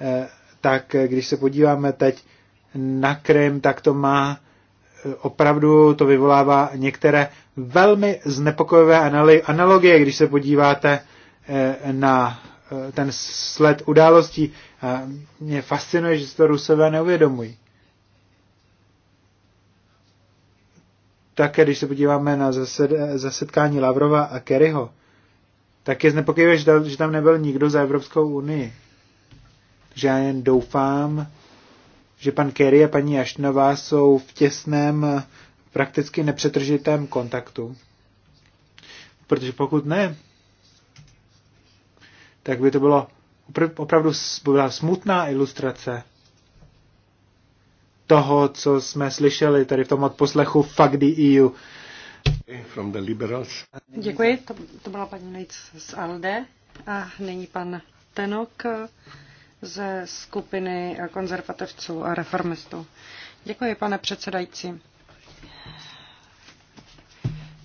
eh, tak když se podíváme teď na Krym, tak to má eh, opravdu, to vyvolává některé velmi znepokojivé analogie, když se podíváte eh, na Eh, ten sled událostí. A mě fascinuje, že se to Rusové neuvědomují. Také když se podíváme na zased, zasetkání Lavrova a Kerryho, tak je znepokojivé, že tam nebyl nikdo za Evropskou unii. Takže já jen doufám, že pan Kerry a paní Ašnová jsou v těsném, prakticky nepřetržitém kontaktu. Protože pokud ne, tak by to bylo opravdu byla smutná ilustrace toho, co jsme slyšeli tady v tom odposlechu Fuck the EU. From the liberals. Děkuji, to, to byla paní Nejc z ALDE a nyní pan Tenok ze skupiny konzervativců a reformistů. Děkuji, pane předsedající.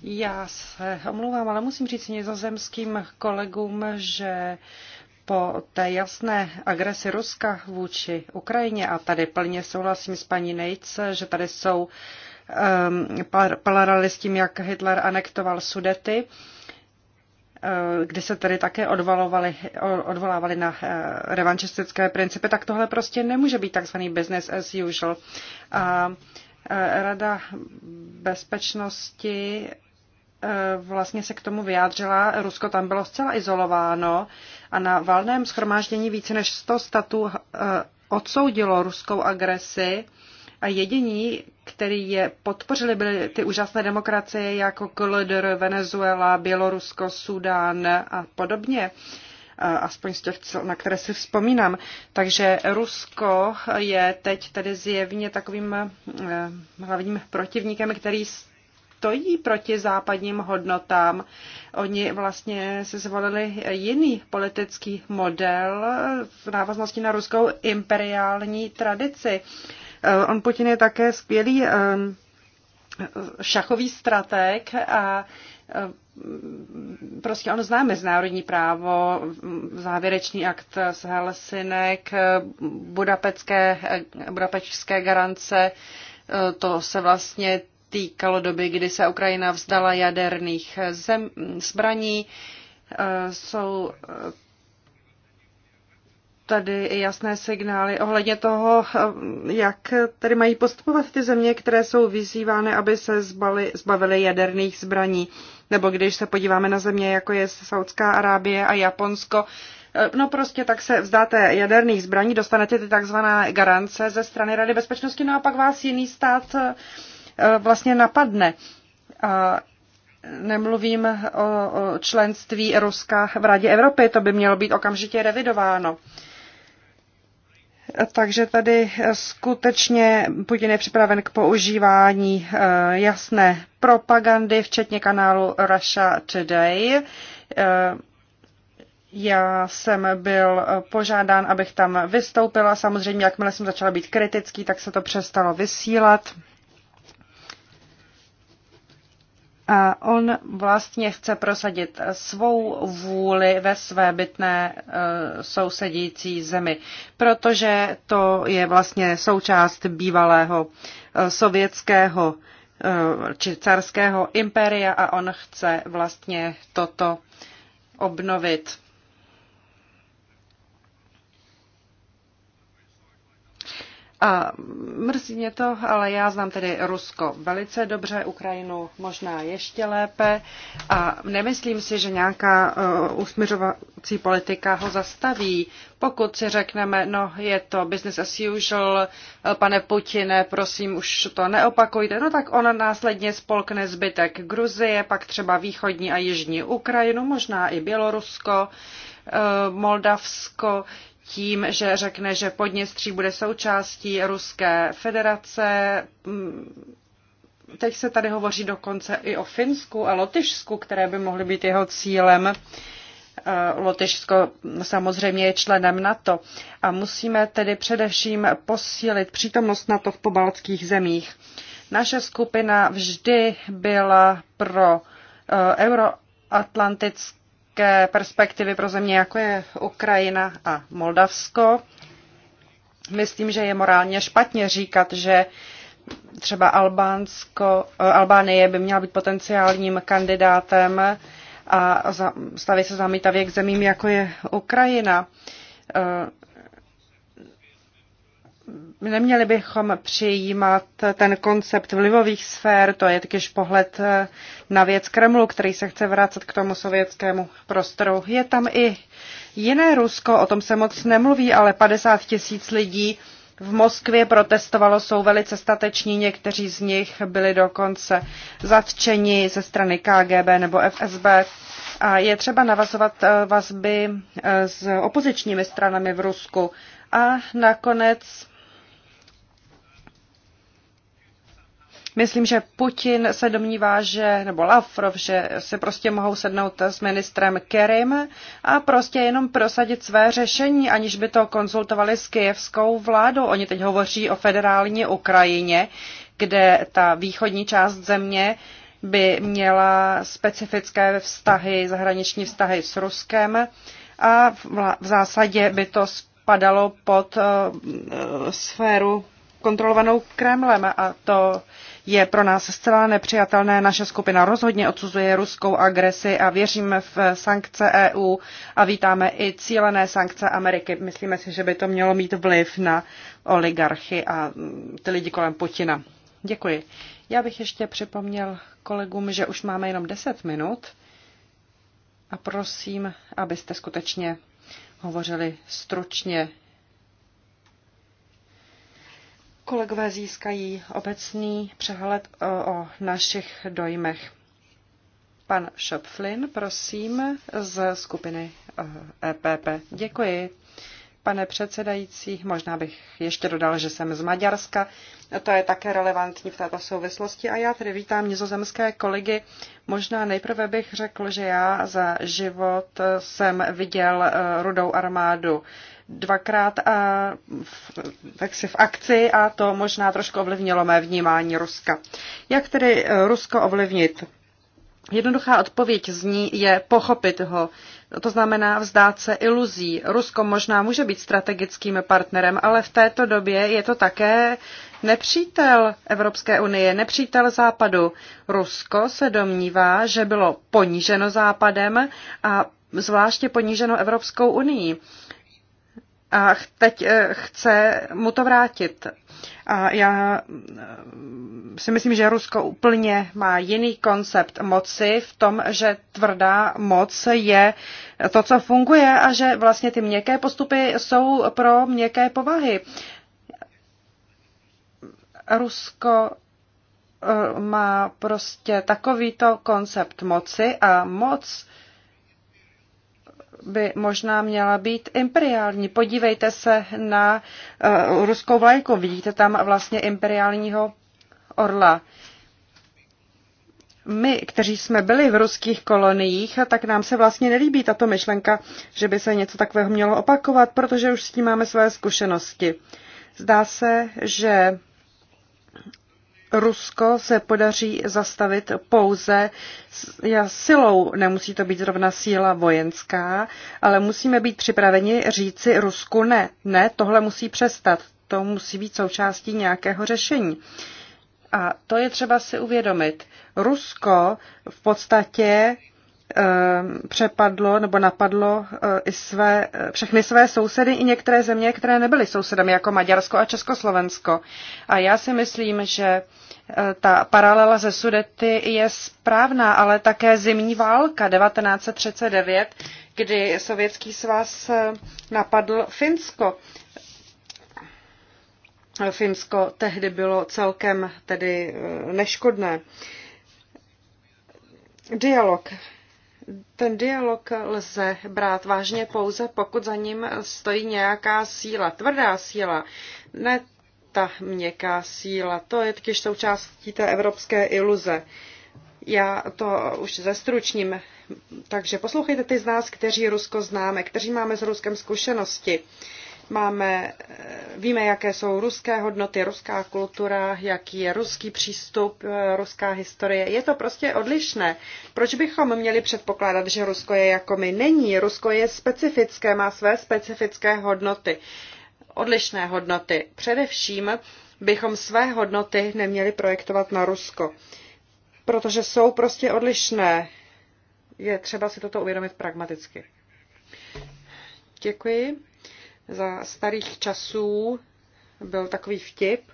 Já se omlouvám, ale musím říct nizozemským kolegům, že po té jasné agresi Ruska vůči Ukrajině, a tady plně souhlasím s paní Nejc, že tady jsou um, paralely s tím, jak Hitler anektoval Sudety, eh, kdy se tedy také odvalovali, odvolávali na eh, revanšistické principy, tak tohle prostě nemůže být takzvaný business as usual. A eh, Rada bezpečnosti Eh, vlastně se k tomu vyjádřila. Rusko tam bylo zcela izolováno a na valném schromáždění více než 100 statů eh, odsoudilo ruskou agresi a jediní, který je podpořili, byly ty úžasné demokracie jako KLDR, Venezuela, Bělorusko, Sudán a podobně eh, aspoň z těch, na které si vzpomínám. Takže Rusko je teď tedy zjevně takovým hlavním protivníkem, který stojí proti západním hodnotám. Oni vlastně si zvolili jiný politický model v návaznosti na ruskou imperiální tradici. Eh, on Putin je také skvělý eh, šachový strateg a eh, prostě on zná mezinárodní právo, závěrečný akt z Helsinek, budapecké, budapečské garance, to se vlastně týkalo doby, kdy se Ukrajina vzdala jaderných zem, zbraní. E, jsou e, tady i jasné signály ohledně toho, e, jak tady mají postupovat ty země, které jsou vyzývány, aby se zbali, zbavili jaderných zbraní. Nebo když se podíváme na země, jako je Saudská Arábie a Japonsko, No prostě tak se vzdáte jaderných zbraní, dostanete ty takzvané garance ze strany Rady bezpečnosti, no a pak vás jiný stát E, vlastně napadne. A nemluvím o členství Ruska v Radě Evropy, to by mělo být okamžitě revidováno. Takže tady skutečně Putin je připraven k používání e, jasné propagandy, včetně kanálu Russia Today. E, já jsem byl požádán, abych tam vystoupila. Samozřejmě, jakmile jsem začala být kritický, tak se to přestalo vysílat. on vlastně chce prosadit svou vůli ve své bytné e, sousedící zemi, protože to je vlastně součást bývalého e, sovětského e, či carského impéria a on chce vlastně toto obnovit. A mrzí mě to, ale já znám tedy Rusko velice dobře, Ukrajinu možná ještě lépe a nemyslím si, že nějaká uh, usměřovací politika ho zastaví. Pokud si řekneme, no je to business as usual, pane Putine, prosím, už to neopakujte, no tak on následně spolkne zbytek Gruzie, pak třeba východní a jižní Ukrajinu, možná i Bělorusko, uh, Moldavsko. Uh, tím, že řekne, že Podněstří bude součástí Ruské federace. Mm, teď se tady hovoří dokonce i o Finsku a Lotyšsku, které by mohly být jeho cílem. Eh, Lotyšsko samozřejmě je členem NATO a musíme tedy především posílit přítomnost NATO v pobaltských zemích. Naše skupina vždy byla pro eh, euroatlantické strategické perspektivy pro země, jako je Ukrajina a Moldavsko. Myslím, že je morálně špatně říkat, že třeba Albánsko, eh, Albánie by měla být potenciálním kandidátem a stavět se zamítavě k zemím, jako je Ukrajina eh, Neměli bychom přijímat ten koncept vlivových sfér, to je takyž pohled eh, na věc Kremlu, který se chce vrátit k tomu sovětskému prostoru. Je tam i jiné Rusko, o tom se moc nemluví, ale 50 tisíc lidí v Moskvě protestovalo, jsou velice stateční, někteří z nich byli dokonce zatčeni ze strany KGB nebo FSB. A je třeba navazovat eh, vazby eh, s opozičními stranami v Rusku. A nakonec Myslím, že Putin se domnívá, že, nebo Lavrov, že se prostě mohou sednout s ministrem Kerim a prostě jenom prosadit své řešení, aniž by to konzultovali s kijevskou vládou. Oni teď hovoří o federální Ukrajině, kde ta východní část země by měla specifické vztahy, zahraniční vztahy s Ruskem a v zásadě by to spadalo pod uh, sféru kontrolovanou Kremlem a to je pro nás zcela nepřijatelné. Naše skupina rozhodně odsuzuje ruskou agresi a věříme v sankce EU a vítáme i cílené sankce Ameriky. Myslíme si, že by to mělo mít vliv na oligarchy a ty lidi kolem Putina. Děkuji. Já bych ještě připomněl kolegům, že už máme jenom 10 minut a prosím, abyste skutečně hovořili stručně. Kolegové získají obecný přehled o, e, o našich dojmech. Pan Šopflin, prosím, z skupiny EPP. E Děkuji. Pane předsedající, možná bych ještě dodal, že jsem z Maďarska. To je také relevantní v této souvislosti. A já tedy vítám nizozemské kolegy. Možná nejprve bych řekl, že já za život jsem viděl e, rudou armádu dvakrát a eh, v, tak si v akci a to možná trošku ovlivnilo mé vnímání Ruska. Jak tedy eh, Rusko ovlivnit? Jednoduchá odpověď z ní je pochopit ho. To znamená vzdát se iluzí. Rusko možná může být strategickým partnerem, ale v této době je to také nepřítel Evropské unie, nepřítel Západu. Rusko se domnívá, že bylo poníženo Západem a zvláště poníženo Evropskou unii a teď eh, chce mu to vrátit. A já eh, si myslím, že Rusko úplně má jiný koncept moci v tom, že tvrdá moc je to, co funguje a že vlastně ty měkké postupy jsou pro měkké povahy. Rusko eh, má prostě takovýto koncept moci a moc by možná měla být imperiální. Podívejte se na uh, ruskou vlajku, vidíte tam vlastně imperiálního orla. My, kteří jsme byli v ruských koloniích, tak nám se vlastně nelíbí tato myšlenka, že by se něco takového mělo opakovat, protože už s tím máme své zkušenosti. Zdá se, že Rusko se podaří zastavit pouze silou. Nemusí to být zrovna síla vojenská, ale musíme být připraveni říci Rusku ne. Ne, tohle musí přestat. To musí být součástí nějakého řešení. A to je třeba si uvědomit. Rusko v podstatě Ehm, přepadlo nebo napadlo eh, i své, eh, všechny své sousedy i některé země, které nebyly sousedami, jako Maďarsko a Československo. A já si myslím, že eh, ta paralela ze Sudety je správná, ale také zimní válka 1939, kdy Sovětský svaz napadl Finsko. Finsko tehdy bylo celkem tedy neškodné. Dialog ten dialog lze brát vážně pouze, pokud za ním stojí nějaká síla, tvrdá síla, ne ta měkká síla. To je totiž součástí té evropské iluze. Já to už zestručním. Takže poslouchejte ty z nás, kteří Rusko známe, kteří máme s Ruskem zkušenosti. Máme, eh, víme, jaké jsou ruské hodnoty, ruská kultura, jaký je ruský přístup, eh, ruská historie. Je to prostě odlišné. Proč bychom měli předpokládat, že Rusko je jako my? Není. Rusko je specifické, má své specifické hodnoty. Odlišné hodnoty. Především bychom své hodnoty neměli projektovat na Rusko, protože jsou prostě odlišné. Je třeba si toto uvědomit pragmaticky. Děkuji. Za starých časů byl takový vtip,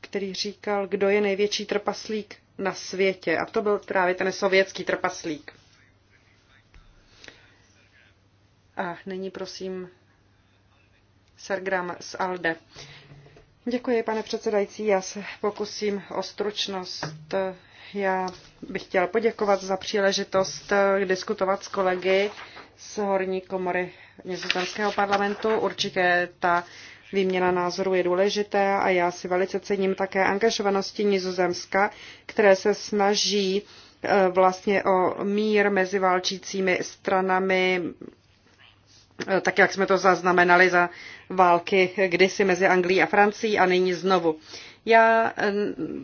který říkal, kdo je největší trpaslík na světě. A to byl právě ten sovětský trpaslík. A nyní prosím Sergram z ALDE. Děkuji, pane předsedající. Já se pokusím o stručnost. Já bych chtěla poděkovat za příležitost eh, diskutovat s kolegy z Horní komory nizozemského parlamentu. Určitě ta výměna názorů je důležitá a já si velice cením také angažovanosti Nizozemska, které se snaží e, vlastně o mír mezi válčícími stranami, e, tak jak jsme to zaznamenali za války kdysi mezi Anglií a Francií a nyní znovu. Já eh,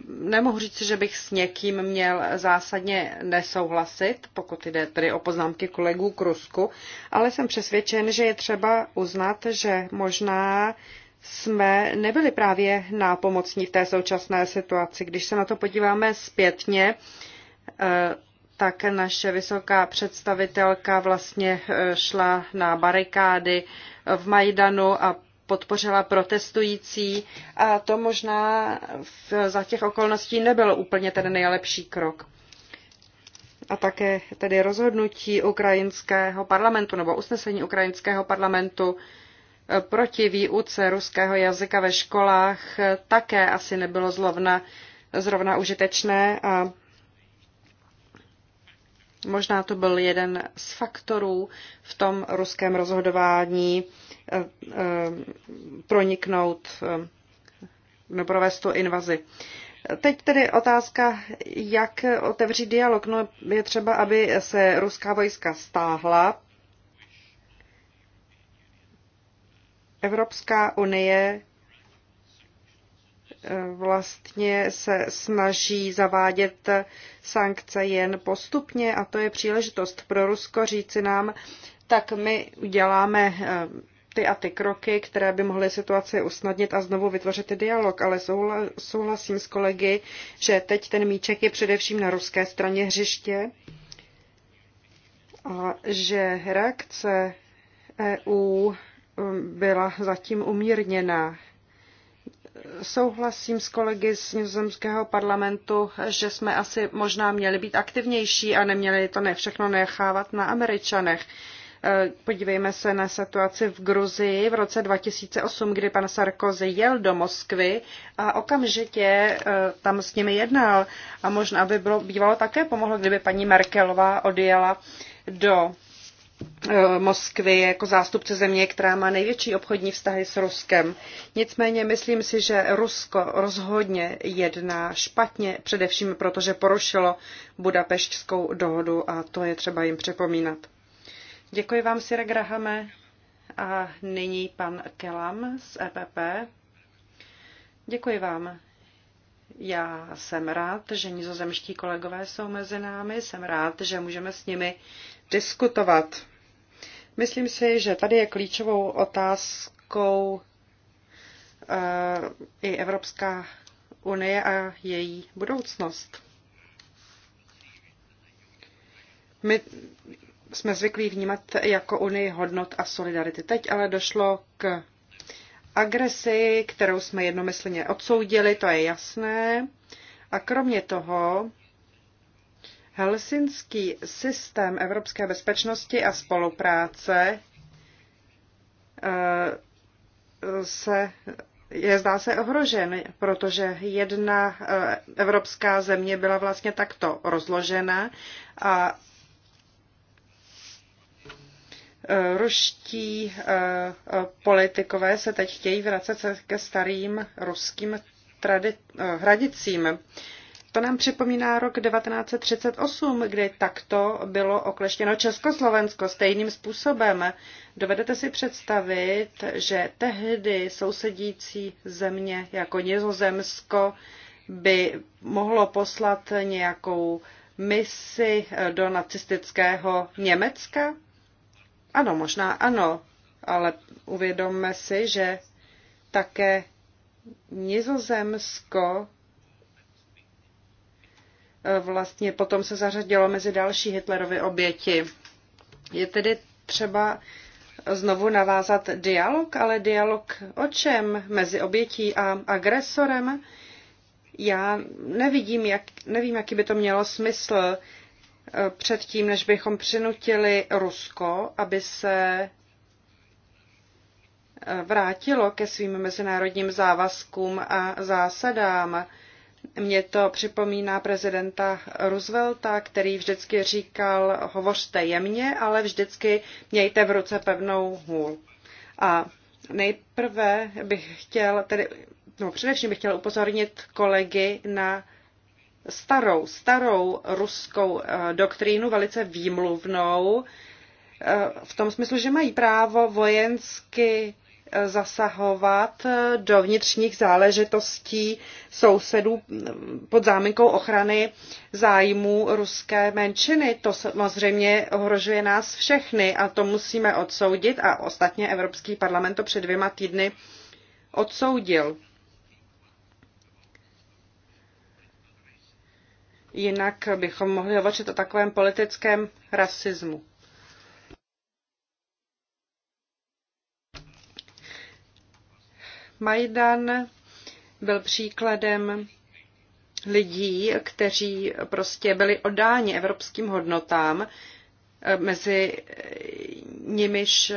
nemohu říct, že bych s někým měl zásadně nesouhlasit, pokud jde tedy o poznámky kolegů k Rusku, ale jsem přesvědčen, že je třeba uznat, že možná jsme nebyli právě nápomocní v té současné situaci. Když se na to podíváme zpětně, eh, tak naše vysoká představitelka vlastně eh, šla na barikády v Majdanu a podpořila protestující a to možná v, za těch okolností nebyl úplně ten nejlepší krok. A také tedy rozhodnutí ukrajinského parlamentu nebo usnesení ukrajinského parlamentu eh, proti výuce ruského jazyka ve školách eh, také asi nebylo zlovna, zrovna užitečné a možná to byl jeden z faktorů v tom ruském rozhodování proniknout nebo provést tu invazi. Teď tedy otázka, jak otevřít dialog. No, je třeba, aby se ruská vojska stáhla. Evropská unie eh, vlastně se snaží zavádět sankce jen postupně a to je příležitost pro Rusko říci nám, tak my uděláme eh, ty a ty kroky, které by mohly situaci usnadnit a znovu vytvořit dialog, ale souhlasím s kolegy, že teď ten míček je především na ruské straně hřiště a že reakce EU um, byla zatím umírněná. Souhlasím s kolegy z nizozemského parlamentu, že jsme asi možná měli být aktivnější a neměli to ne všechno nechávat na Američanech. Eh, podívejme se na situaci v Gruzii v roce 2008, kdy pan Sarkozy jel do Moskvy a okamžitě eh, tam s nimi jednal. A možná by bylo, bývalo také pomohlo, kdyby paní Merkelová odjela do eh, Moskvy jako zástupce země, která má největší obchodní vztahy s Ruskem. Nicméně myslím si, že Rusko rozhodně jedná špatně, především protože porušilo budapešťskou dohodu a to je třeba jim připomínat. Děkuji vám, Sire Grahame. A nyní pan Kelam z EPP. Děkuji vám. Já jsem rád, že nizozemští kolegové jsou mezi námi, jsem rád, že můžeme s nimi diskutovat. Myslím si, že tady je klíčovou otázkou eh, i Evropská unie a její budoucnost. My jsme zvyklí vnímat jako unii hodnot a solidarity. Teď ale došlo k agresi, kterou jsme jednomyslně odsoudili, to je jasné. A kromě toho helsinský systém evropské bezpečnosti a spolupráce eh, se je zdá se ohrožen, protože jedna eh, evropská země byla vlastně takto rozložena a ruští eh, eh, politikové se teď chtějí vracet se ke starým ruským tradi- eh, hradicím. To nám připomíná rok 1938, kdy takto bylo okleštěno Československo stejným způsobem. Dovedete si představit, že tehdy sousedící země jako Nizozemsko by mohlo poslat nějakou misi do nacistického Německa? Ano, možná ano, ale uvědomme si, že také Nizozemsko eh, vlastně potom se zařadilo mezi další Hitlerovy oběti. Je tedy třeba znovu navázat dialog, ale dialog o čem? Mezi obětí a agresorem? Já nevidím, jak, nevím, jaký by to mělo smysl předtím, než bychom přinutili Rusko, aby se eh, vrátilo ke svým mezinárodním závazkům a zásadám. Mě to připomíná prezidenta Roosevelta, který vždycky říkal, hovořte jemně, ale vždycky mějte v ruce pevnou hůl. A nejprve bych chtěl, tedy, no především bych chtěl upozornit kolegy na starou, starou ruskou eh, doktrínu, velice výmluvnou, eh, v tom smyslu, že mají právo vojensky eh, zasahovat do vnitřních záležitostí sousedů mm, pod záminkou ochrany zájmů ruské menšiny. To samozřejmě ohrožuje nás všechny a to musíme odsoudit a ostatně Evropský parlament to před dvěma týdny odsoudil. jinak bychom mohli hovořit o takovém politickém rasismu. Majdan byl příkladem lidí, kteří prostě byli odáni evropským hodnotám. Mezi nimiž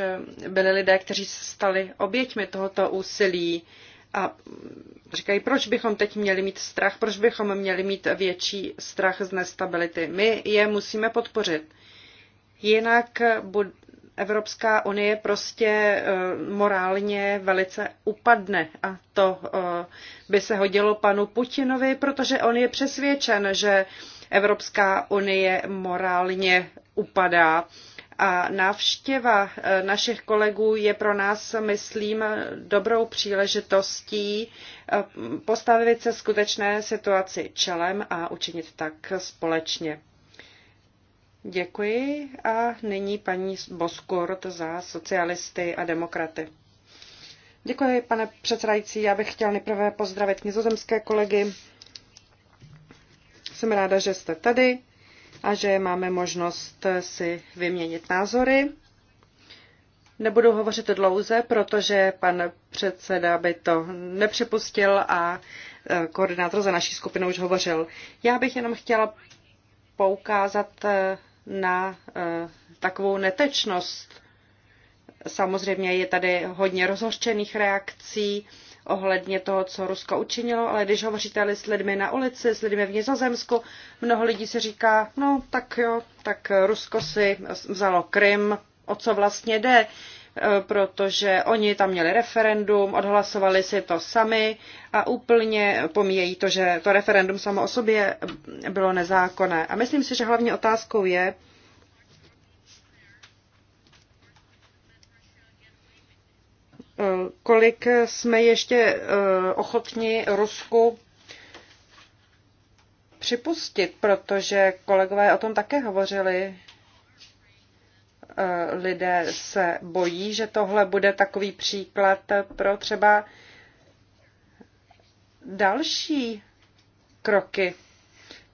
byli lidé, kteří se stali oběťmi tohoto úsilí. A říkají, proč bychom teď měli mít strach, proč bychom měli mít větší strach z nestability. My je musíme podpořit. Jinak Evropská unie prostě e, morálně velice upadne a to e, by se hodilo panu Putinovi, protože on je přesvědčen, že Evropská unie morálně upadá a návštěva eh, našich kolegů je pro nás, myslím, dobrou příležitostí eh, postavit se skutečné situaci čelem a učinit tak společně. Děkuji a nyní paní Boskurt za socialisty a demokraty. Děkuji, pane předsedající. Já bych chtěl nejprve pozdravit nizozemské kolegy. Jsem ráda, že jste tady a že máme možnost si vyměnit názory. Nebudu hovořit dlouze, protože pan předseda by to nepřipustil a e, koordinátor za naší skupinu už hovořil. Já bych jenom chtěla poukázat e, na e, takovou netečnost. Samozřejmě je tady hodně rozhořčených reakcí, ohledně toho, co Rusko učinilo, ale když hovoříte s lidmi na ulici, s lidmi v Nizozemsku, mnoho lidí si říká, no tak jo, tak Rusko si vzalo Krym, o co vlastně jde, e, protože oni tam měli referendum, odhlasovali si to sami a úplně pomíjejí to, že to referendum samo o sobě bylo nezákonné. A myslím si, že hlavní otázkou je, Eh, kolik jsme ještě eh, ochotni Rusku připustit, protože kolegové o tom také hovořili. Eh, lidé se bojí, že tohle bude takový příklad pro třeba další kroky.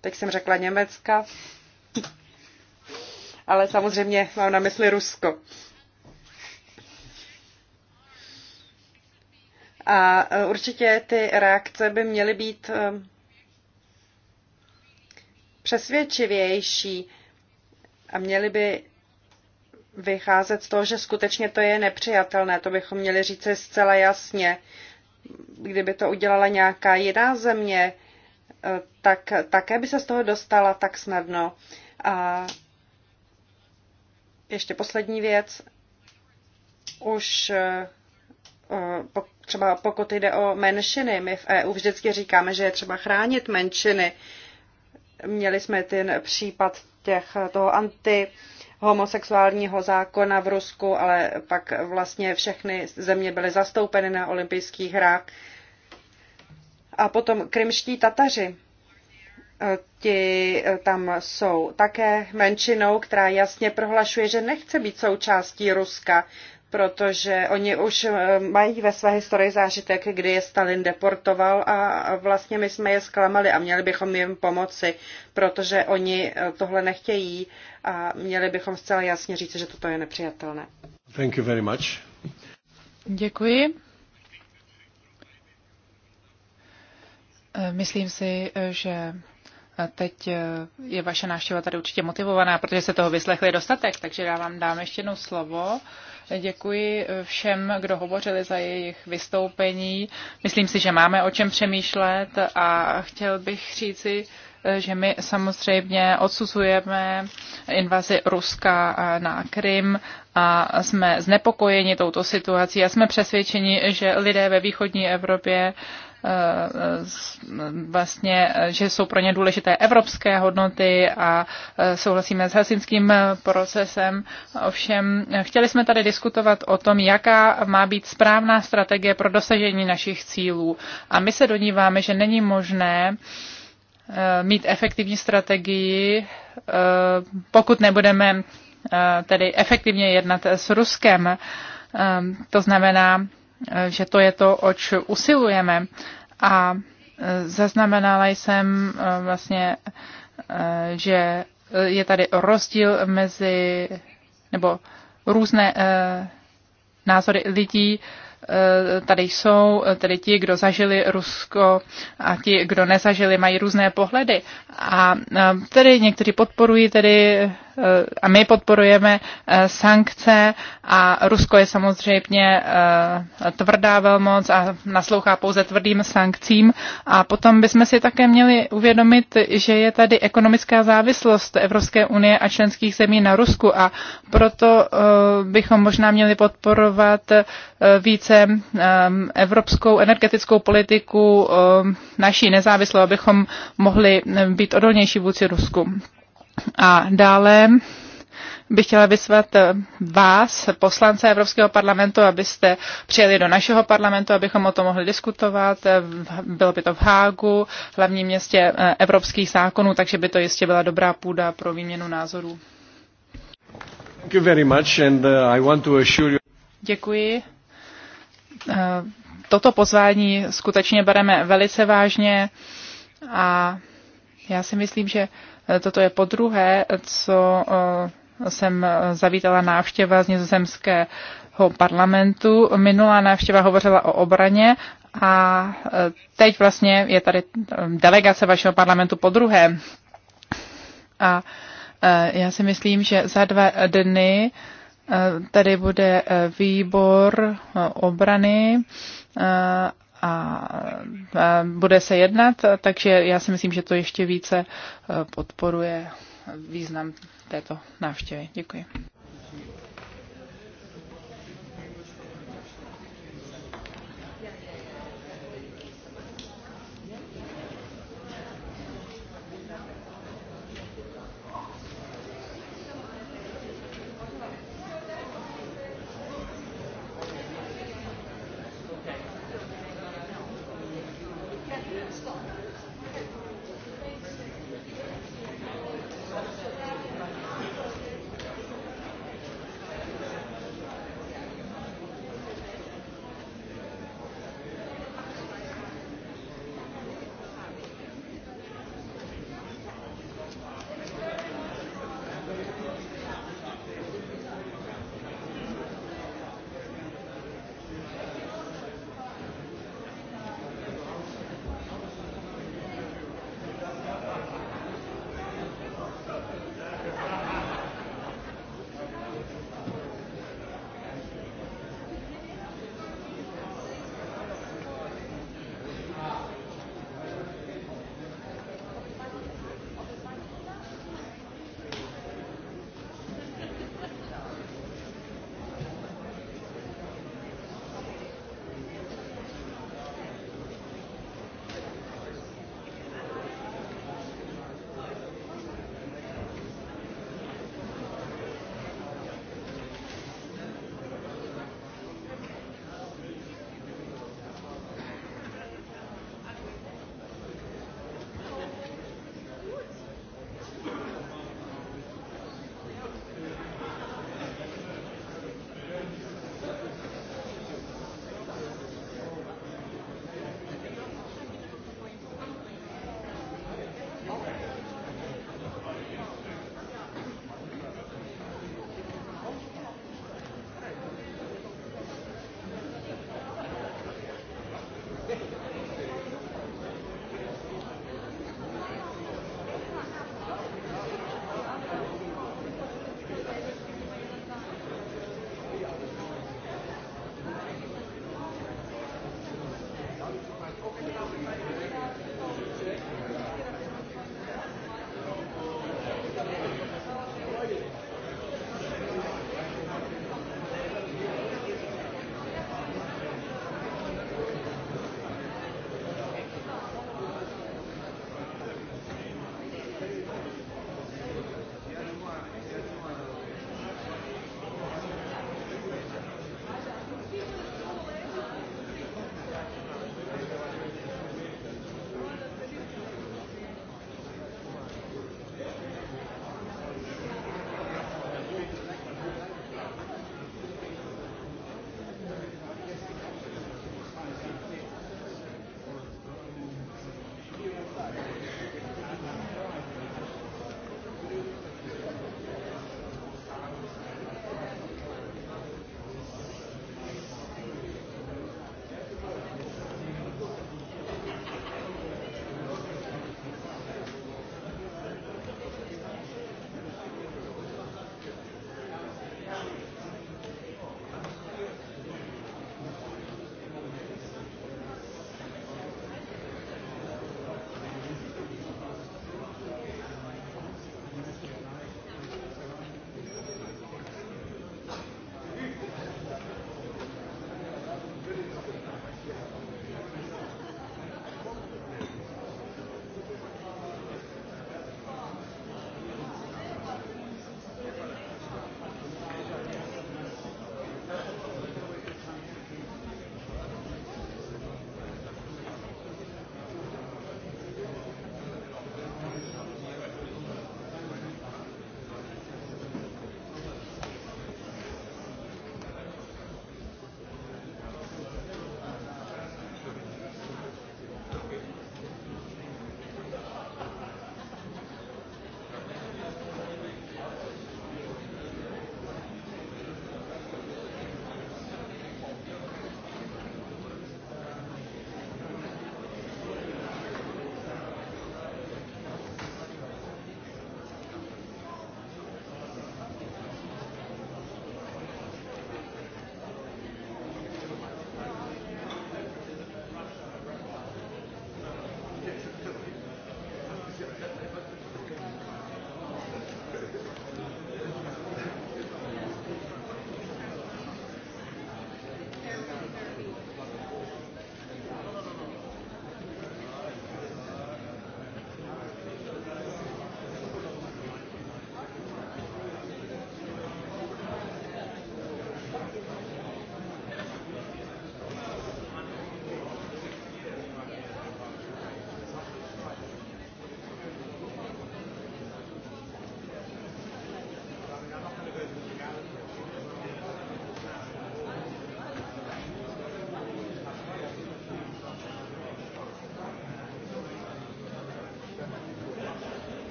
Teď jsem řekla Německa, ale samozřejmě mám na mysli Rusko. A e, určitě ty reakce by měly být e, přesvědčivější a měly by vycházet z toho, že skutečně to je nepřijatelné. To bychom měli říct zcela jasně. Kdyby to udělala nějaká jiná země, e, tak také by se z toho dostala tak snadno. A ještě poslední věc. Už třeba pokud jde o menšiny, my v EU vždycky říkáme, že je třeba chránit menšiny. Měli jsme ten případ těch, toho anti homosexuálního zákona v Rusku, ale pak vlastně všechny země byly zastoupeny na olympijských hrách. A potom krymští Tataři, e, ti e, tam jsou také menšinou, která jasně prohlašuje, že nechce být součástí Ruska protože oni už eh, mají ve své historii zážitek, kdy je Stalin deportoval a vlastně my jsme je zklamali a měli bychom jim pomoci, protože oni eh, tohle nechtějí a měli bychom zcela jasně říct, že toto je nepřijatelné. Thank you very much. Děkuji. Eh, myslím si, že Teď eh, je vaše návštěva tady určitě motivovaná, protože se toho vyslechli dostatek, takže já vám dám ještě jednou slovo. Děkuji eh, všem, kdo hovořili za jejich vystoupení. Myslím si, že máme o čem přemýšlet a chtěl bych říci, eh, že my samozřejmě odsuzujeme invazi Ruska na Krym a jsme znepokojeni touto situací a jsme přesvědčeni, že lidé ve východní Evropě Eh, vlastně, že jsou pro ně důležité evropské hodnoty a eh, souhlasíme s helsinským procesem. Ovšem, chtěli jsme tady diskutovat o tom, jaká má být správná strategie pro dosažení našich cílů. A my se doníváme, že není možné eh, mít efektivní strategii, pokud nebudeme tedy efektivně jednat s Ruskem. To znamená, Eh, že to je to, oč usilujeme. A eh, zaznamenala jsem eh, vlastně, že je tady rozdíl mezi, nebo různé názory lidí, tady jsou, tedy ti, kdo zažili Rusko a ti, kdo nezažili, mají různé pohledy. A tedy někteří podporují tedy Eh, a my podporujeme eh, sankce a Rusko je samozřejmě eh, tvrdá velmoc a naslouchá pouze tvrdým sankcím a potom bychom si také měli uvědomit, že je tady ekonomická závislost Evropské unie a členských zemí na Rusku a proto bychom možná měli podporovat více evropskou energetickou politiku naší nezávislou, abychom mohli být odolnější vůči Rusku. A dále bych chtěla vysvat vás, poslance Evropského parlamentu, abyste přijeli do našeho parlamentu, abychom o tom mohli diskutovat. Bylo by to v Hágu, hlavním městě evropských zákonů, takže by to jistě byla dobrá půda pro výměnu názorů. Uh, Děkuji. Eh, toto pozvání skutečně bereme velice vážně a já si myslím, že Eh, toto je po druhé, co eh, jsem eh, zavítala návštěva z nizozemského parlamentu. Minulá návštěva hovořila o obraně a teď vlastně je tady delegace vašeho parlamentu po druhé. A já si myslím, že za dva dny tady bude výbor obrany a bude se jednat, takže já si myslím, že to ještě více eh, podporuje význam této návštěvy. Děkuji.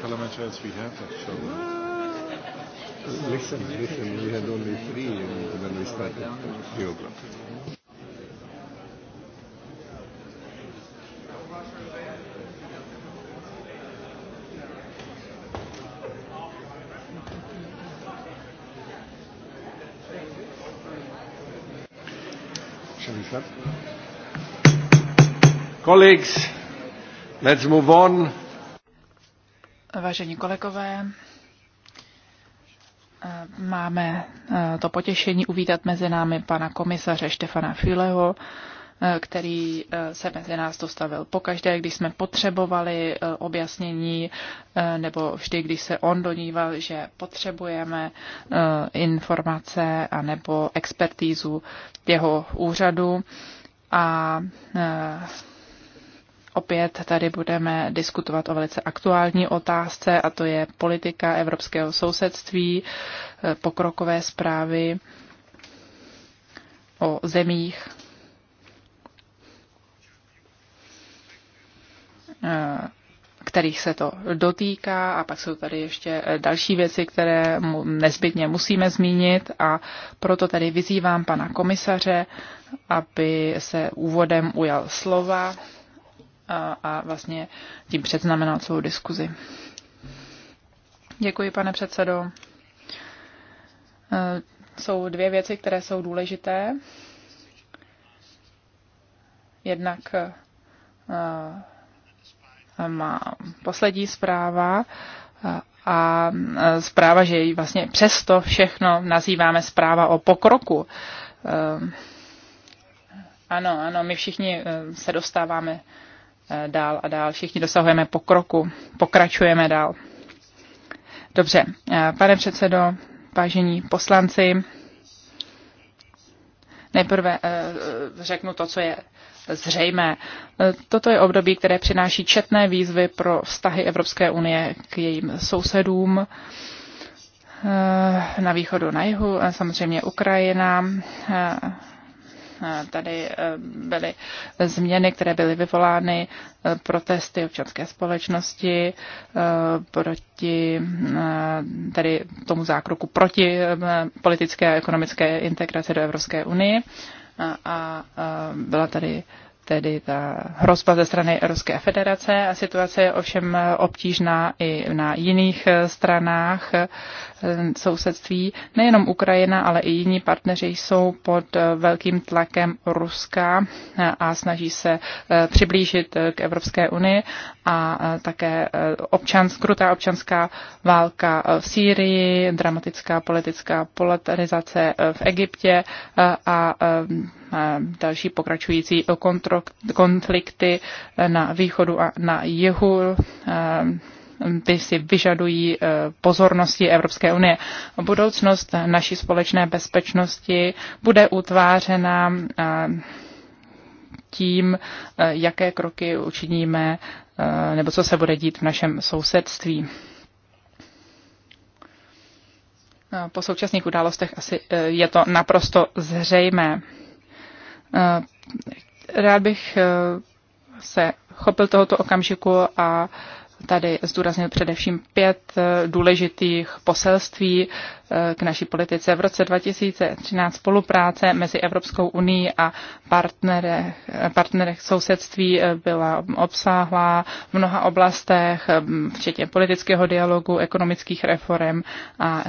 parliamentarians we have that show up. Listen, listen, we had only three uh, when we started the program. Colleagues, let's move on vážení kolegové, máme eh, to potěšení uvítat mezi námi pana komisaře Štefana Fileho, eh, který eh, se mezi nás dostavil pokaždé, když jsme potřebovali objasnění, nebo vždy, když se on doníval, že potřebujeme informace a nebo expertízu jeho úřadu. A Opět tady budeme diskutovat o velice aktuální otázce, a to je politika evropského sousedství, eh, pokrokové zprávy o zemích, eh, kterých se to dotýká a pak jsou tady ještě eh, další věci, které nezbytně musíme zmínit a proto tady vyzývám pana komisaře, aby se úvodem ujal slova a vlastně tím předznamenal celou diskuzi. Děkuji, pane předsedo. E, jsou dvě věci, které jsou důležité. Jednak e, e, má poslední zpráva a zpráva, že ji vlastně přesto všechno nazýváme zpráva o pokroku. Ano, ano, my všichni se dostáváme Eh, dál a dál. Všichni dosahujeme pokroku, pokračujeme dál. Dobře, eh, pane předsedo, vážení poslanci, nejprve eh, řeknu to, co je zřejmé. Toto je období, které přináší četné výzvy pro vztahy Evropské unie k jejím sousedům na východu, na jihu, samozřejmě Ukrajina, Eh, tady eh, byly změny, které byly vyvolány eh, protesty občanské společnosti proti tady tomu zákroku proti politické a ekonomické integraci do Evropské unie a byla tady tedy ta hrozba ze strany Ruské federace a situace je ovšem obtížná i na jiných eh, stranách eh, sousedství. Nejenom Ukrajina, ale i jiní partneři jsou pod eh, velkým tlakem Ruska a snaží se přiblížit k Evropské unii a také občans, krutá občanská válka v Sýrii, dramatická politická polarizace v Egyptě a Eh, další pokračující konflikty eh, na východu a na jihu eh, ty si vyžadují pozornosti Evropské unie. Budoucnost naší společné bezpečnosti bude utvářena tím, jaké kroky učiníme nebo co se bude dít v našem sousedství. Po současných událostech asi je to naprosto zřejmé. Eh, rád bych eh, se chopil tohoto okamžiku a tady zdůraznil především pět eh, důležitých poselství eh, k naší politice. V roce 2013 spolupráce mezi Evropskou unii a partnerech, partnerech sousedství eh, byla obsáhlá v mnoha oblastech, včetně politického dialogu, ekonomických reform a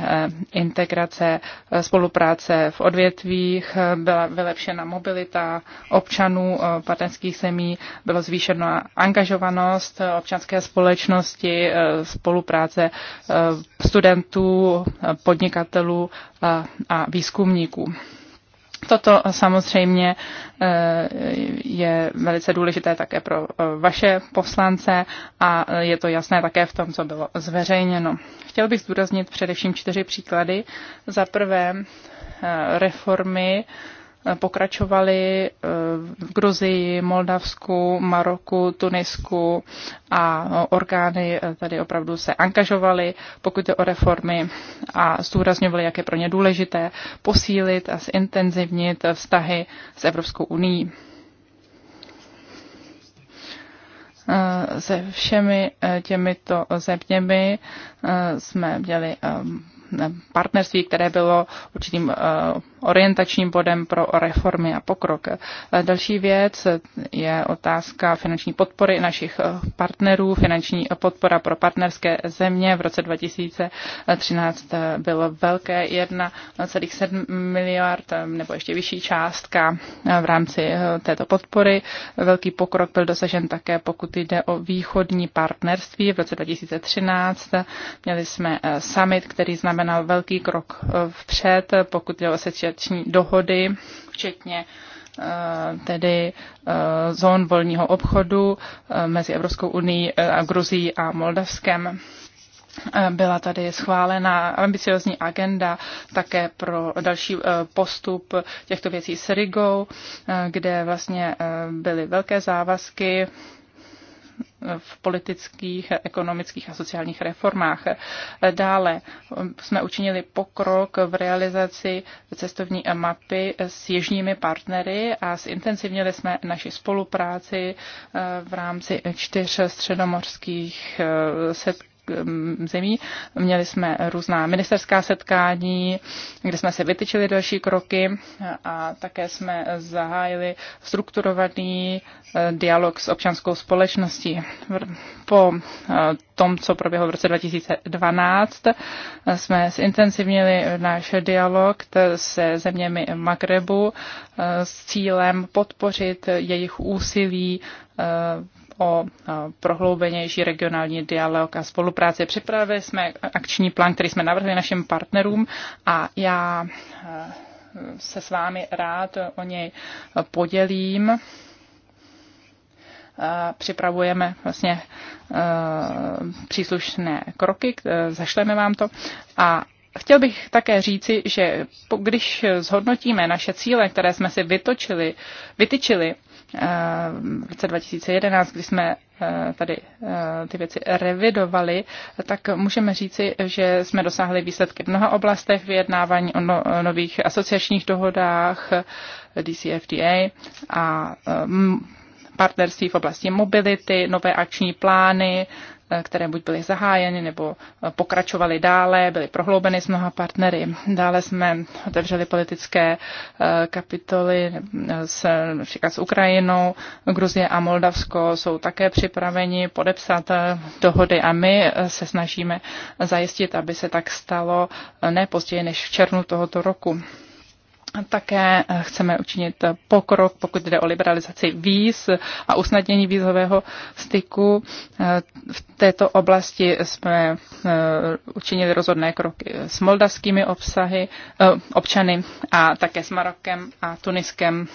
integrace spolupráce v odvětvích. Byla vylepšena mobilita občanů partnerských zemí, bylo zvýšena angažovanost občanské společnosti, společnosti, eh, spolupráce eh, studentů, eh, podnikatelů a výzkumníků. Toto samozřejmě je velice důležité také pro vaše poslance a je to jasné také v tom, co bylo zveřejněno. Chtěl bych zdůraznit především čtyři příklady. Za prvé reformy pokračovali eh, v Gruzii, Moldavsku, Maroku, Tunisku a orgány eh, tady opravdu se angažovaly, pokud jde o reformy a zdůrazňovaly, jak je pro ně důležité posílit a zintenzivnit vztahy s Evropskou uní. Eh, se všemi těmito zeměmi jsme měli partnerství, které bylo určitým orientačním bodem pro reformy a pokrok. Další věc je otázka finanční podpory našich eh, partnerů. Finanční podpora pro partnerské země v roce 2013 eh, bylo velké 1,7 miliard eh, nebo ještě vyšší částka v rámci této podpory. Velký pokrok byl dosažen také, pokud jde o východní partnerství. V roce 2013 měli jsme summit, který znamenal velký krok vpřed, pokud jde o asociační dohody, včetně eh, tedy eh, zón volního obchodu eh, mezi Evropskou unii a Gruzí a Moldavskem. Byla tady schválena ambiciozní agenda také pro další postup těchto věcí s Rigou, kde vlastně byly velké závazky v politických, ekonomických a sociálních reformách. Dále jsme učinili pokrok v realizaci cestovní mapy s jižními partnery a zintenzivnili jsme naši spolupráci eh, v rámci čtyř středomorských eh, setkání Mm, zemí. Měli jsme různá ministerská setkání, kde jsme se vytyčili další kroky a také jsme zahájili strukturovaný eh, dialog s občanskou společností. Po eh, tom, co proběhlo v roce 2012, eh, jsme zintenzivnili náš dialog se zeměmi Magrebu s cílem podpořit jejich úsilí o prohloubenější regionální dialog a spolupráci. Připravili jsme akční plán, který jsme navrhli našim partnerům a já e, se s vámi rád o něj podělím. E, připravujeme vlastně e, příslušné kroky, zašleme vám to a Chtěl bych také říci, že když zhodnotíme naše cíle, které jsme si vytočili, vytyčili, v roce 2011, kdy jsme eh, tady eh, ty věci revidovali, tak můžeme říci, že jsme dosáhli výsledky v mnoha oblastech vyjednávání o no, nových asociačních dohodách DCFDA a eh, partnerství v oblasti mobility, nové akční plány, které buď byly zahájeny nebo eh, pokračovaly dále, byly prohloubeny s mnoha partnery. Dále jsme otevřeli politické eh, kapitoly eh, s, například s Ukrajinou, Gruzie a Moldavsko jsou také připraveni podepsat dohody a my se snažíme zajistit, aby se tak stalo ne později než v červnu tohoto roku. Také eh, chceme učinit eh, pokrok, pokud jde o liberalizaci víz a usnadnění vízového styku. Eh, v této oblasti jsme učinili rozhodné kroky s moldavskými obsahy, občany a také s Marokem a Tuniskem.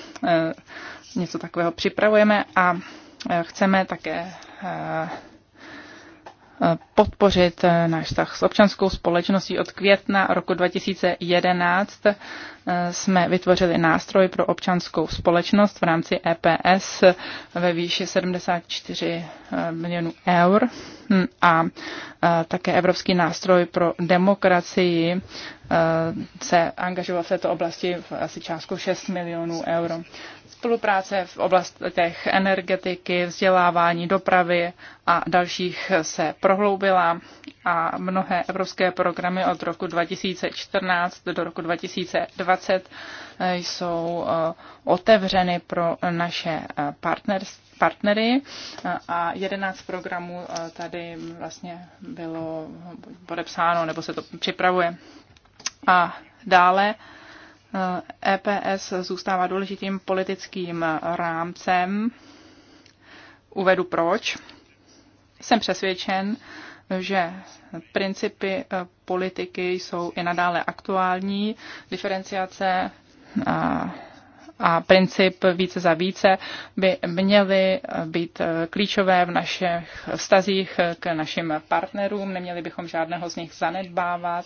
Něco takového připravujeme a chceme také podpořit eh, náš vztah s občanskou společností. Od května roku 2011 eh, jsme vytvořili nástroj pro občanskou společnost v rámci EPS ve výši 74 eh, milionů eur hm, a také Evropský nástroj pro demokracii se angažoval v této oblasti v asi částku 6 milionů euro. Spolupráce v oblastech energetiky, vzdělávání, dopravy a dalších se prohloubila a mnohé evropské programy od roku 2014 do roku 2020 eh, jsou eh, otevřeny pro naše eh, partnery a 11 programů tady vlastně bylo podepsáno nebo se to připravuje. A dále EPS eh, e zůstává důležitým politickým rámcem. Uvedu proč. Jsem přesvědčen, že principy eh, politiky jsou i nadále aktuální. Diferenciace a, eh, a princip více za více by měly být klíčové v našich vztazích k našim partnerům. Neměli bychom žádného z nich zanedbávat.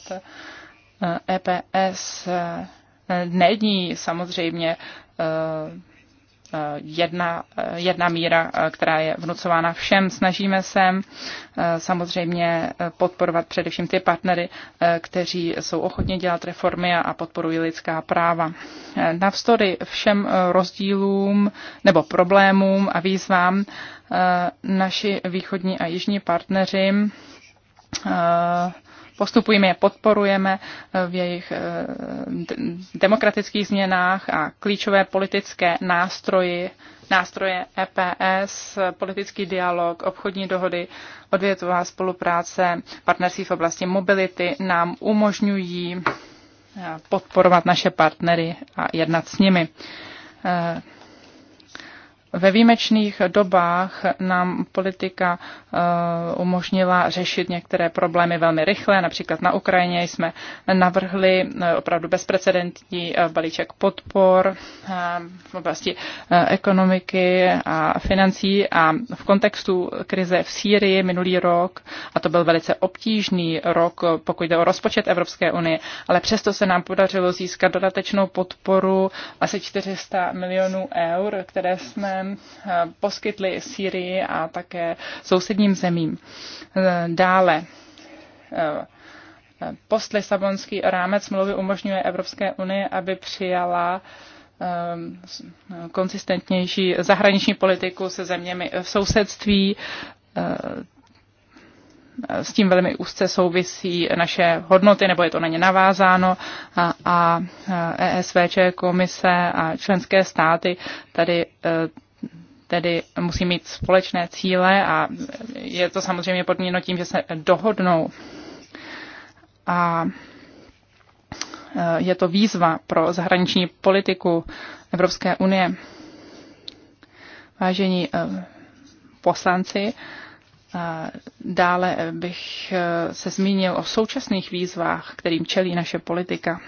EPS e není samozřejmě eh, eh, jedna, eh, jedna míra, která je vnucována všem. Snažíme se samozřejmě podporovat především ty partnery, kteří jsou ochotně dělat reformy a podporují lidská práva. Navzdory všem rozdílům nebo problémům a výzvám naši východní a jižní partneři postupujeme, je podporujeme eh, v jejich eh, demokratických změnách a klíčové politické nástroji, nástroje EPS, politický dialog, obchodní dohody, odvětová spolupráce, partnerství v oblasti mobility nám umožňují eh, podporovat naše partnery a jednat s nimi. Ve výjimečných dobách nám politika eh, umožnila řešit některé problémy velmi rychle. Například na Ukrajině jsme navrhli eh, opravdu bezprecedentní eh, balíček podpor v oblasti ekonomiky a financí a v kontextu krize v Sýrii minulý rok, a to byl velice obtížný rok, pokud jde o rozpočet Evropské unie, ale přesto se nám podařilo získat dodatečnou podporu asi 400 milionů eur, které jsme které eh, poskytly Sýrii a také sousedním zemím. Eh, dále eh, Post-Lisabonský rámec smlouvy umožňuje Evropské unii, aby přijala konsistentnější zahraniční politiku se zeměmi v sousedství. S tím velmi úzce souvisí naše hodnoty, nebo je to na ně navázáno a, a ESVČ, e komise a členské státy tady tedy musí mít společné cíle a je to samozřejmě podmíněno tím, že se dohodnou. A e, je to výzva pro zahraniční politiku Evropské unie. Vážení e, poslanci, e, dále bych se zmínil o současných výzvách, kterým čelí naše politika.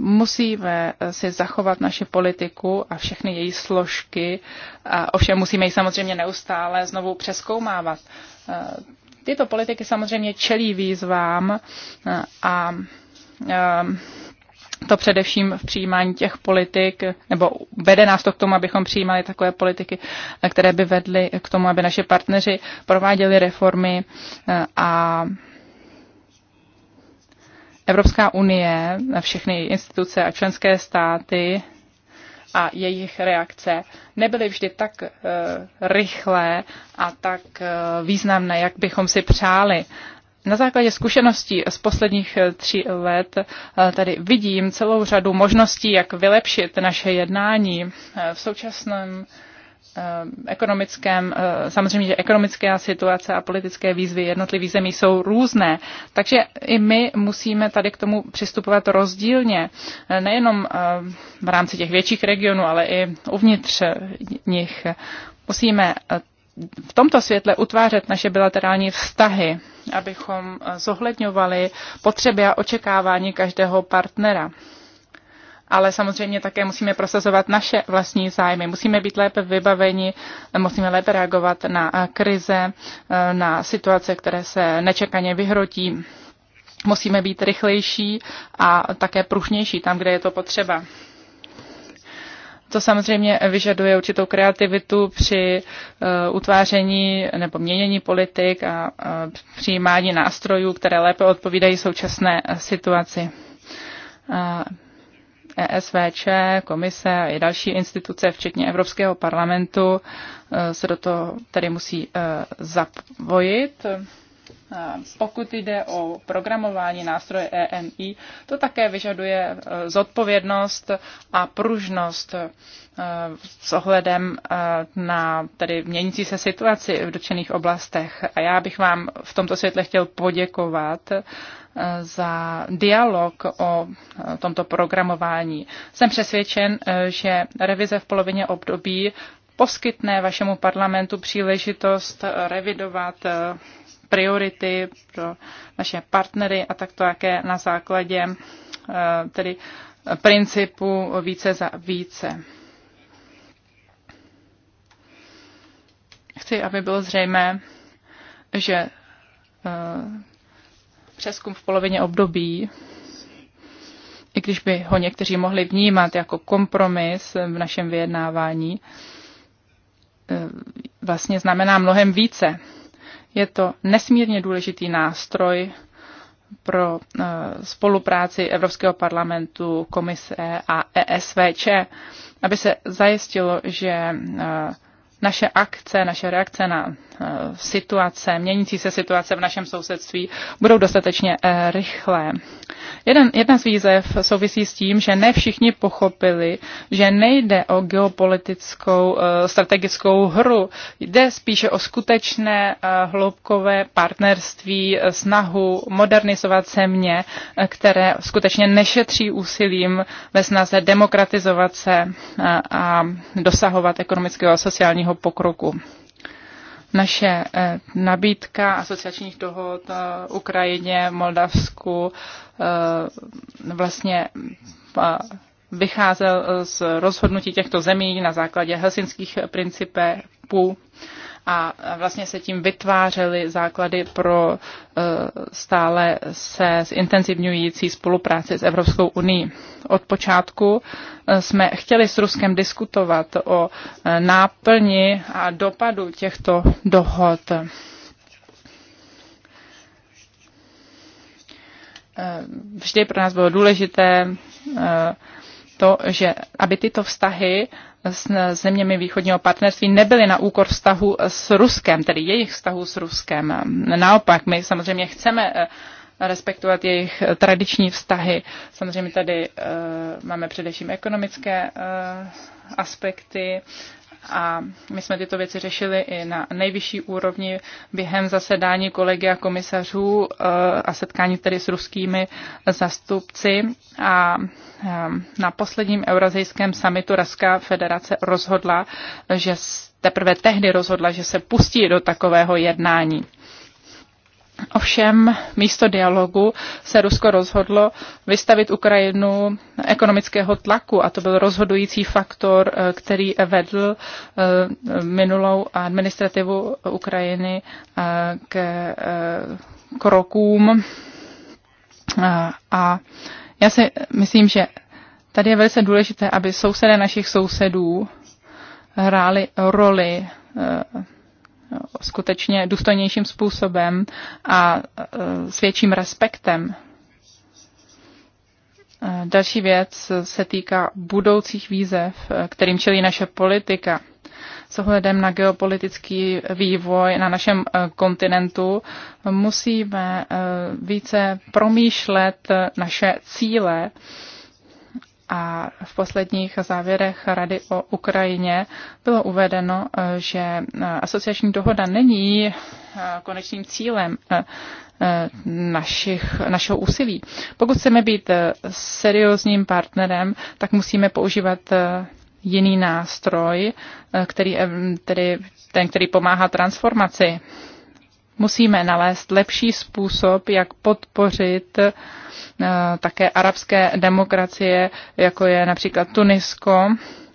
Musíme eh, si zachovat naši politiku a všechny její složky, a ovšem musíme ji samozřejmě neustále znovu přeskoumávat. Eh, tyto politiky samozřejmě čelí výzvám eh, a to především v přijímání těch politik, nebo vede nás to k tomu, abychom přijímali takové politiky, které by vedly k tomu, aby naše partneři prováděli reformy a Evropská unie, všechny instituce a členské státy a jejich reakce nebyly vždy tak eh, rychlé a tak eh, významné, jak bychom si přáli. Na základě zkušeností z posledních eh, tří let tady vidím celou řadu možností, jak vylepšit naše jednání. V současném Eh, ekonomickém, eh, samozřejmě, že ekonomická situace a politické výzvy jednotlivých zemí jsou různé. Takže i my musíme tady k tomu přistupovat rozdílně, eh, nejenom v rámci těch větších regionů, ale i uvnitř nich. Musíme v tomto světle utvářet naše bilaterální vztahy, abychom zohledňovali potřeby a očekávání každého partnera ale samozřejmě také musíme prosazovat naše vlastní zájmy. Musíme být lépe vybaveni, musíme lépe reagovat na eh, krize, eh, na situace, které se nečekaně vyhrotí. Musíme být rychlejší a také pružnější tam, kde je to potřeba. To samozřejmě vyžaduje určitou kreativitu při uh, utváření nebo měnění politik a uh, přijímání nástrojů, které lépe odpovídají současné situaci. Uh, ESVČ, komise a i další instituce, včetně Evropského parlamentu, e, se do toho tedy musí e, zapojit. E, pokud jde o programování nástroje EMI, to také vyžaduje zodpovědnost a pružnost s ohledem na tedy měnící se situaci v dotčených oblastech. A já bych vám v tomto světle chtěl poděkovat za dialog o eh, tomto programování. Jsem přesvědčen, eh, že revize v polovině období poskytne vašemu parlamentu příležitost eh, revidovat priority pro naše partnery a takto také na základě tedy principu více za více. Chci, aby bylo zřejmé, že přeskum v polovině období, i když by ho někteří mohli vnímat jako kompromis v našem vyjednávání, eh, vlastně znamená mnohem více. Je to nesmírně důležitý nástroj pro eh, spolupráci Evropského parlamentu, komise a ESVČ, aby se zajistilo, že eh, naše akce, naše reakce na eh, situace, měnící se situace v našem sousedství budou dostatečně eh, rychlé. Jeden, jedna z výzev souvisí s tím, že ne všichni pochopili, že nejde o geopolitickou eh, strategickou hru, jde spíše o skutečné hloubkové partnerství, snahu modernizovat země, které skutečně nešetří úsilím ve snaze demokratizovat se a dosahovat ekonomického a sociálního dosaženého pokroku. Naše eh, nabídka asociačních dohod eh, Ukrajině, Moldavsku eh, vlastně vycházel z rozhodnutí těchto zemí na základě helsinských principů a vlastně se tím vytvářely základy pro eh, stále se zintenzivňující spolupráci s Evropskou unii. Od počátku eh, jsme chtěli s Ruskem diskutovat o eh, náplni a dopadu těchto dohod. Vždy pro nás bylo důležité to, že aby tyto vztahy s zeměmi východního partnerství nebyly na úkor vztahu s Ruskem, tedy jejich vztahu s Ruskem. Naopak, my samozřejmě chceme eh, respektovat jejich eh, tradiční vztahy. Samozřejmě tady eh, máme především ekonomické aspekty a my jsme tyto věci řešili i na nejvyšší úrovni během zasedání a komisařů eh, a setkání tedy s ruskými zastupci a eh, na posledním eurazijském samitu Ruská federace rozhodla, že teprve tehdy rozhodla, že se pustí do takového jednání. Ovšem místo dialogu se Rusko rozhodlo vystavit Ukrajinu ekonomického tlaku a to byl rozhodující faktor, eh, který vedl eh, minulou administrativu Ukrajiny eh, k krokům. A já si myslím, že tady je velice důležité, aby sousedé našich sousedů hráli roli skutečně důstojnějším způsobem a e, s větším respektem. E, další věc se týká budoucích výzev, e, kterým čelí naše politika. S ohledem na geopolitický vývoj na našem kontinentu musíme více promýšlet naše cíle a v posledních závěrech Rady o Ukrajině bylo uvedeno, eh, že eh, asociační dohoda není eh, konečným cílem našich, našeho úsilí. Pokud chceme být seriózním partnerem, tak musíme používat jiný nástroj, který, tedy ten, který pomáhá transformaci Musíme nalézt lepší způsob, jak podpořit eh, také arabské demokracie, jako je například Tunisko,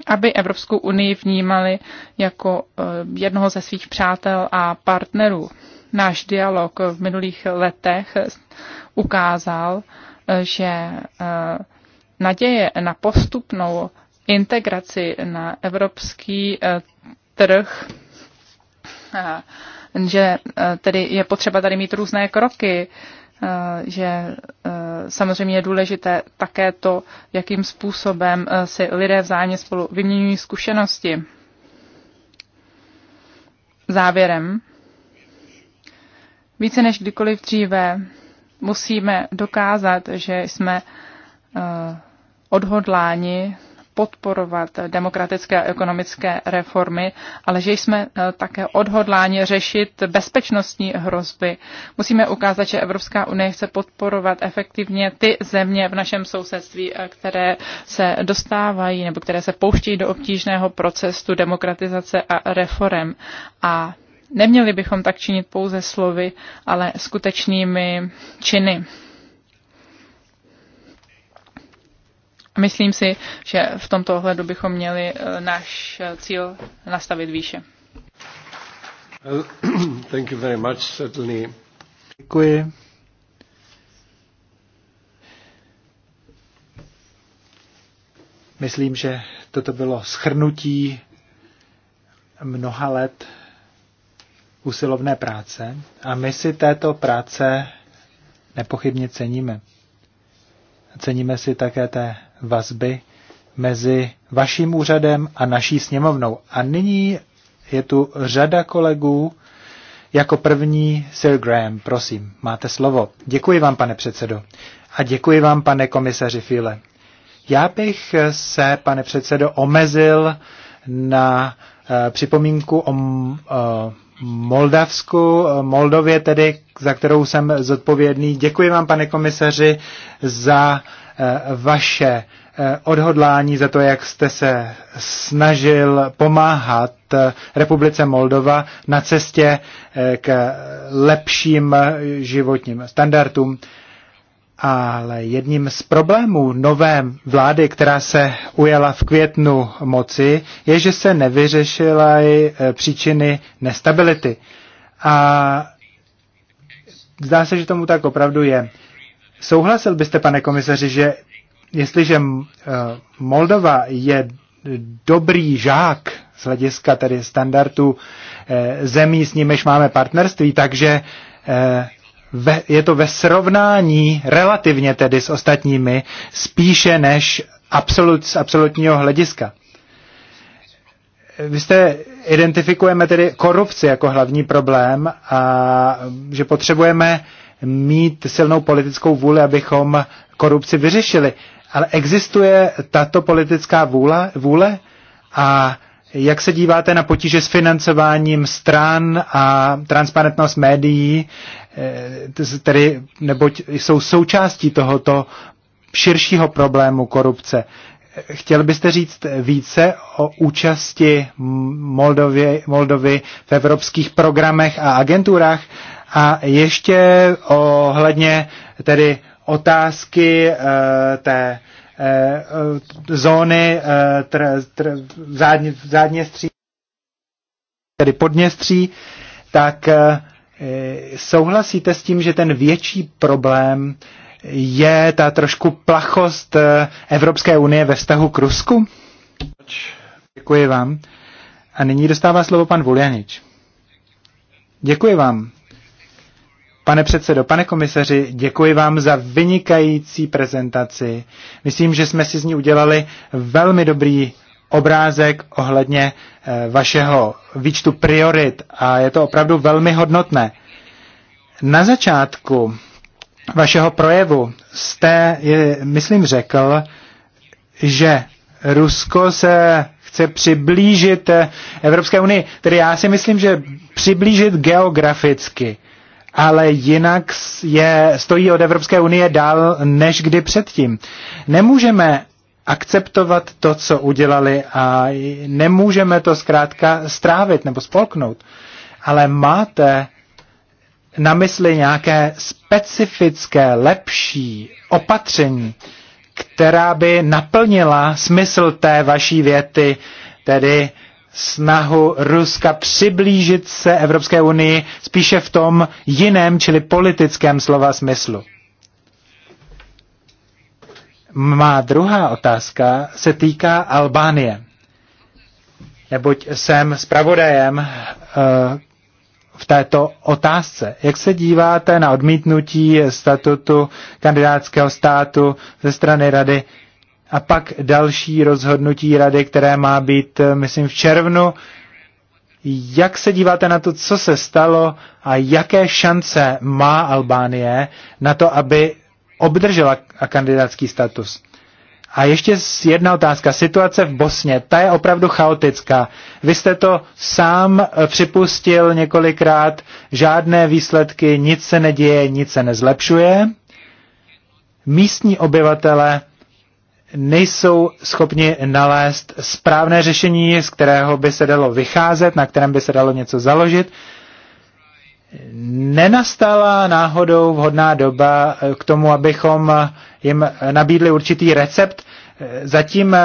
aby Evropskou unii vnímali jako eh, jednoho ze svých přátel a partnerů. Náš dialog v minulých letech ukázal, eh, že naděje na postupnou integraci na evropský trh že eh, tedy je potřeba tady mít různé kroky, eh, že eh, samozřejmě je důležité také to, jakým způsobem si lidé vzájemně spolu vyměňují zkušenosti. Závěrem. Více než kdykoliv dříve musíme dokázat, že jsme odhodláni podporovat demokratické a ekonomické reformy, ale že jsme eh, také odhodláni řešit bezpečnostní hrozby. Musíme ukázat, že Evropská unie chce podporovat efektivně ty země v našem sousedství, eh, které se dostávají nebo které se pouštějí do obtížného procesu demokratizace a reform. A neměli bychom tak činit pouze slovy, ale skutečnými činy. Myslím si, že v tomto ohledu bychom měli eh, náš eh, cíl nastavit výše. Thank you very much, certainly. Děkuji. Myslím, že toto bylo schrnutí mnoha let usilovné práce a my si této práce nepochybně ceníme. Ceníme si také té vazby mezi vaším úřadem a naší sněmovnou. A nyní je tu řada kolegů. Jako první Sir Graham, prosím, máte slovo. Děkuji vám, pane předsedo. A děkuji vám, pane komisaři File. Já bych se, pane předsedo, omezil na e, připomínku o e, Moldavsku, Moldově tedy, za kterou jsem zodpovědný. Děkuji vám, pane komisaři, za Eh, vaše eh, odhodlání, za to, jak jste se snažil pomáhat eh, Republice Moldova na cestě k lepším životním standardům. Ale jedním z problémů nové vlády, která se ujala v květnu moci, je, že se nevyřešila i příčiny nestability. A zdá se, že tomu tak opravdu je. Souhlasil byste, pane komisaři, že jestliže eh, Moldova je dobrý žák z hlediska tedy standardu eh, zemí, s nimiž máme partnerství, takže eh, je to ve srovnání relativně tedy s ostatními spíše než absolut, z absolutního hlediska. Vy jste identifikujeme tedy korupci jako hlavní problém a že potřebujeme mít silnou politickou vůli, abychom korupci vyřešili. Ale existuje tato politická vůle, vůle a jak se díváte na potíže s financováním stran a transparentnost médií, eh, tedy, neboť jsou součástí tohoto širšího problému korupce. Chtěl byste říct více o účasti Moldovy, Moldovy v evropských programech a agenturách? A ještě ohledně tedy otázky eh, té eh, zóny eh, tr, tr, zádně, zádněstří, tedy podněstří, tak souhlasíte s tím, že ten větší problém je ta trošku plachost Evropské unie ve vztahu k Rusku? Děkuji vám. A nyní dostává slovo pan Vuljanič. Děkuji vám. Pane předsedo, pane komisaři, děkuji vám za vynikající prezentaci. Myslím, že jsme si z ní udělali velmi dobrý obrázek ohledně eh, vašeho výčtu priorit a je to opravdu velmi hodnotné. Na začátku vašeho projevu jste, myslím, řekl, že Rusko se chce přiblížit Evropské unii. Tedy já si myslím, že přiblížit geograficky ale jinak je, stojí od Evropské unie dál než kdy předtím. Nemůžeme akceptovat to, co udělali a nemůžeme to zkrátka strávit nebo spolknout. Ale máte na mysli nějaké specifické, lepší opatření, která by naplnila smysl té vaší věty, tedy snahu Ruska přiblížit se Evropské unii spíše v tom jiném, čili politickém slova smyslu. Má druhá otázka se týká Albánie. Neboť jsem zpravodajem eh, v této otázce. Jak se díváte na odmítnutí statutu kandidátského státu ze strany Rady a pak další rozhodnutí rady, které má být, eh, myslím, v červnu. Jak se díváte na to, co se stalo a jaké šance má Albánie na to, aby obdržela kandidátský status? A ještě jedna otázka. Situace v Bosně, ta je opravdu chaotická. Vy jste to sám eh, připustil několikrát, žádné výsledky, nic se neděje, nic se nezlepšuje. Místní obyvatele nejsou schopni nalézt správné řešení, z kterého by se dalo vycházet, na kterém by se dalo něco založit. Nenastala náhodou vhodná doba eh, k tomu, abychom eh, jim nabídli určitý recept. Eh, zatím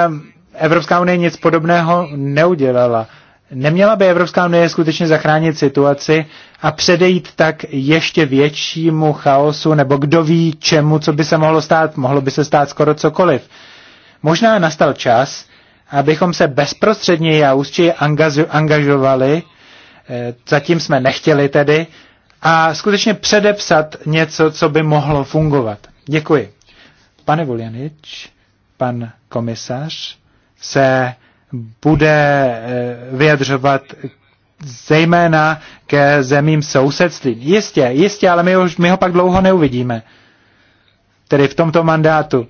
Evropská unie nic podobného neudělala. Neměla by Evropská unie skutečně zachránit situaci a předejít tak ještě většímu chaosu, nebo kdo ví čemu, co by se mohlo stát, mohlo by se stát skoro cokoliv. Možná nastal čas, abychom se bezprostředně a ústě angažovali, eh, zatím jsme nechtěli tedy, a skutečně předepsat něco, co by mohlo fungovat. Děkuji. Pane Vuljanič, pan komisař se bude eh, vyjadřovat zejména ke zemím sousedství. Jistě, jistě, ale my, už, my ho pak dlouho neuvidíme. Tedy v tomto mandátu.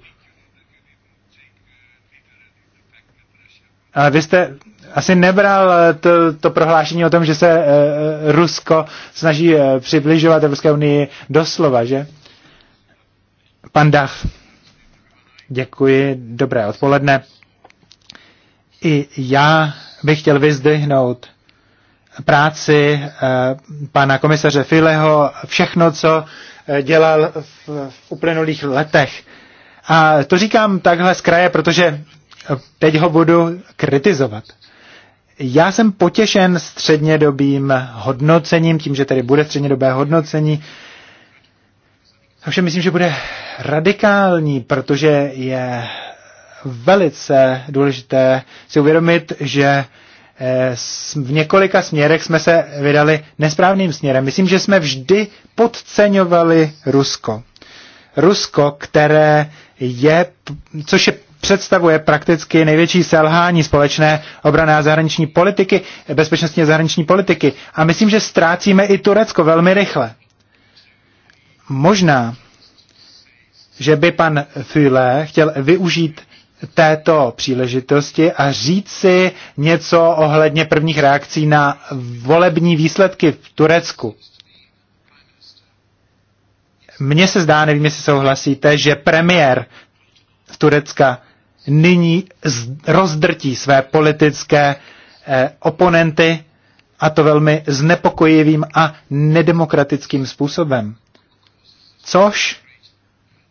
Ale vy jste asi nebral eh, to, to prohlášení o tom, že se eh, eh, Rusko snaží přibližovat Evropské unii doslova, že? Pan Dach. Děkuji, dobré odpoledne. I já bych chtěl vyzdvihnout práci pana komisaře Fileho, všechno, co dělal v, v uplynulých letech. A to říkám takhle z kraje, protože teď ho budu kritizovat. Já jsem potěšen střednědobým hodnocením, tím, že tady bude střednědobé hodnocení. Ovšem myslím, že bude radikální, protože je velice důležité si uvědomit, že eh, v několika směrech jsme se vydali nesprávným směrem. Myslím, že jsme vždy podceňovali Rusko. Rusko, které je, což je představuje prakticky největší selhání společné obrané a zahraniční politiky, bezpečnostní a zahraniční politiky. A myslím, že ztrácíme i Turecko velmi rychle. Možná, že by pan Füle chtěl využít této příležitosti a říct si něco ohledně prvních reakcí na volební výsledky v Turecku. Mně se zdá, nevím, jestli souhlasíte, že premiér Turecka nyní rozdrtí své politické eh, oponenty a to velmi znepokojivým a nedemokratickým způsobem. Což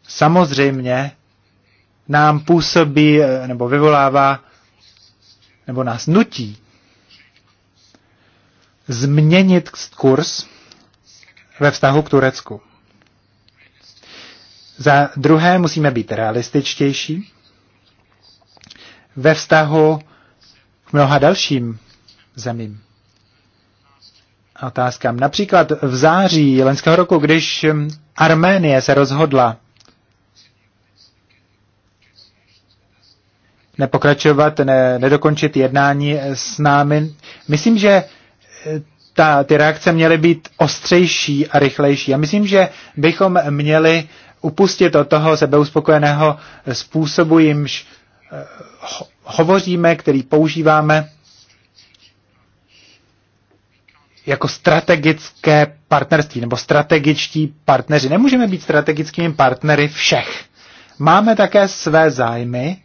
samozřejmě nám působí eh, nebo vyvolává nebo nás nutí změnit kurz ve vztahu k Turecku. Za druhé musíme být realističtější ve vztahu k mnoha dalším zemím. Otázka. Například v září lenského roku, když Arménie se rozhodla nepokračovat, ne, nedokončit jednání s námi. Myslím, že ta, ty reakce měly být ostřejší a rychlejší. A myslím, že bychom měli upustit od toho sebeuspokojeného způsobu, jimž hovoříme, který používáme jako strategické partnerství nebo strategičtí partneři. Nemůžeme být strategickými partnery všech. Máme také své zájmy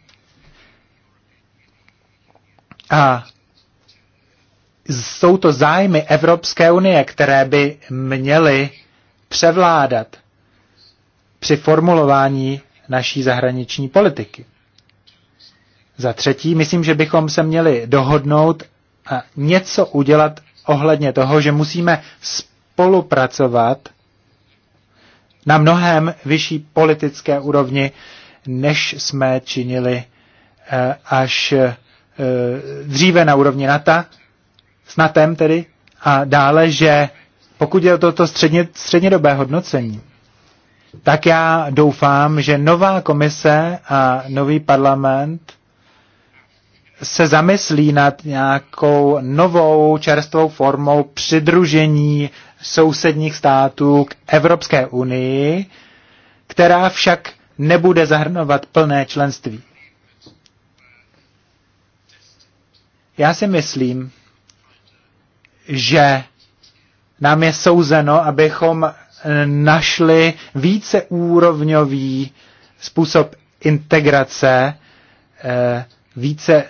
a jsou to zájmy Evropské unie, které by měly převládat při formulování naší zahraniční politiky. Za třetí, myslím, že bychom se měli dohodnout a něco udělat ohledně toho, že musíme spolupracovat na mnohem vyšší politické úrovni, než jsme činili eh, až eh, dříve na úrovni NATO, s NATEM tedy, a dále, že pokud je toto středně, střednědobé hodnocení, tak já doufám, že nová komise a nový parlament se zamyslí nad nějakou novou čerstvou formou přidružení sousedních států k Evropské unii, která však nebude zahrnovat plné členství. Já si myslím, že nám je souzeno, abychom našli úrovňový způsob integrace, eh, více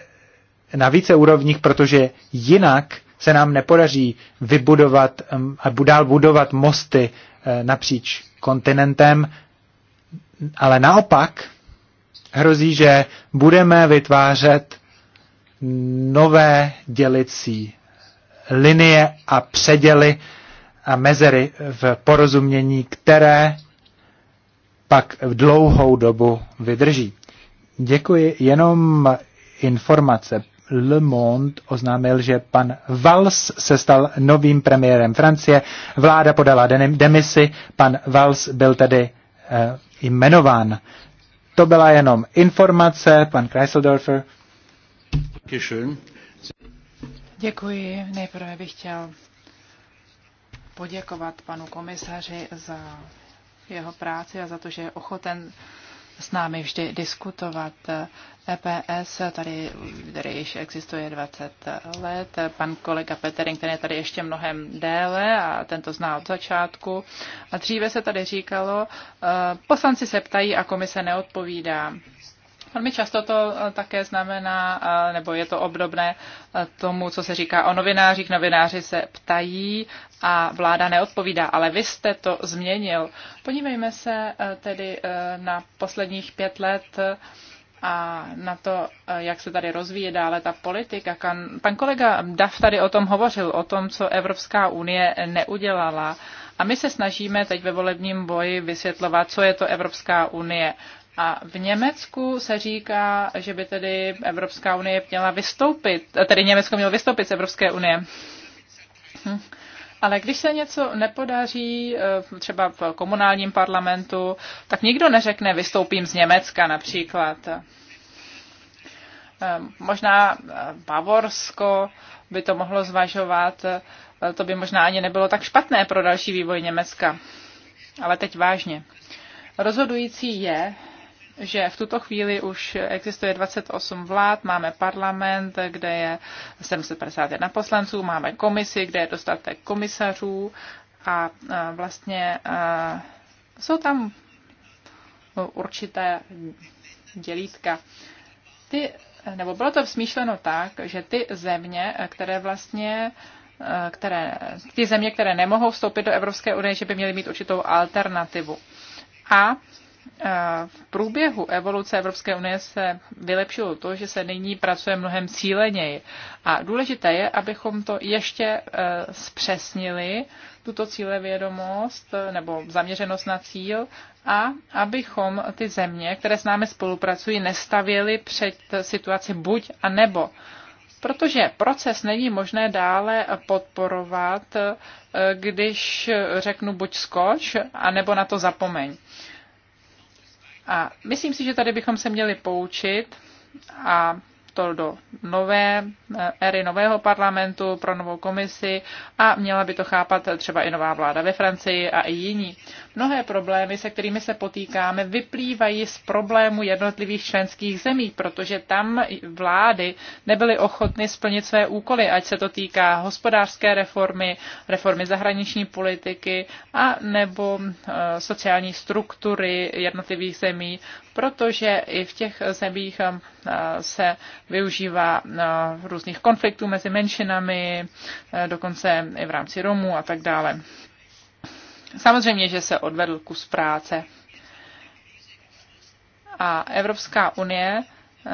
na více úrovních, protože jinak se nám nepodaří vybudovat a dál budovat mosty eh, napříč kontinentem, ale naopak hrozí, že budeme vytvářet nové dělicí linie a předěly a mezery v porozumění, které pak v dlouhou dobu vydrží. Děkuji. Jenom informace. Le Monde oznámil, že pan Valls se stal novým premiérem Francie. Vláda podala demisi, pan Valls byl tedy eh, jmenován. To byla jenom informace, pan Kreiseldorfer. Děkuji. Nejprve bych chtěl poděkovat panu komisaři za jeho práci a za to, že je ochoten s námi vždy diskutovat. EPS tady, který již existuje 20 let. Pan kolega Petering, ten je tady ještě mnohem déle a ten to zná od začátku. A dříve se tady říkalo, e, poslanci se ptají a komise neodpovídá. Velmi často to e, také znamená, e, nebo je to obdobné tomu, co se říká o novinářích. Novináři se ptají a vláda neodpovídá, ale vy jste to změnil. Podívejme se tedy na posledních pět let a na to, eh, jak se tady rozvíje dále ta politika. pan kolega Dav tady o tom hovořil, o tom, co Evropská unie neudělala. A my se snažíme teď ve volebním boji vysvětlovat, co je to Evropská unie. A v Německu se říká, že by tedy Evropská unie měla vystoupit, tedy Německo mělo vystoupit z Evropské unie. Hm. Ale když se něco nepodaří eh, třeba v komunálním parlamentu, tak nikdo neřekne, vystoupím z Německa například. Eh, možná eh, Bavorsko by to mohlo zvažovat, to by možná ani nebylo tak špatné pro další vývoj Německa. Ale teď vážně. Rozhodující je, že v tuto chvíli už existuje 28 vlád, máme parlament, kde je 751 poslanců, máme komisi, kde je dostatek komisařů a vlastně jsou tam určité dělítka. Ty, nebo bylo to smýšleno tak, že ty země, které vlastně které, ty země, které nemohou vstoupit do Evropské unie, že by měly mít určitou alternativu. A Eh, v průběhu evoluce Evropské unie se vylepšilo to, že se nyní pracuje mnohem cíleněji. A důležité je, abychom to ještě eh, zpřesnili, tuto cílevědomost eh, nebo zaměřenost na cíl a abychom ty země, které s námi spolupracují, nestavěli před situaci buď a nebo protože proces není možné dále podporovat, když řeknu buď skoč, anebo na to zapomeň. A myslím si, že tady bychom se měli poučit a prostor do nové eh, éry nového parlamentu pro novou komisi a měla by to chápat třeba i nová vláda ve Francii a i jiní. Mnohé problémy, se kterými se potýkáme, vyplývají z problému jednotlivých členských zemí, protože tam vlády nebyly ochotny splnit své úkoly, ať se to týká hospodářské reformy, reformy zahraniční politiky a nebo eh, sociální struktury jednotlivých zemí protože i v těch zemích um, se využívá v uh, různých konfliktů mezi menšinami, uh, dokonce i v rámci Romů a tak dále. Samozřejmě, že se odvedl kus práce. A Evropská unie uh,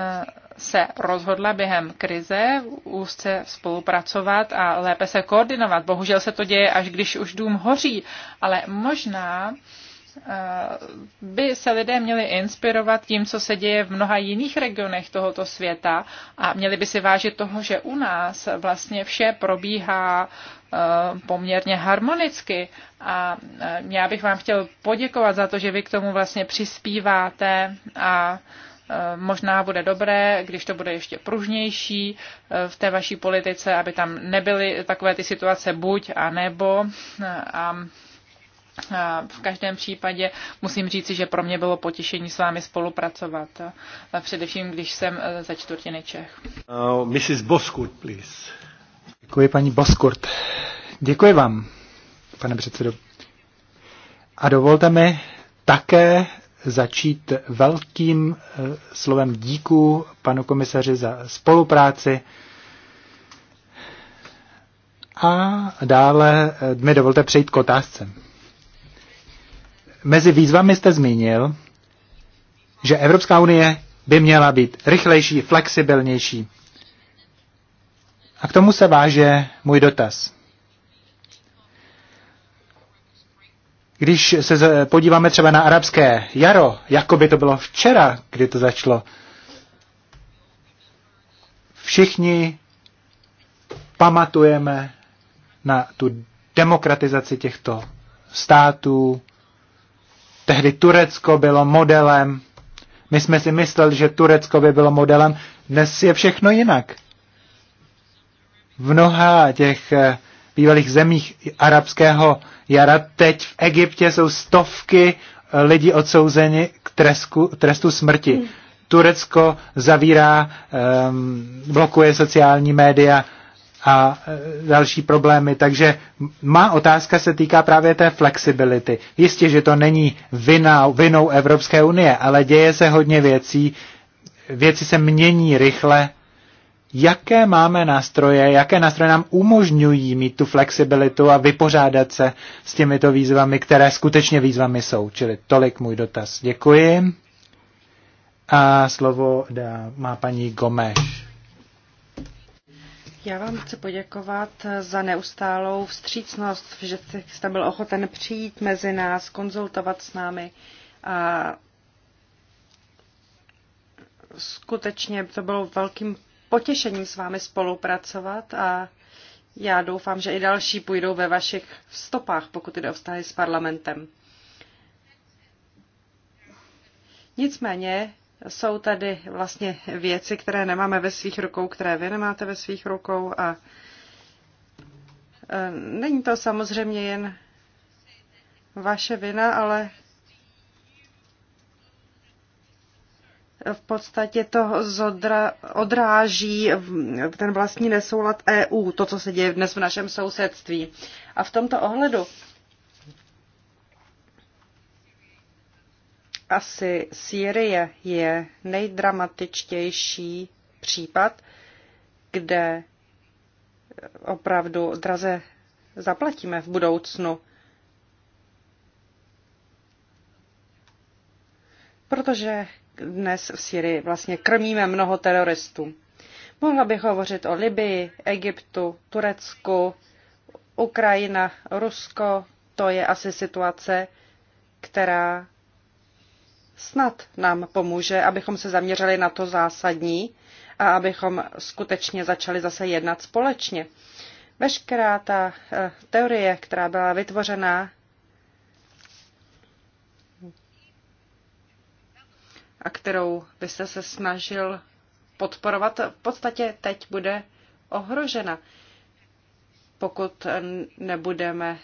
se rozhodla během krize úzce spolupracovat a lépe se koordinovat. Bohužel se to děje, až když už dům hoří, ale možná Eh, by se lidé měli inspirovat tím, co se děje v mnoha jiných regionech tohoto světa a měli by si vážit toho, že u nás vlastně vše probíhá eh, poměrně harmonicky. A eh, já bych vám chtěl poděkovat za to, že vy k tomu vlastně přispíváte a možná bude dobré, když to bude ještě pružnější v té vaší politice, aby tam nebyly takové ty situace buď a nebo. A v každém případě musím říci, že pro mě bylo potěšení s vámi spolupracovat, především když jsem e, ze čtvrtiny Čech. Uh, Mrs. Boskurt, please. Děkuji, paní Boskurt. Děkuji vám, pane předsedo. A dovolte mi také začít velkým e, slovem díku panu komisaři za spolupráci. A dále e, mi dovolte přejít k otázce. Mezi výzvami jste zmínil, že Evropská unie by měla být rychlejší, flexibilnější. A k tomu se váže můj dotaz. Když se podíváme třeba na arabské jaro, jako by to bylo včera, kdy to začalo, všichni pamatujeme na tu demokratizaci těchto států, Tehdy Turecko bylo modelem. My jsme si mysleli, že Turecko by bylo modelem. Dnes je všechno jinak. V mnoha těch eh, bývalých zemích arabského jara, teď v Egyptě jsou stovky eh, lidí odsouzeni k tresku, trestu smrti. Hmm. Turecko zavírá, um, blokuje sociální média, a e, další problémy. Takže má otázka se týká právě té flexibility. Jistě, že to není vina, vinou Evropské unie, ale děje se hodně věcí, věci se mění rychle. Jaké máme nástroje, jaké nástroje nám umožňují mít tu flexibilitu a vypořádat se s těmito výzvami, které skutečně výzvami jsou. Čili tolik můj dotaz. Děkuji. A slovo dá, má paní Gomeš. Já vám chci poděkovat za neustálou vstřícnost, že jste byl ochoten přijít mezi nás, konzultovat s námi a skutečně to bylo velkým potěšením s vámi spolupracovat a já doufám, že i další půjdou ve vašich stopách, pokud jde o vztahy s parlamentem. Nicméně jsou tady vlastně věci, které nemáme ve svých rukou, které vy nemáte ve svých rukou a e, není to samozřejmě jen vaše vina, ale v podstatě to zodra, odráží ten vlastní nesoulad EU, to, co se děje dnes v našem sousedství. A v tomto ohledu Asi Sýrie je nejdramatičtější případ, kde opravdu draze zaplatíme v budoucnu. Protože dnes v Syrii vlastně krmíme mnoho teroristů. Mohla bych hovořit o Libii, Egyptu, Turecku, Ukrajina, Rusko. To je asi situace, která snad nám pomůže, abychom se zaměřili na to zásadní a abychom skutečně začali zase jednat společně. Veškerá ta eh, teorie, která byla vytvořena a kterou byste se snažil podporovat, v podstatě teď bude ohrožena, pokud nebudeme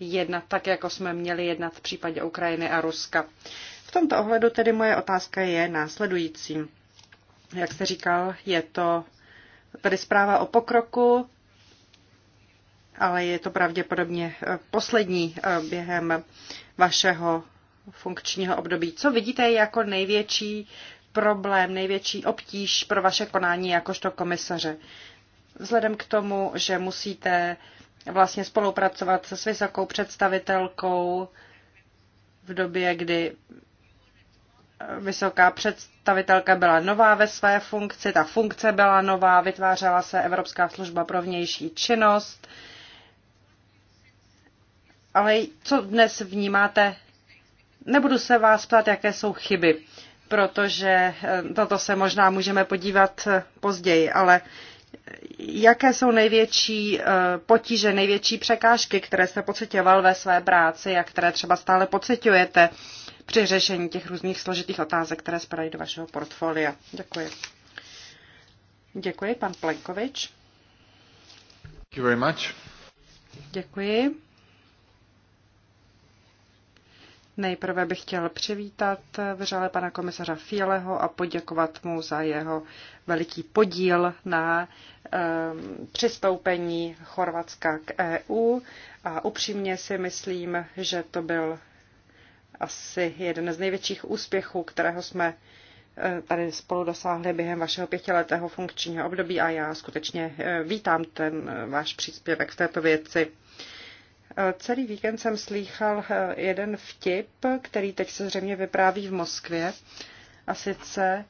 jednat tak, jako jsme měli jednat v případě Ukrajiny a Ruska. V tomto ohledu tedy moje otázka je následující. Jak jste říkal, je to tady zpráva o pokroku, ale je to pravděpodobně eh, poslední eh, během vašeho funkčního období. Co vidíte jako největší problém, největší obtíž pro vaše konání jakožto komisaře? Vzhledem k tomu, že musíte vlastně spolupracovat se s vysokou představitelkou v době, kdy vysoká představitelka byla nová ve své funkci, ta funkce byla nová, vytvářela se Evropská služba pro vnější činnost. Ale co dnes vnímáte? Nebudu se vás ptát, jaké jsou chyby, protože eh, toto se možná můžeme podívat eh, později, ale jaké jsou největší eh, potíže, největší překážky, které jste pocitoval ve své práci a které třeba stále pocitujete? při řešení těch různých složitých otázek, které spadají do vašeho portfolia. Děkuji. Děkuji, pan Plenkovič. Thank you very much. Děkuji. Nejprve bych chtěl přivítat vřele pana komisaře Fieleho a poděkovat mu za jeho veliký podíl na um, přistoupení Chorvatska k EU. A upřímně si myslím, že to byl asi jeden z největších úspěchů, kterého jsme eh, tady spolu dosáhli během vašeho pětiletého funkčního období a já skutečně eh, vítám ten eh, váš příspěvek v této věci. Celý víkend jsem slýchal jeden vtip, který teď se zřejmě vypráví v Moskvě, a sice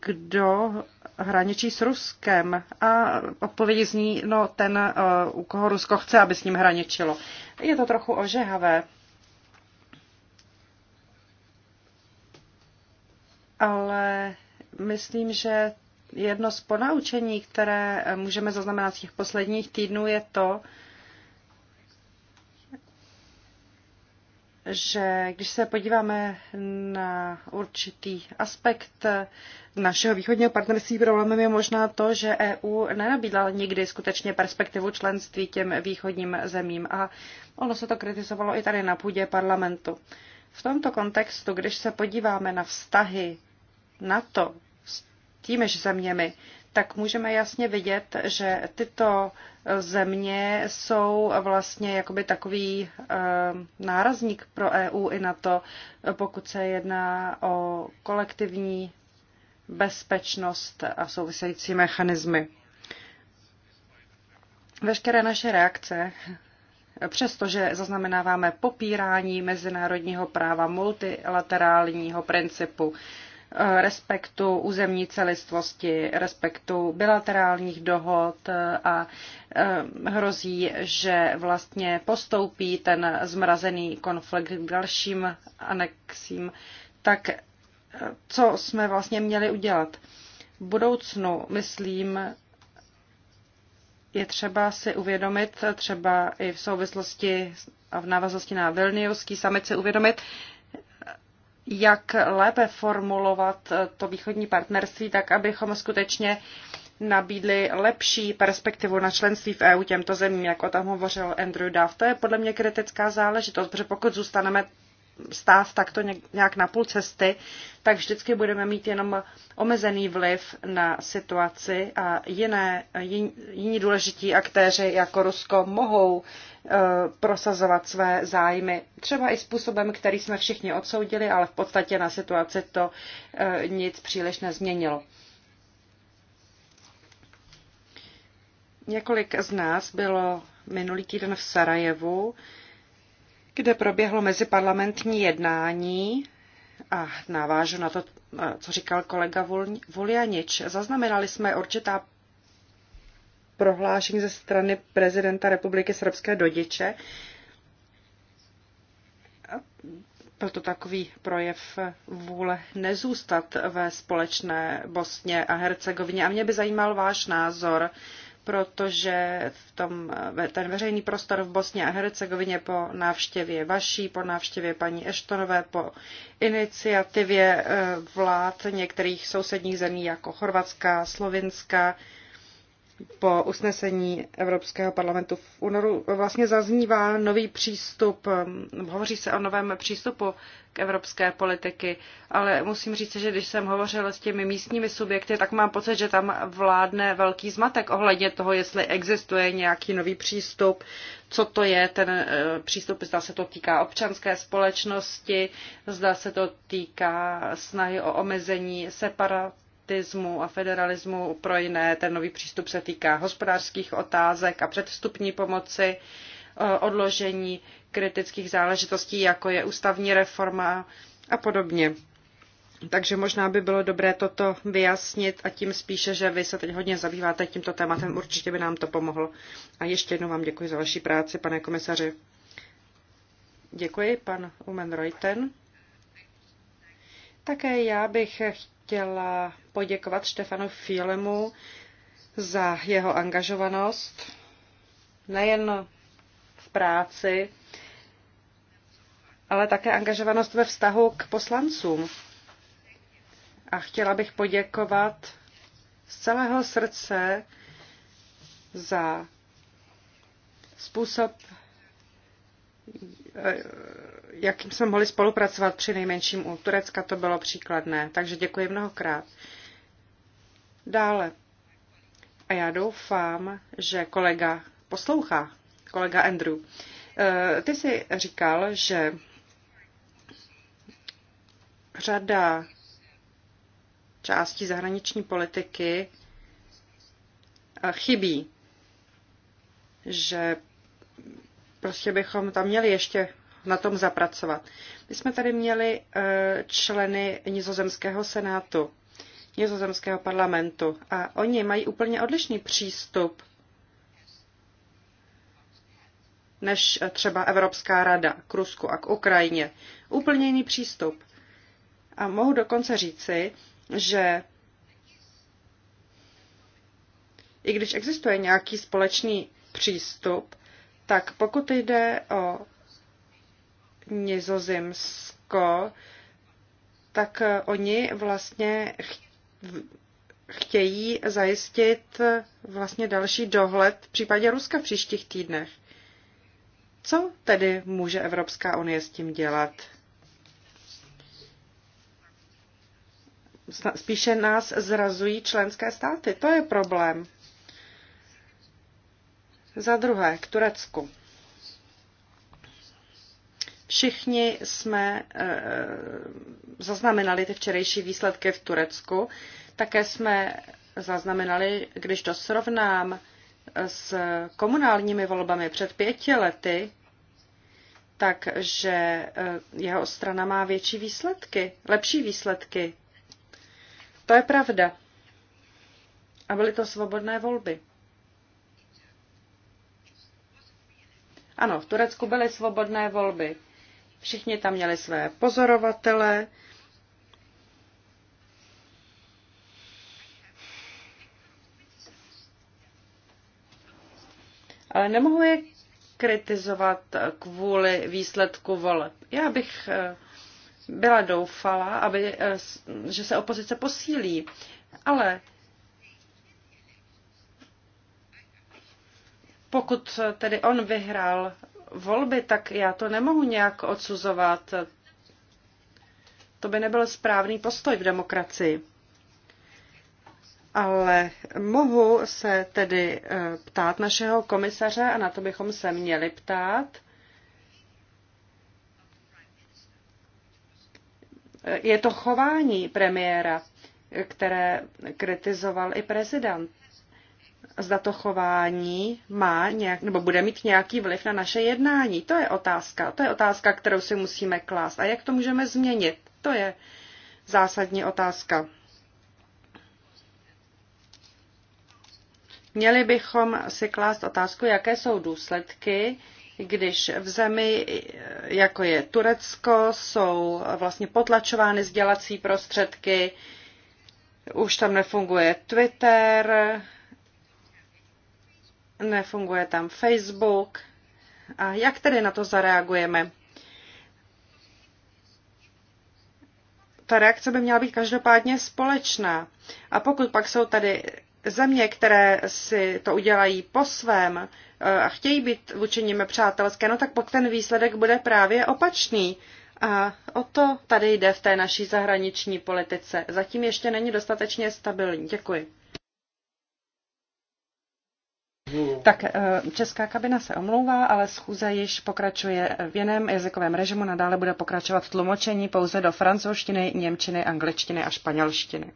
kdo hraničí s Ruskem. A odpovědi zní, no ten, eh, u koho Rusko chce, aby s ním hraničilo. Je to trochu ožehavé. Ale myslím, že jedno z ponaučení, které můžeme zaznamenat z těch posledních týdnů, je to, že když se podíváme na určitý aspekt našeho východního partnerství, problémem je možná to, že EU nenabídla nikdy skutečně perspektivu členství těm východním zemím a ono se to kritizovalo i tady na půdě parlamentu. V tomto kontextu, když se podíváme na vztahy NATO s že zeměmi, tak můžeme jasně vidět, že tyto eh, země jsou vlastně jakoby takový eh, nárazník pro EU i na to, eh, pokud se jedná o kolektivní bezpečnost a související mechanismy. Veškeré naše reakce, přestože zaznamenáváme popírání mezinárodního práva multilaterálního principu, respektu územní celistvosti, respektu bilaterálních dohod a e, hrozí, že vlastně postoupí ten zmrazený konflikt k dalším anexím. Tak e, co jsme vlastně měli udělat? V budoucnu, myslím, je třeba si uvědomit, třeba i v souvislosti a v návaznosti na Vilniuský summit si uvědomit, jak lépe formulovat eh, to východní partnerství, tak abychom skutečně nabídli lepší perspektivu na členství v EU těmto zemím, jak o tom hovořil Andrew Duff. To je podle mě kritická záležitost, protože pokud zůstaneme stát takto nějak na půl cesty, tak vždycky budeme mít jenom omezený vliv na situaci a jiné, jiní důležití aktéři jako Rusko mohou eh, prosazovat své zájmy, třeba i způsobem, který jsme všichni odsoudili, ale v podstatě na situaci to eh, nic příliš nezměnilo. Několik z nás bylo minulý týden v Sarajevu, kde proběhlo meziparlamentní jednání a navážu na to, co říkal kolega Vuljanič. Zaznamenali jsme určitá prohlášení ze strany prezidenta Republiky Srbské Dodiče. Byl to takový projev vůle nezůstat ve společné Bosně a Hercegovině. A mě by zajímal váš názor protože v tom, ten veřejný prostor v Bosně a Hercegovině po návštěvě vaší, po návštěvě paní Eštonové, po iniciativě eh, vlád některých sousedních zemí jako Chorvatska, Slovinska, po usnesení Evropského parlamentu v únoru vlastně zaznívá nový přístup, um, hovoří se o novém přístupu k evropské politiky, ale musím říct, že když jsem hovořila s těmi místními subjekty, tak mám pocit, že tam vládne velký zmatek ohledně toho, jestli existuje nějaký nový přístup, co to je ten uh, přístup, zda se to týká občanské společnosti, zda se to týká snahy o omezení separat separatismu a federalismu, pro jiné ten nový přístup se týká hospodářských otázek a předvstupní pomoci, eh, odložení kritických záležitostí, jako je ústavní reforma a podobně. Takže možná by bylo dobré toto vyjasnit a tím spíše, že vy se teď hodně zabýváte tímto tématem, určitě by nám to pomohlo. A ještě jednou vám děkuji za vaši práci, pane komisaři. Děkuji, pan Umen Reuten. Také já bych chtěla poděkovat Štefanu Fílemu za jeho angažovanost nejen v práci, ale také angažovanost ve vztahu k poslancům. A chtěla bych poděkovat z celého srdce za způsob, jakým jsme mohli spolupracovat při nejmenším u Turecka, to bylo příkladné. Takže děkuji mnohokrát. Dále. A já doufám, že kolega poslouchá, kolega Andrew. Eh, ty jsi říkal, že řada částí zahraniční politiky eh, chybí, že prostě bychom tam měli ještě na tom zapracovat. My jsme tady měli eh, členy nizozemského senátu, nizozemského parlamentu a oni mají úplně odlišný přístup než eh, třeba Evropská rada k Rusku a k Ukrajině. Úplně jiný přístup. A mohu dokonce říci, že i když existuje nějaký společný přístup, tak pokud jde o Nizozemsko, tak oni vlastně chtějí zajistit vlastně další dohled v případě Ruska v příštích týdnech. Co tedy může Evropská unie s tím dělat? Spíše nás zrazují členské státy. To je problém. Za druhé, k Turecku. Všichni jsme eh, eh, zaznamenali ty včerejší výsledky v Turecku. Také jsme zaznamenali, když to srovnám eh, s komunálními volbami před pěti lety, takže jeho strana má větší výsledky, lepší výsledky. To je pravda. A byly to svobodné volby. Ano, v Turecku byly svobodné volby. Všichni tam měli své pozorovatele. Ale nemohu je kritizovat kvůli výsledku voleb. Já bych eh, byla doufala, aby, eh, že se opozice posílí, ale pokud tedy on vyhrál volby, tak já to nemohu nějak odsuzovat. To by nebyl správný postoj v demokracii. Ale mohu se tedy eh, ptát našeho komisaře, a na to bychom se měli ptát, eh, je to chování premiéra, které kritizoval i prezident zda to chování má nějak, nebo bude mít nějaký vliv na naše jednání. To je otázka. To je otázka, kterou si musíme klást. A jak to můžeme změnit? To je zásadní otázka. Měli bychom si klást otázku, jaké jsou důsledky, když v zemi, jako je Turecko, jsou vlastně potlačovány sdělací prostředky, už tam nefunguje Twitter, nefunguje tam Facebook. A jak tedy na to zareagujeme? Ta reakce by měla být každopádně společná. A pokud pak jsou tady země, které si to udělají po svém eh, a chtějí být vůči nim přátelské, no tak pak ten výsledek bude právě opačný. A o to tady jde v té naší zahraniční politice. Zatím ještě není dostatečně stabilní. Děkuji. Tak eh, česká kabina se omlouvá, ale schůze již pokračuje v jiném jazykovém režimu. Nadále bude pokračovat v tlumočení pouze do francouzštiny, němčiny, angličtiny a španělštiny.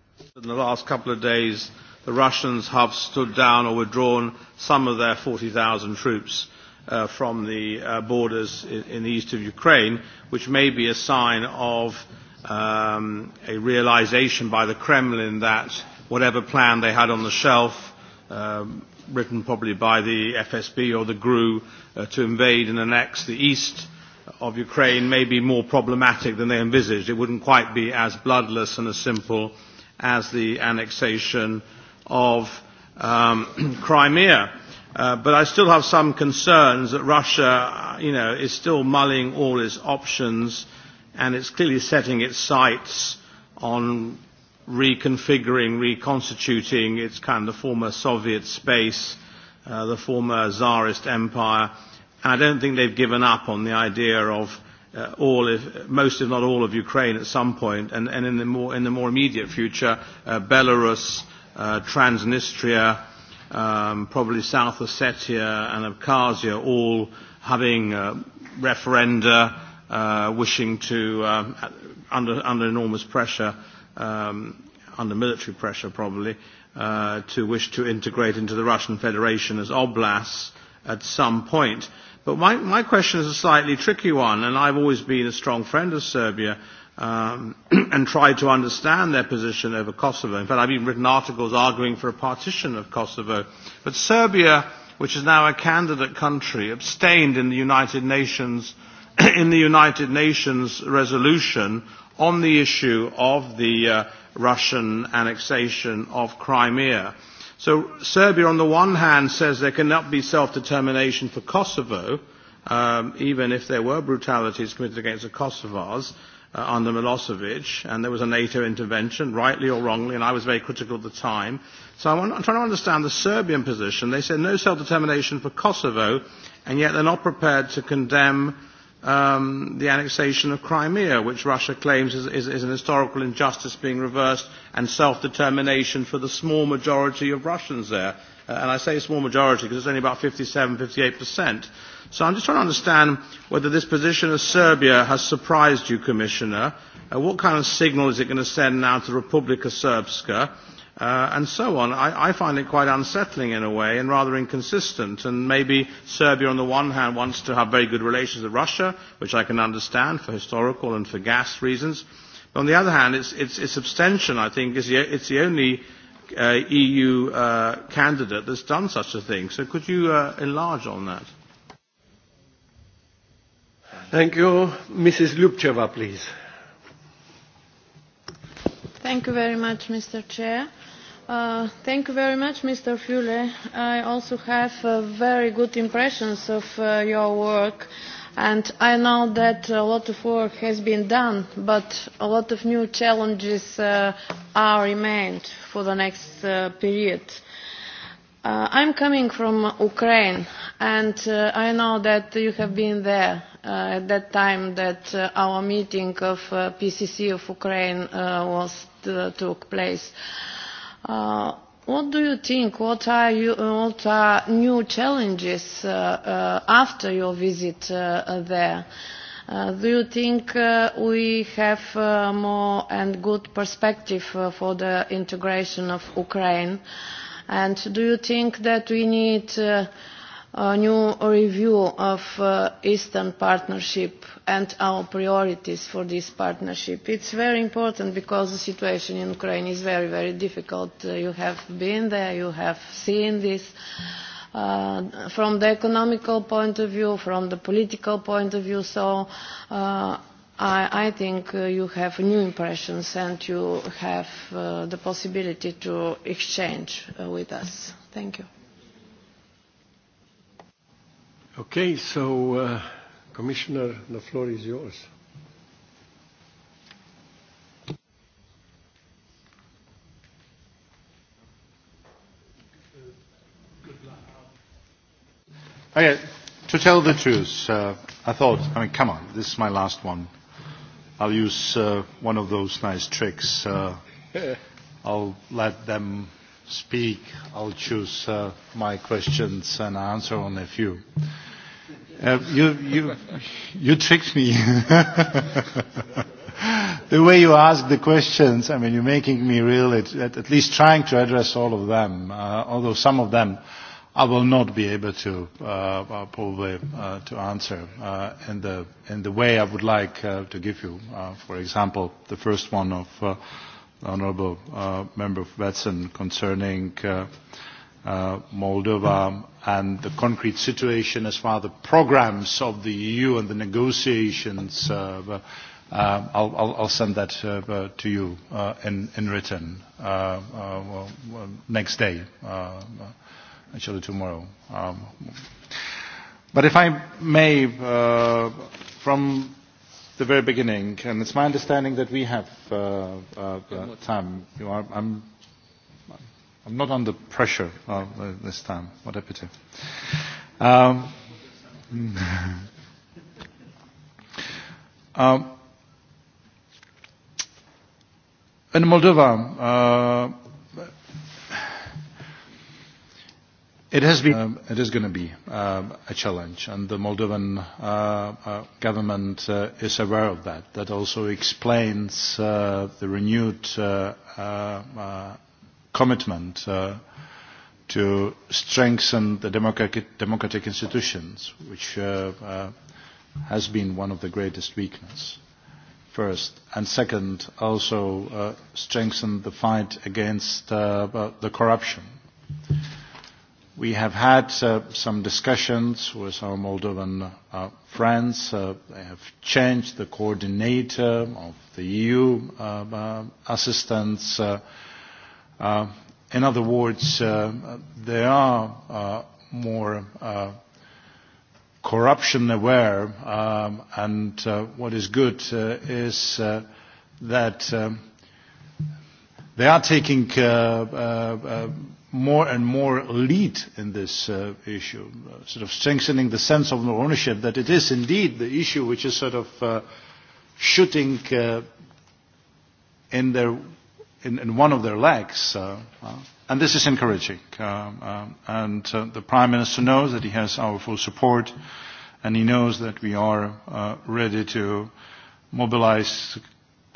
the Russians have stood down or withdrawn some of their 40,000 troops uh, from the uh, borders in, in the east of Ukraine, which may be a sign of um, a realization by the Kremlin that whatever plan they had on the shelf um, written probably by the FSB or the GRU, uh, to invade and annex the east of Ukraine may be more problematic than they envisaged. It wouldn't quite be as bloodless and as simple as the annexation of um, Crimea. Uh, but I still have some concerns that Russia, uh, you know, is still mulling all its options, and it's clearly setting its sights on reconfiguring, reconstituting its kind of the former Soviet space, uh, the former Tsarist empire. And I don't think they've given up on the idea of uh, all, if, most if not all of Ukraine at some point, and, and in, the more, in the more immediate future, uh, Belarus, uh, Transnistria, um, probably South Ossetia and Abkhazia all having a uh, referenda, uh, wishing to, uh, under, under enormous pressure, um, under military pressure probably, uh, to wish to integrate into the Russian Federation as oblasts at some point. But my, my question is a slightly tricky one, and I've always been a strong friend of Serbia um, and tried to understand their position over Kosovo. In fact, I've even written articles arguing for a partition of Kosovo. But Serbia, which is now a candidate country, abstained in the United Nations in the United Nations resolution on the issue of the uh, Russian annexation of Crimea. So Serbia, on the one hand, says there cannot be self-determination for Kosovo, um, even if there were brutalities committed against the Kosovars uh, under Milosevic, and there was a NATO intervention, rightly or wrongly, and I was very critical at the time. So I'm, I'm trying to understand the Serbian position. They said no self-determination for Kosovo, and yet they're not prepared to condemn um, the annexation of Crimea, which Russia claims is, is, is an historical injustice being reversed, and self-determination for the small majority of Russians there. Uh, and I say small majority because it's only about 57, 58%. So I'm just trying to understand whether this position of Serbia has surprised you, Commissioner. Uh, what kind of signal is it going to send now to Republika Srpska? uh, and so on. I, I find it quite unsettling in a way and rather inconsistent. And maybe Serbia, on the one hand, wants to have very good relations with Russia, which I can understand for historical and for gas reasons. But on the other hand, its, its, its abstention, I think, is the, it's the only uh, EU uh, candidate that's done such a thing. So could you uh, enlarge on that? Thank you. Mrs. Lubcheva, please. Thank you very much, Mr. Chair. Uh, thank you very much, Mr. Fule. I also have uh, very good impressions of uh, your work, and I know that a lot of work has been done, but a lot of new challenges uh, are remained for the next uh, period. Uh, I'm coming from Ukraine, and uh, I know that you have been there uh, at that time that uh, our meeting of uh, PCC of Ukraine uh, was, uh, took place. Uh, Uh, what do you think? What are, you, uh, what are new challenges uh, uh, after your visit uh, there? Uh, do you think uh, we have uh, more and good perspective uh, for the integration of Ukraine? And do you think that we need uh, new review of the uh, Eastern Partnership and our priorities for this partnership. It's very important because the situation in Ukraine is very, very difficult. Uh, you have been there, you have seen this. Uh, from the economical point of view, from the political point of view, so uh, I, I think uh, you have new impressions and you have uh, the possibility to exchange uh, with us. Thank you. Okay, so uh, Commissioner, the floor is yours. Okay, to tell the truth, uh, I thought, I mean, come on, this is my last one. I'll use uh, one of those nice tricks. Uh, I'll let them speak, I'll choose uh, my questions and answer on a few. Uh, you, you, you tricked me. the way you ask the questions, I mean, you're making me really, at, at least trying to address all of them, uh, although some of them I will not be able to uh, uh, probably uh, to answer uh, in, the, in the way I would like uh, to give you. Uh, for example, the first one of uh, honourable uh, member Vetsen concerning uh, uh, Moldova and the concrete situation as far as the programmes of the EU and the negotiations. Uh, uh, I'll, I'll, I'll send that uh, to you uh, in, in written uh, uh, well, well, next day, uh, actually tomorrow. Um, but if I may, uh, from the very beginning, and it's my understanding that we have uh, uh, uh, time. You are, I'm, I'm not under pressure uh, this time. What a pity. Um, um, in Moldova, uh, It has been, um, it is going to be uh, a challenge, and the Moldovan uh, uh, government uh, is aware of that. That also explains uh, the renewed uh, uh, uh commitment uh, to strengthen the democratic, democratic institutions, which uh, uh, has been one of the greatest weaknesses first, and second, also uh, strengthen the fight against uh, the corruption. Uh, We have had uh, some discussions with our Moldovan uh, friends. Uh, they have changed the coordinator of the EU uh, uh, assistance. Uh, uh, in other words, uh, they are uh, more uh, corruption aware, um, and uh, what is good uh, is uh, that um, they are taking uh, uh, uh, more and more lead in this uh, issue, uh, sort of strengthening the sense of ownership that it is indeed the issue which is sort of uh, shooting uh, in, their, in, in one of their legs. Uh, uh, and this is encouraging. Uh, uh, and uh, the Prime Minister knows that he has our full support, and he knows that we are uh, ready to mobilize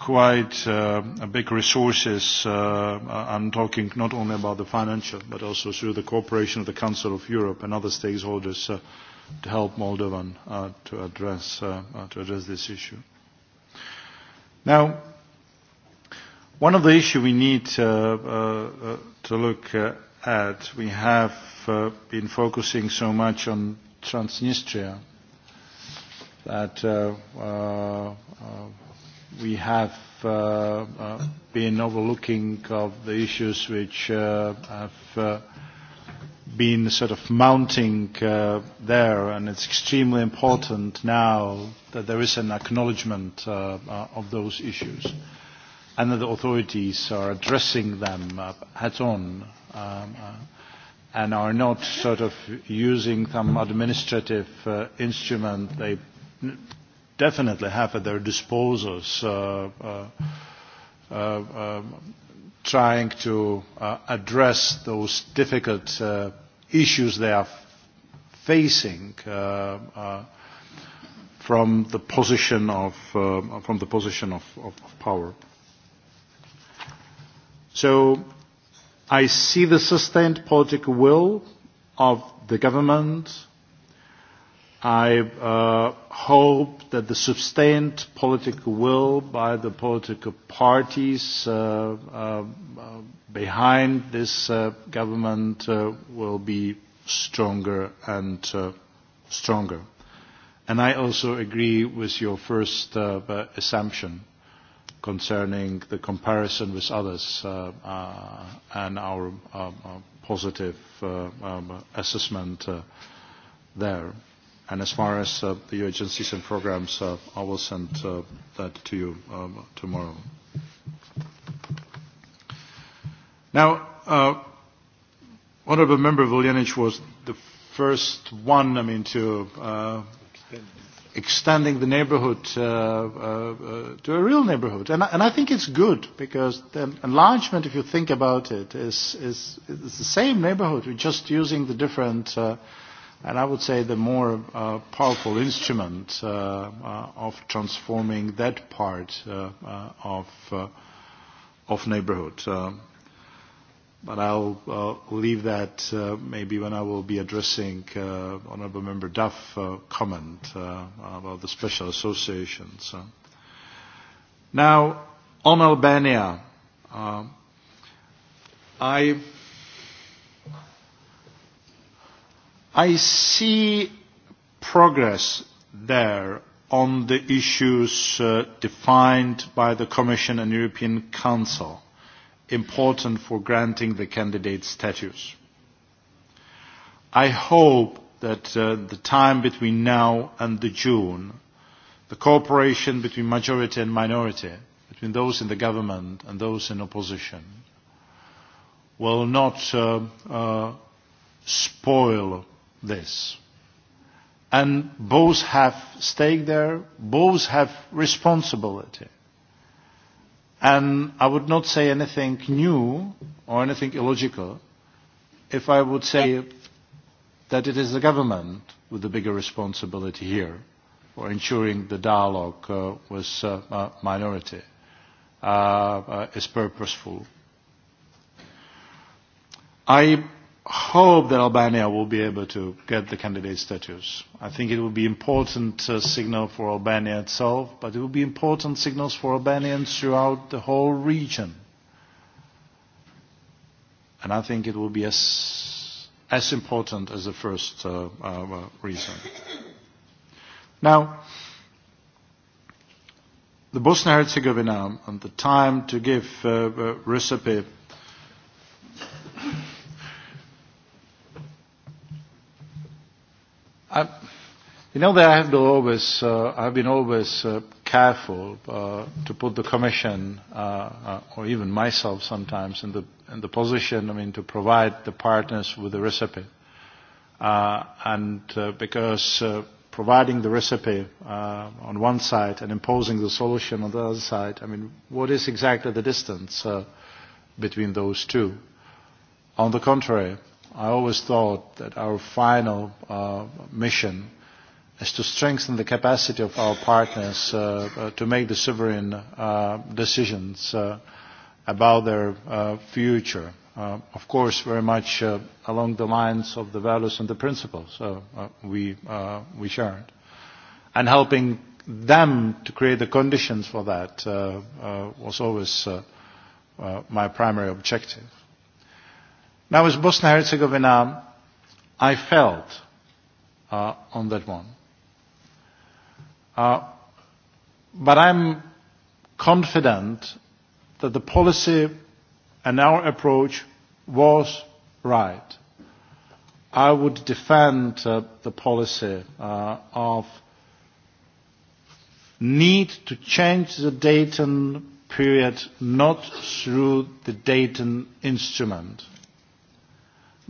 quite uh, big resources. Uh, I'm talking not only about the financial, but also through the cooperation of the Council of Europe and other stakeholders uh, to help Moldovan uh, to, address, uh, uh, to address this issue. Now, one of the issues we need uh, uh, to look uh, at, we have uh, been focusing so much on Transnistria that uh, uh, uh, we have uh, uh, been overlooking of the issues which uh, have uh, been sort of mounting uh, there, and it's extremely important now that there is an acknowledgement uh, uh, of those issues and that the authorities are addressing them uh, head on um, uh, and are not sort of using some administrative uh, instrument they definitely have at their disposal uh, uh, uh, trying to uh, address those difficult uh, issues they are facing uh, uh, from the position of uh, from the position of, of, of power. So I see the sustained political will of the government i uh, hope that the sustained political will by the political parties uh, uh, uh, behind this uh, government uh, will be stronger and uh, stronger. And I also agree with your first uh, assumption concerning the comparison with others uh, uh, and our uh, uh positive uh, um, assessment uh, there. And as far as uh, the agencies and programs, uh, I will send uh, that to you um, tomorrow. Now, uh, Honorable Member Vuljanic was the first one, I mean, to uh, extending the neighborhood uh, uh, uh, to a real neighborhood. And, I, and I think it's good because the enlargement, if you think about it, is, is, is the same neighborhood. We're just using the different uh, and I would say the more uh, powerful instrument uh, uh, of transforming that part uh, uh, of uh, of neighborhood. Uh, but I'll uh, leave that uh, maybe when I will be addressing uh, Honorable Member Duff's uh, comment uh, about the special associations. Uh, now, on Albania, uh, I I see progress there on the issues uh, defined by the Commission and European Council, important for granting the candidate status. I hope that uh, the time between now and the June, the cooperation between majority and minority, between those in the government and those in opposition, will not uh, uh, spoil this. And both have stake there, both have responsibility. And I would not say anything new or anything illogical if I would say that it is the government with the bigger responsibility here for ensuring the dialogue uh, with uh, uh, minority uh, uh, is purposeful. I hope that Albania will be able to get the candidate status. I think it will be important uh, signal for Albania itself, but it will be important signals for Albanians throughout the whole region. And I think it will be as, as important as the first uh, uh, reason. Now, the Bosnia-Herzegovina and the time to give uh, uh, recipe I, you know that I have to always, uh, I've been always uh, careful uh, to put the Commission uh, uh, or even myself sometimes in the in the position, I mean, to provide the partners with the recipe, uh, and uh, because. Uh, providing the recipe uh, on one side and imposing the solution on the other side, I mean, what is exactly the distance uh, between those two? On the contrary, i always thought that our final uh, mission is to strengthen the capacity of our partners uh, uh, to make the sovereign uh, decisions uh, about their uh, future. Uh, of course, very much uh, along the lines of the values and the principles uh, uh, we, uh, we shared. And helping them to create the conditions for that uh, uh, was always uh, uh, my primary objective. When I was Bosnia and Herzegovina, I felt uh, on that one. Uh, but I'm confident that the policy and our approach was right. I would defend uh, the policy uh, of need to change the Dayton period not through the Dayton instrument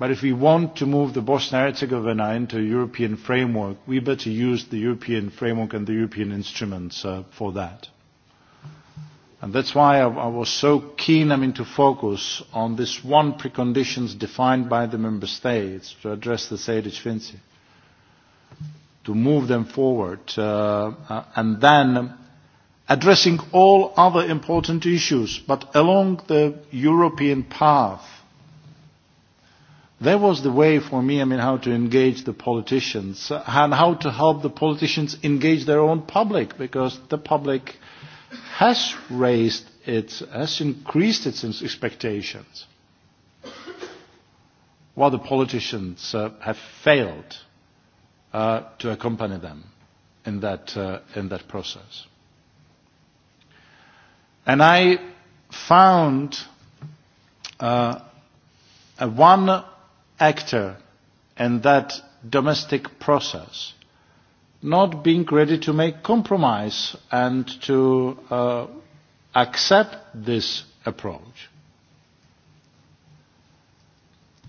But if we want to move the Bosnia-Herzegovina into a European framework, we better use the European framework and the European instruments uh, for that. And that's why I, I was so keen, I mean, to focus on this one preconditions defined by the member states to address the Sejdic Finci, to move them forward, uh, uh, and then addressing all other important issues, but along the European path that was the way for me, I mean, how to engage the politicians and how to help the politicians engage their own public because the public has raised its, has increased its expectations while the politicians uh, have failed uh, to accompany them in that, uh, in that process. And I found uh, a one actor in that domestic process not being ready to make compromise and to uh, accept this approach.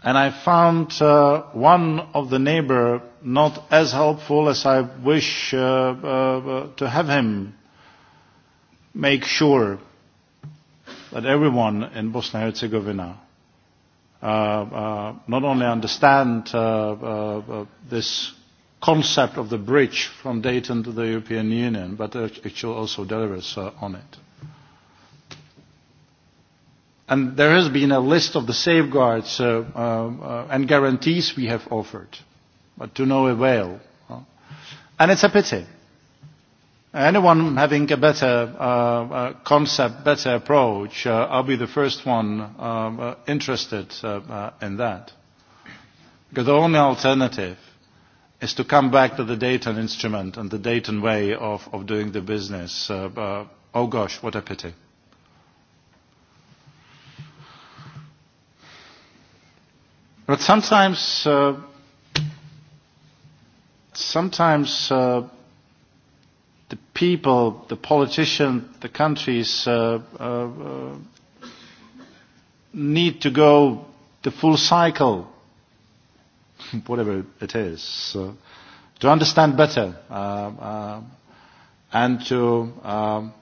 And I found uh, one of the neighbor not as helpful as I wish uh, uh, to have him make sure that everyone in Bosnia and Herzegovina Uh, uh, not only understand uh, uh, uh, this concept of the bridge from Dayton to the European Union, but actually also delivers uh, on it. And there has been a list of the safeguards uh, uh, uh, and guarantees we have offered, but to no avail. Huh? And it's a pity Anyone having a better uh, uh, concept, better approach, uh, I'll be the first one um, uh, interested uh, uh, in that. Because the only alternative is to come back to the Dayton instrument and the Dayton way of, of doing the business. Uh, uh, oh gosh, what a pity. But sometimes, uh, sometimes uh, people, the politicians, the countries uh, uh, uh, need to go the full cycle, whatever it is, uh, to understand better uh, uh, and to um,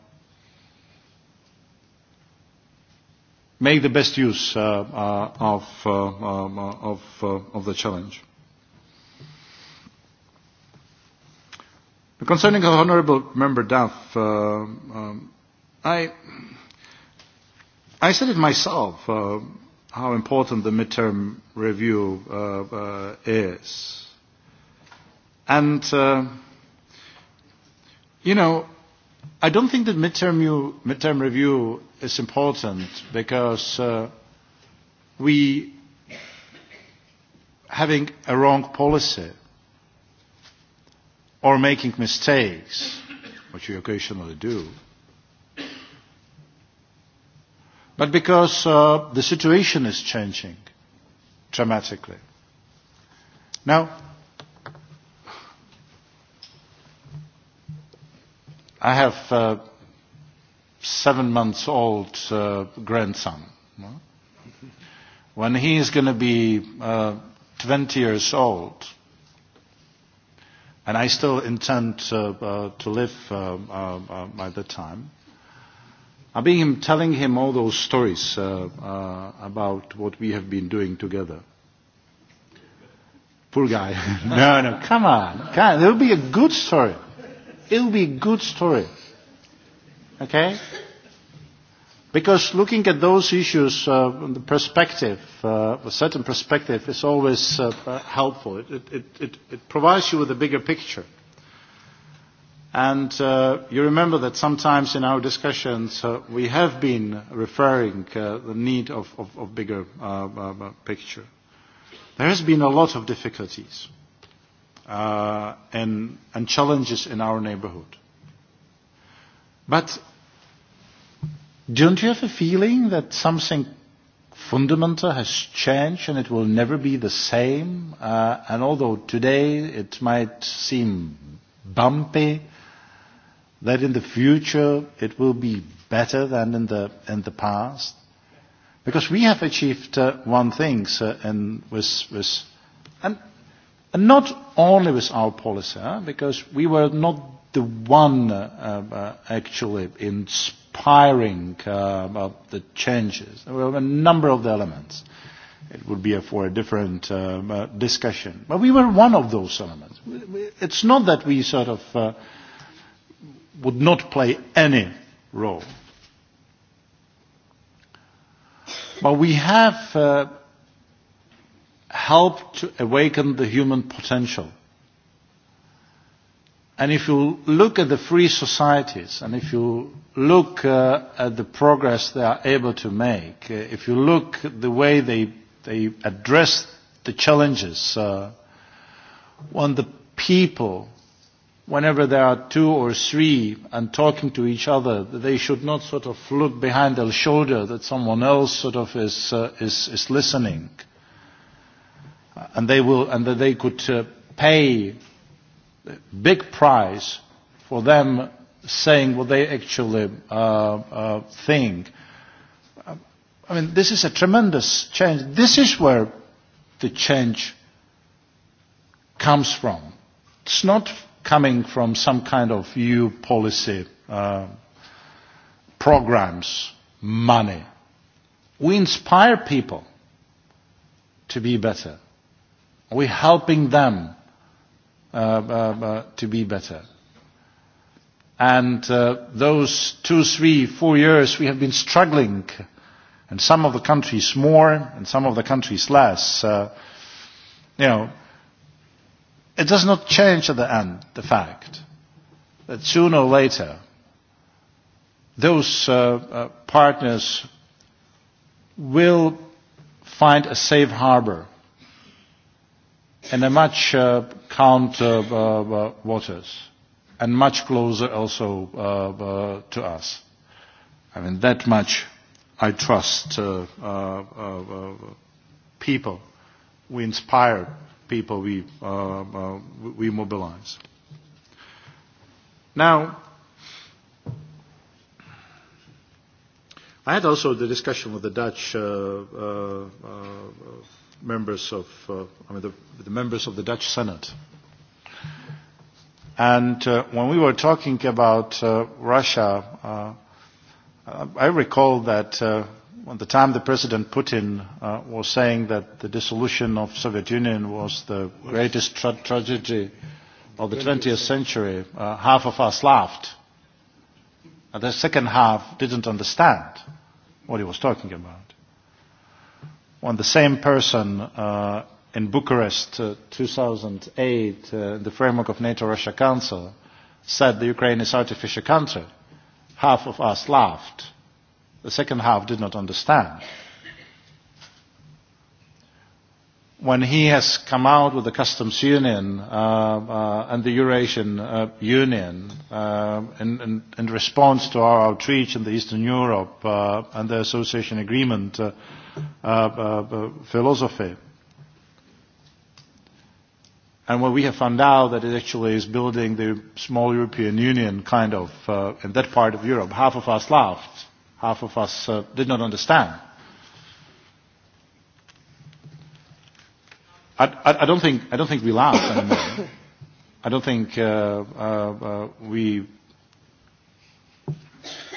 make the best use uh, uh, of, uh, um, uh, of, uh, of the challenge. Concerning Honourable Member Duff, uh, um, I, I said it myself uh, how important the midterm review uh, uh, is. And, uh, you know, I don't think that midterm, you, midterm review is important because uh, we having a wrong policy or making mistakes, which you occasionally do, but because uh, the situation is changing dramatically. Now, I have a uh, seven months old uh, grandson. When he is going to be uh, 20 years old, And I still intend to, uh, to live uh, uh, uh by the time. I've been telling him all those stories uh, uh, about what we have been doing together. Poor guy. no, no, come on. Come on. It'll be a good story. It'll be a good story. Okay? Because looking at those issues, uh, the perspective, uh, a certain perspective, is always uh, helpful. It, it, it, it provides you with a bigger picture. And uh, you remember that sometimes in our discussions uh, we have been referring uh, the need of, of, of bigger uh, uh, picture. There has been a lot of difficulties uh, and, and challenges in our neighborhood. But Don't you have a feeling that something fundamental has changed and it will never be the same? Uh, and although today it might seem bumpy, that in the future it will be better than in the, in the past? Because we have achieved uh, one thing, so, and, with, with, and, and not only with our policy, huh? because we were not the one uh, uh, actually in inspiring um, of the changes. There were a number of the elements. It would be a, for a different um, uh, discussion. But we were one of those elements. It's not that we sort of uh, would not play any role. But we have uh, helped to awaken the human potential And if you look at the free societies, and if you look uh, at the progress they are able to make, uh, if you look at the way they, they address the challenges, uh, when the people, whenever there are two or three and talking to each other, they should not sort of look behind their shoulder that someone else sort of is, uh, is, is listening. And they will, and that they could uh, pay big price for them saying what they actually uh, uh, think. I mean, this is a tremendous change. This is where the change comes from. It's not coming from some kind of EU policy uh, programs, money. We inspire people to be better. We're helping them Uh, uh, uh, to be better. And uh, those two, three, four years we have been struggling, and some of the countries more, and some of the countries less. Uh, you know, it does not change at the end the fact that sooner or later those uh, uh, partners will find a safe harbor in a much uh, count uh, uh, uh, waters and much closer also uh, uh, to us. I mean, that much I trust uh, uh, uh, people. We inspire people we, uh, uh, we mobilize. Now, I had also the discussion with the Dutch uh, uh, uh, members of, uh, I mean, the, the members of the Dutch Senate. And uh, when we were talking about uh, Russia, uh, I recall that uh, at the time the President Putin uh, was saying that the dissolution of Soviet Union was the greatest tra tragedy of the 20th century, uh, half of us laughed. And the second half didn't understand what he was talking about when the same person uh, in Bucharest uh, 2008, uh, in the framework of NATO-Russia Council, said the Ukraine is artificial country, half of us laughed. The second half did not understand. When he has come out with the customs union uh, uh, and the Eurasian uh, Union uh, in, in, in response to our outreach in the Eastern Europe uh, and the association agreement uh, philosophy. And what we have found out that it actually is building the small European Union kind of uh, in that part of Europe. Half of us laughed, half of us uh, did not understand. I, I, I don't think I don't think we laughed. anymore. I don't think uh, uh, uh, we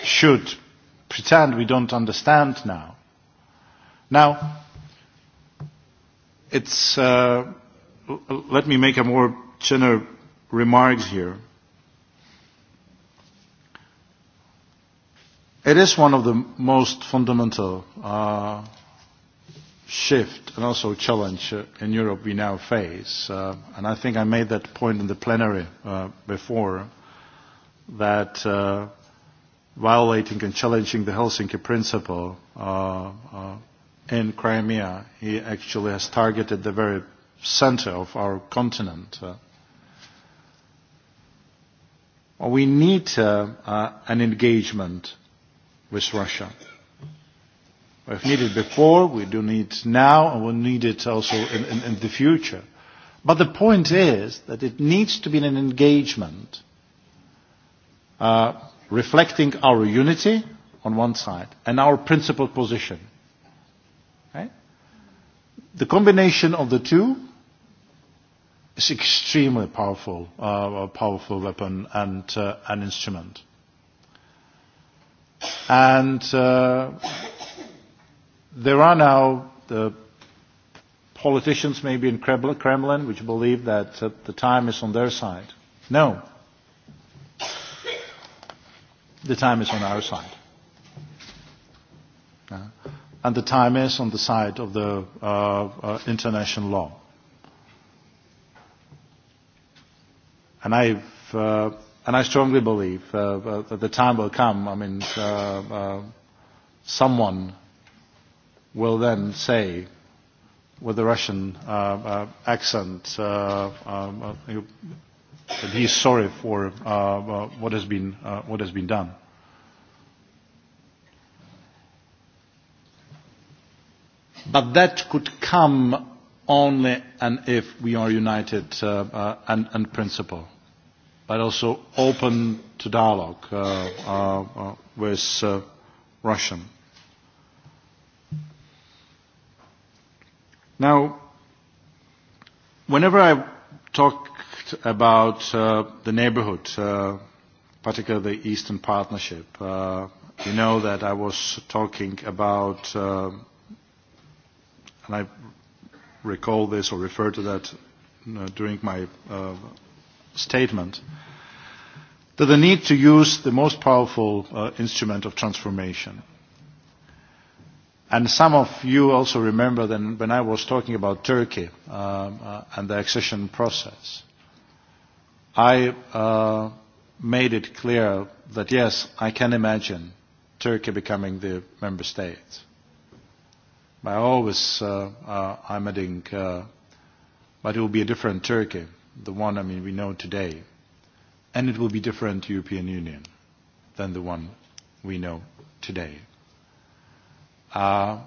should pretend we don't understand now. Now, it's, uh, let me make a more general remarks here. It is one of the most fundamental uh, shift and also challenge uh, in Europe we now face. Uh, and I think I made that point in the plenary uh, before that uh, violating and challenging the Helsinki principle uh, uh, in Crimea. He actually has targeted the very center of our continent. Uh, we need uh, uh, an engagement with Russia. We've needed it before, we do need it now, and we'll need it also in, in, in the future. But the point is that it needs to be an engagement uh, reflecting our unity on one side and our principled position The combination of the two is extremely powerful, uh, a powerful weapon and uh, an instrument. And uh, there are now the politicians, maybe in Kremlin, which believe that uh, the time is on their side. No, the time is on our side and the time is on the side of the uh, uh, international law. And I, uh, and I strongly believe uh, uh, that the time will come. I mean, uh, uh, someone will then say, with the Russian uh, uh, accent, uh, um, uh, that he's sorry for uh, uh, what has been uh, what has been done. But that could come only and if we are united uh, uh, and, and principle, but also open to dialogue uh, uh, uh, with uh, Russia. Now, whenever I talked about uh, the neighborhood, uh, particularly the Eastern Partnership, uh, you know that I was talking about uh, and I recall this or refer to that uh, during my uh, statement, that the need to use the most powerful uh, instrument of transformation. And some of you also remember that when I was talking about Turkey uh, uh, and the accession process, I uh, made it clear that yes, I can imagine Turkey becoming the member state by always uh, uh, I'm adding, uh, but it will be a different Turkey, the one I mean we know today, and it will be different European Union than the one we know today. Uh,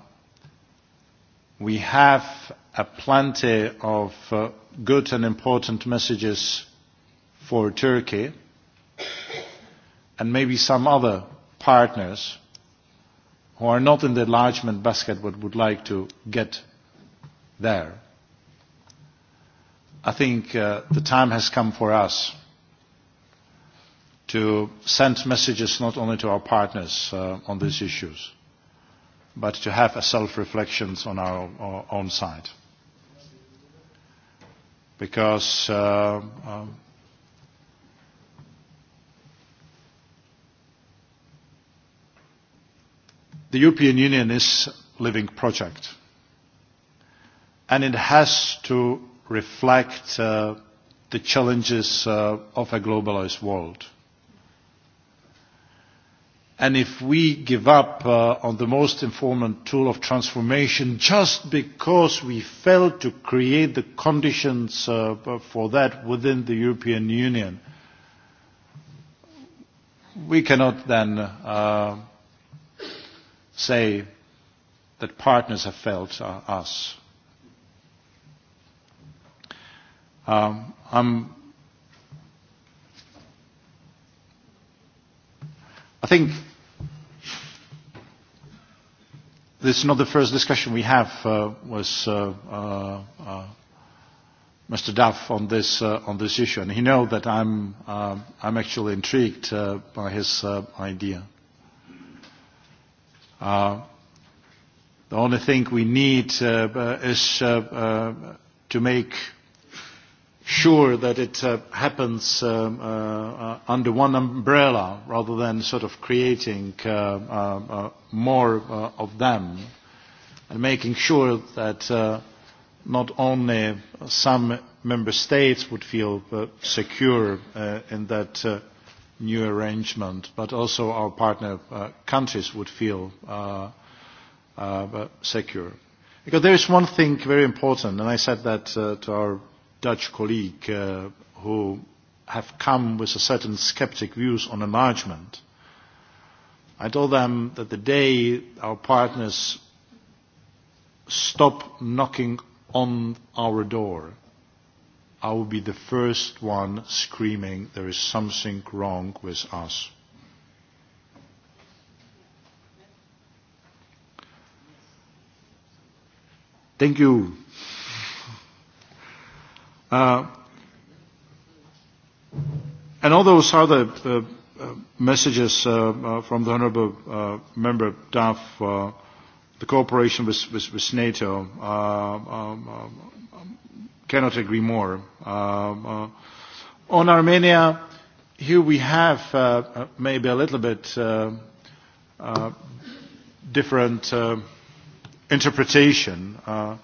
we have a plenty of uh, good and important messages for Turkey and maybe some other partners who are not in the enlargement basket but would like to get there. I think uh, the time has come for us to send messages not only to our partners uh, on these issues, but to have a self-reflection on our, our own side. Because uh, uh, The European Union is a living project, and it has to reflect uh, the challenges uh, of a globalized world. And if we give up uh, on the most important tool of transformation just because we failed to create the conditions uh, for that within the European Union, we cannot then uh, say that partners have failed us. Um, I'm, I think this is not the first discussion we have uh, was uh, uh, uh Mr. Duff on this uh, on this issue, and he know that I'm uh, I'm actually intrigued uh, by his uh, idea the only thing we need uh, uh, is uh, uh, to make sure that it uh, happens um, uh, uh, under one umbrella rather than sort of creating uh, uh, uh, more uh, of them and making sure that uh, not only some member states would feel uh, secure uh, in that uh, new arrangement, but also our partner uh, countries would feel uh, uh, uh, secure. Because there is one thing very important, and I said that uh, to our Dutch colleague uh, who have come with a certain skeptic views on enlargement. I told them that the day our partners stop knocking on our door, i will be the first one screaming, there is something wrong with us. Thank you. Uh, and all those other uh, uh, messages uh, uh, from the Honourable uh, Member Duff, uh, the cooperation with, with, with NATO, uh, um, um, um cannot agree more. Uh, uh, on Armenia, here we have uh, uh, maybe a little bit uh, uh, different uh, interpretation. Uh,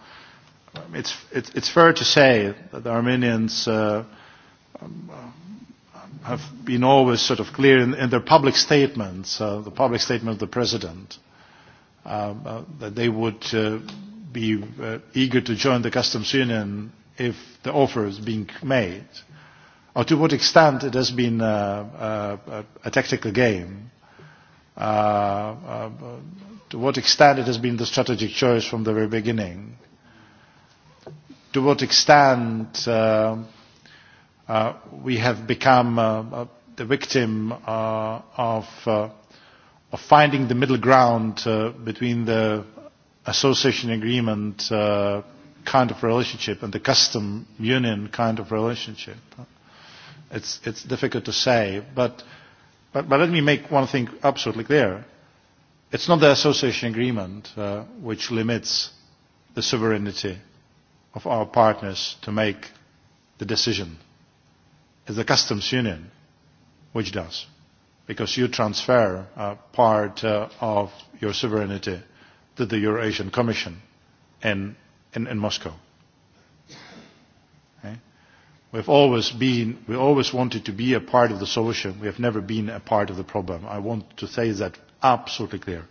it's, it, it's fair to say that the Armenians uh, um, have been always sort of clear in, in their public statements, uh, the public statement of the president, uh, uh, that they would uh, be uh, eager to join the customs union if the offer is being made, or to what extent it has been a, uh, uh, a, a tactical game, uh, uh, to what extent it has been the strategic choice from the very beginning, to what extent uh, uh, we have become uh, uh the victim uh, of, uh, of finding the middle ground uh, between the association agreement uh, kind of relationship and the custom union kind of relationship. It's, it's difficult to say, but, but, but let me make one thing absolutely clear. It's not the association agreement uh, which limits the sovereignty of our partners to make the decision. It's the customs union which does, because you transfer a part uh, of your sovereignty to the Eurasian Commission in in, in Moscow. Okay? Eh? We've always been, we always wanted to be a part of the solution. We have never been a part of the problem. I want to say that absolutely clear.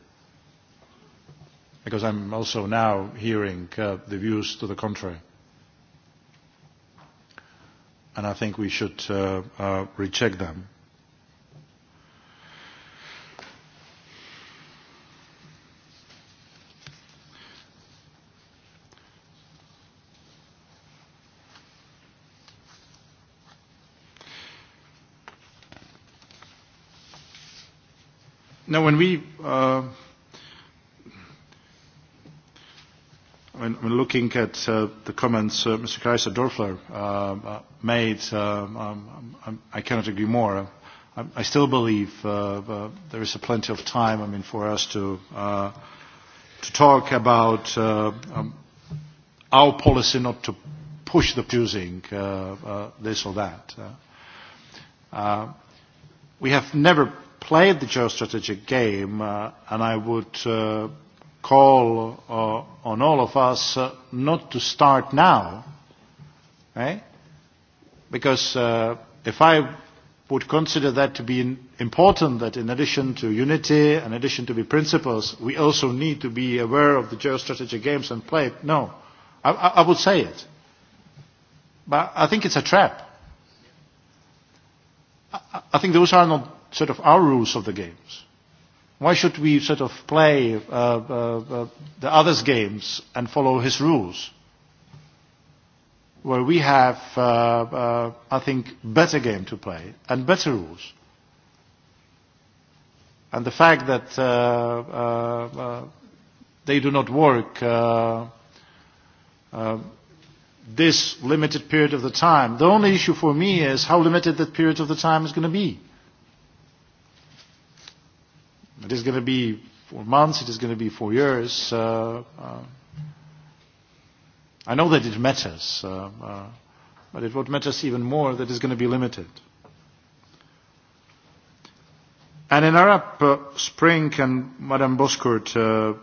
Because I'm also now hearing uh, the views to the contrary. And I think we should uh, uh, reject them. Now, when we uh, when, when looking at uh, the comments uh, Mr. Kaiser Dorfler uh, uh, made, uh, um, um, um, I cannot agree more. I, I still believe uh, uh, there is a plenty of time. I mean, for us to uh, to talk about uh, um, our policy, not to push the choosing uh, uh, this or that. Uh, uh, we have never played the geostrategic game, uh, and I would uh, call uh, on all of us uh, not to start now, right? Eh? Because uh, if I would consider that to be important, that in addition to unity, in addition to be principles, we also need to be aware of the geostrategic games and play it. No, I, I, I would say it. But I think it's a trap. I, I think those are not sort of our rules of the games? Why should we sort of play uh, uh, uh the other's games and follow his rules? Where we have, uh, uh, I think, better game to play and better rules. And the fact that uh, uh, uh, they do not work uh, uh, this limited period of the time. The only issue for me is how limited that period of the time is going to be. It is going to be for months, it is going to be for years. Uh, uh, I know that it matters, uh, uh, but it what matters even more that is going to be limited. And in Arab uh, Spring, and Madame Boskurt uh,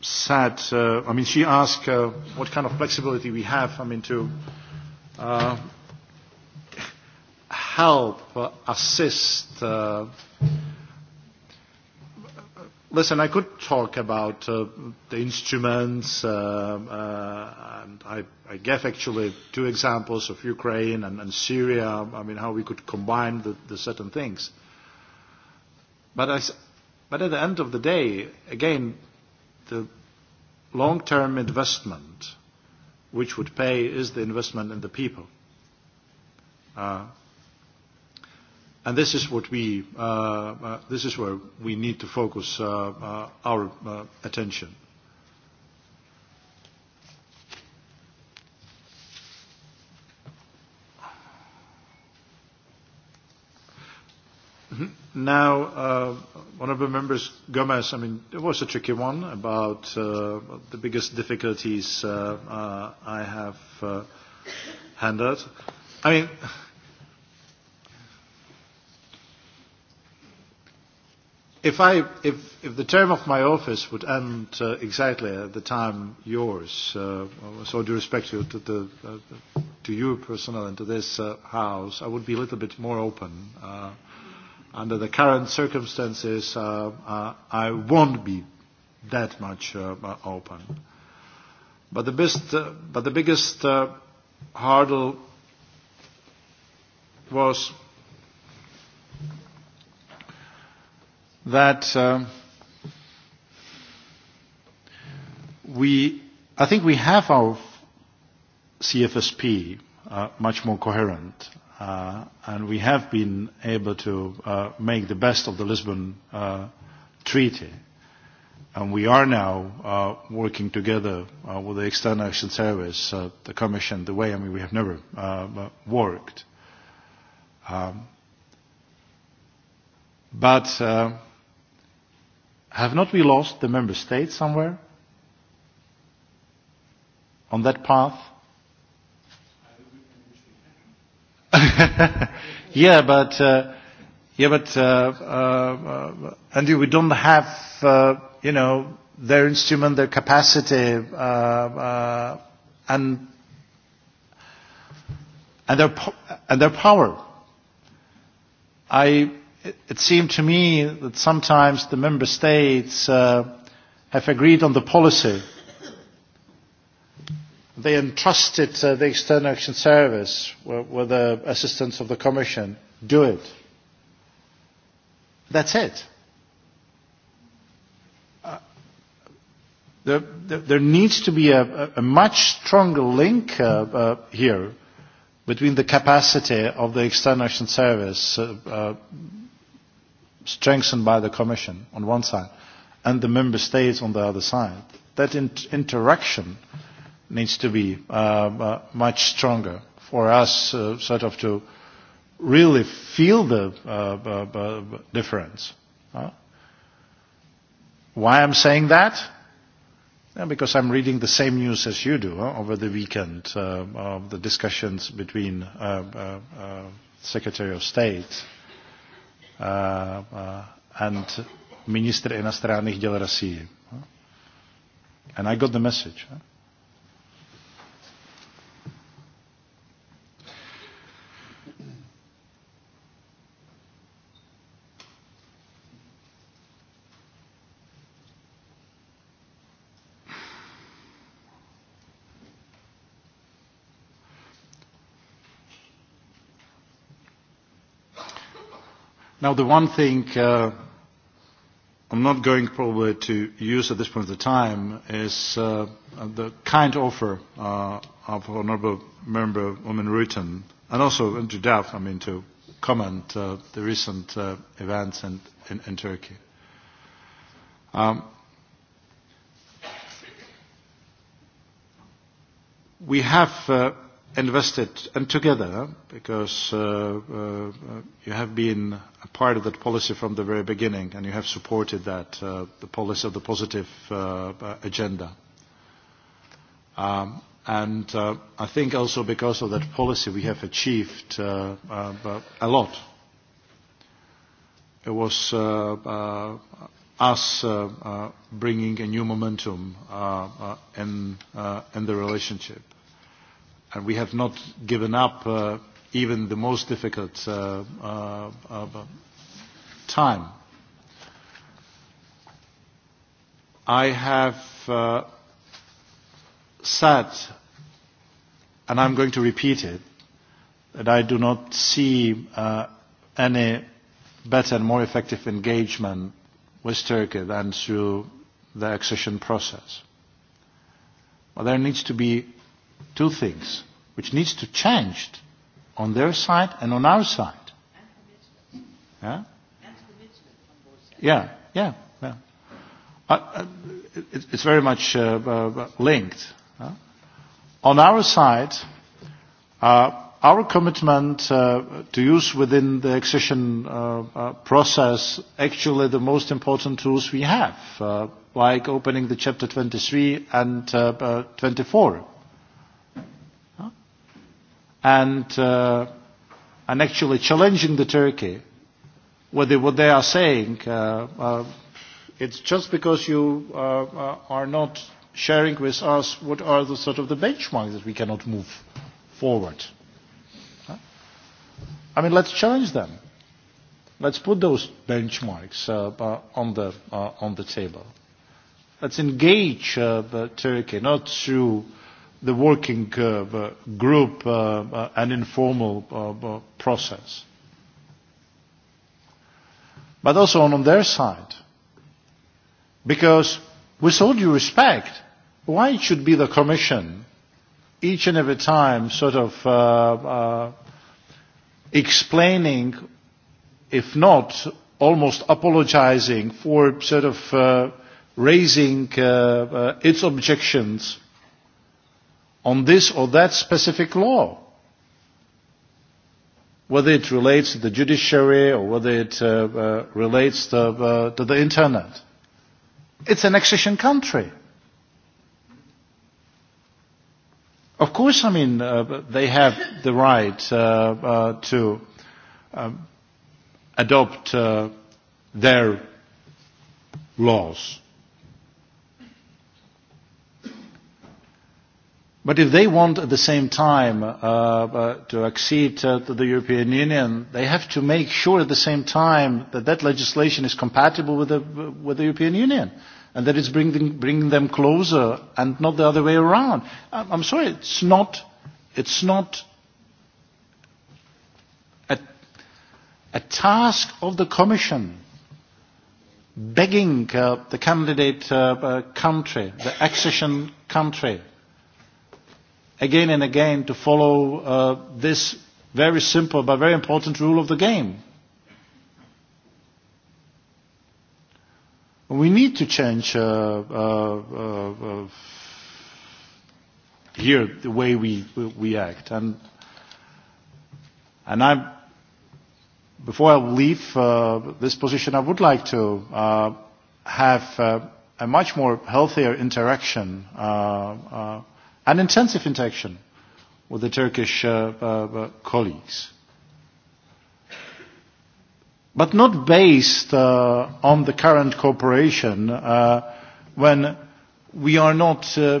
said, uh, I mean, she asked uh, what kind of flexibility we have, I mean, to uh, help, uh, assist, uh, Listen, I could talk about uh, the instruments. Uh, uh, and I, I gave actually two examples of Ukraine and, and Syria. I mean, how we could combine the, the certain things. But, I, but at the end of the day, again, the long-term investment which would pay is the investment in the people. Uh, And this is what we, uh, uh, this is where we need to focus uh, uh, our uh, attention. Mm-hmm. Now, uh, honourable members, Gomez, I mean, it was a tricky one about uh, the biggest difficulties uh, uh, I have uh, handled. I mean, If, I, if, if the term of my office would end uh, exactly at the time yours, uh, so due respect to, to, to, uh, to you personally and to this uh, House, I would be a little bit more open. Uh, under the current circumstances, uh, uh, I won't be that much uh, uh open. But the, best, uh, but the biggest uh, hurdle was that uh, we, I think we have our CFSP uh, much more coherent, uh, and we have been able to uh, make the best of the Lisbon uh, Treaty. And we are now uh, working together uh, with the External Action Service, uh, the Commission, the way I mean we have never uh, worked. Um, but uh, Have not we lost the member states somewhere on that path? yeah, but uh, yeah, but uh, uh, and we don't have uh, you know their instrument, their capacity, uh, uh, and and their po- and their power. I it, it seemed to me that sometimes the member states uh, have agreed on the policy. They entrusted uh, the External Action Service with, with the assistance of the Commission. Do it. That's it. Uh, there, there, there needs to be a, a much stronger link uh, uh, here between the capacity of the External Action Service uh, uh, strengthened by the Commission on one side and the Member States on the other side, that in interaction needs to be uh, uh, much stronger for us uh, sort of to really feel the uh, uh, uh difference. Uh, Why I'm saying that? Yeah, because I'm reading the same news as you do uh, over the weekend uh, of the discussions between uh, uh, uh, Secretary of State Eh, eh, and Minister иностранных дел России. And I got the message. Huh? Now, the one thing uh, I'm not going probably to use at this point of the time is uh, the kind offer uh, of Honourable Member Woman Rutan, and also to Daf, I mean, to comment uh, the recent uh, events in, in, in Turkey. Um, we have uh, invested, and together, because uh, uh, you have been a part of that policy from the very beginning, and you have supported that, uh, the policy of the positive uh, uh, agenda. Um, and uh, I think also because of that policy we have achieved uh, uh, a lot. It was uh, uh, us uh, uh, bringing a new momentum uh, uh, in, uh, in the relationship and we have not given up uh, even the most difficult uh, uh, uh, time. I have uh, said, and I'm going to repeat it, that I do not see uh, any better and more effective engagement with Turkey than through the accession process. But there needs to be two things which needs to change on their side and on our side. And commitment. Yeah? And commitment Yeah, yeah, yeah. Uh, uh, it, it's very much uh, uh, linked. Uh. On our side, uh, our commitment uh, to use within the accession uh, uh, process actually the most important tools we have, uh, like opening the chapter 23 and uh, uh, 24 and, uh, and actually challenging the Turkey, whether what they are saying, uh, uh, it's just because you uh, uh, are not sharing with us what are the sort of the benchmarks that we cannot move forward. Huh? I mean, let's challenge them. Let's put those benchmarks uh, uh, on, the, uh, on the table. Let's engage uh, the Turkey, not through the working uh, group uh, uh, an informal uh, uh, process. But also on, on their side. Because with all due respect, why it should be the Commission each and every time sort of uh, uh, explaining, if not almost apologizing for sort of uh, raising uh, uh, its objections on this or that specific law, whether it relates to the judiciary or whether it uh, uh, relates to, uh, to the internet. It's an accession country. Of course, I mean, uh, they have the right uh, uh, to um, adopt uh, their laws. But if they want at the same time uh, uh, to accede to, to the European Union, they have to make sure at the same time that that legislation is compatible with the, with the European Union and that it's bringing, bringing them closer and not the other way around. I'm, sorry, it's not, it's not a, a task of the Commission begging uh, the candidate uh, uh country, the accession country, again and again to follow uh, this very simple but very important rule of the game. We need to change uh, uh, uh, uh, here the way we, we act. And, and I'm, before I leave uh, this position, I would like to uh, have uh, a much more healthier interaction uh, uh, and intensive interaction with the Turkish uh, uh, uh, colleagues. But not based uh, on the current cooperation uh, when we are not uh,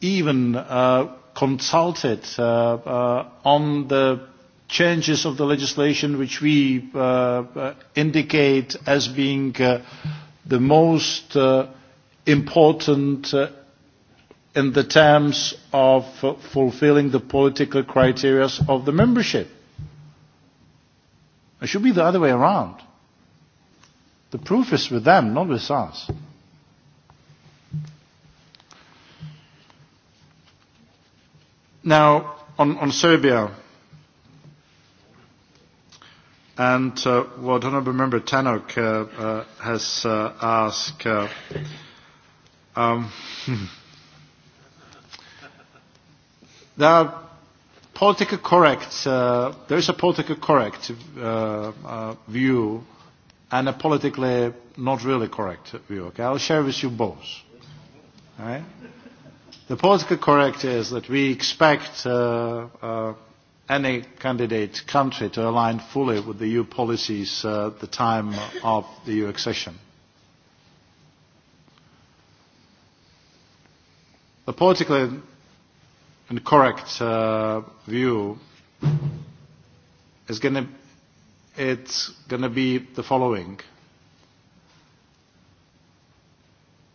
even uh, consulted uh, uh, on the changes of the legislation which we uh, uh, indicate as being uh, the most uh, important uh, in the terms of fulfilling the political criteria of the membership. It should be the other way around. The proof is with them, not with us. Now, on, on Serbia, and uh, what Honourable Member Tanok uh, uh, has uh, asked, uh, um, there are political correct, uh, there is a political correct uh, uh, view and a politically not really correct view. Okay? I'll share with you both. right? The political correct is that we expect uh, uh, any candidate country to align fully with the EU policies uh, at the time of the EU accession. The politically and correct uh, view is going it's to be the following.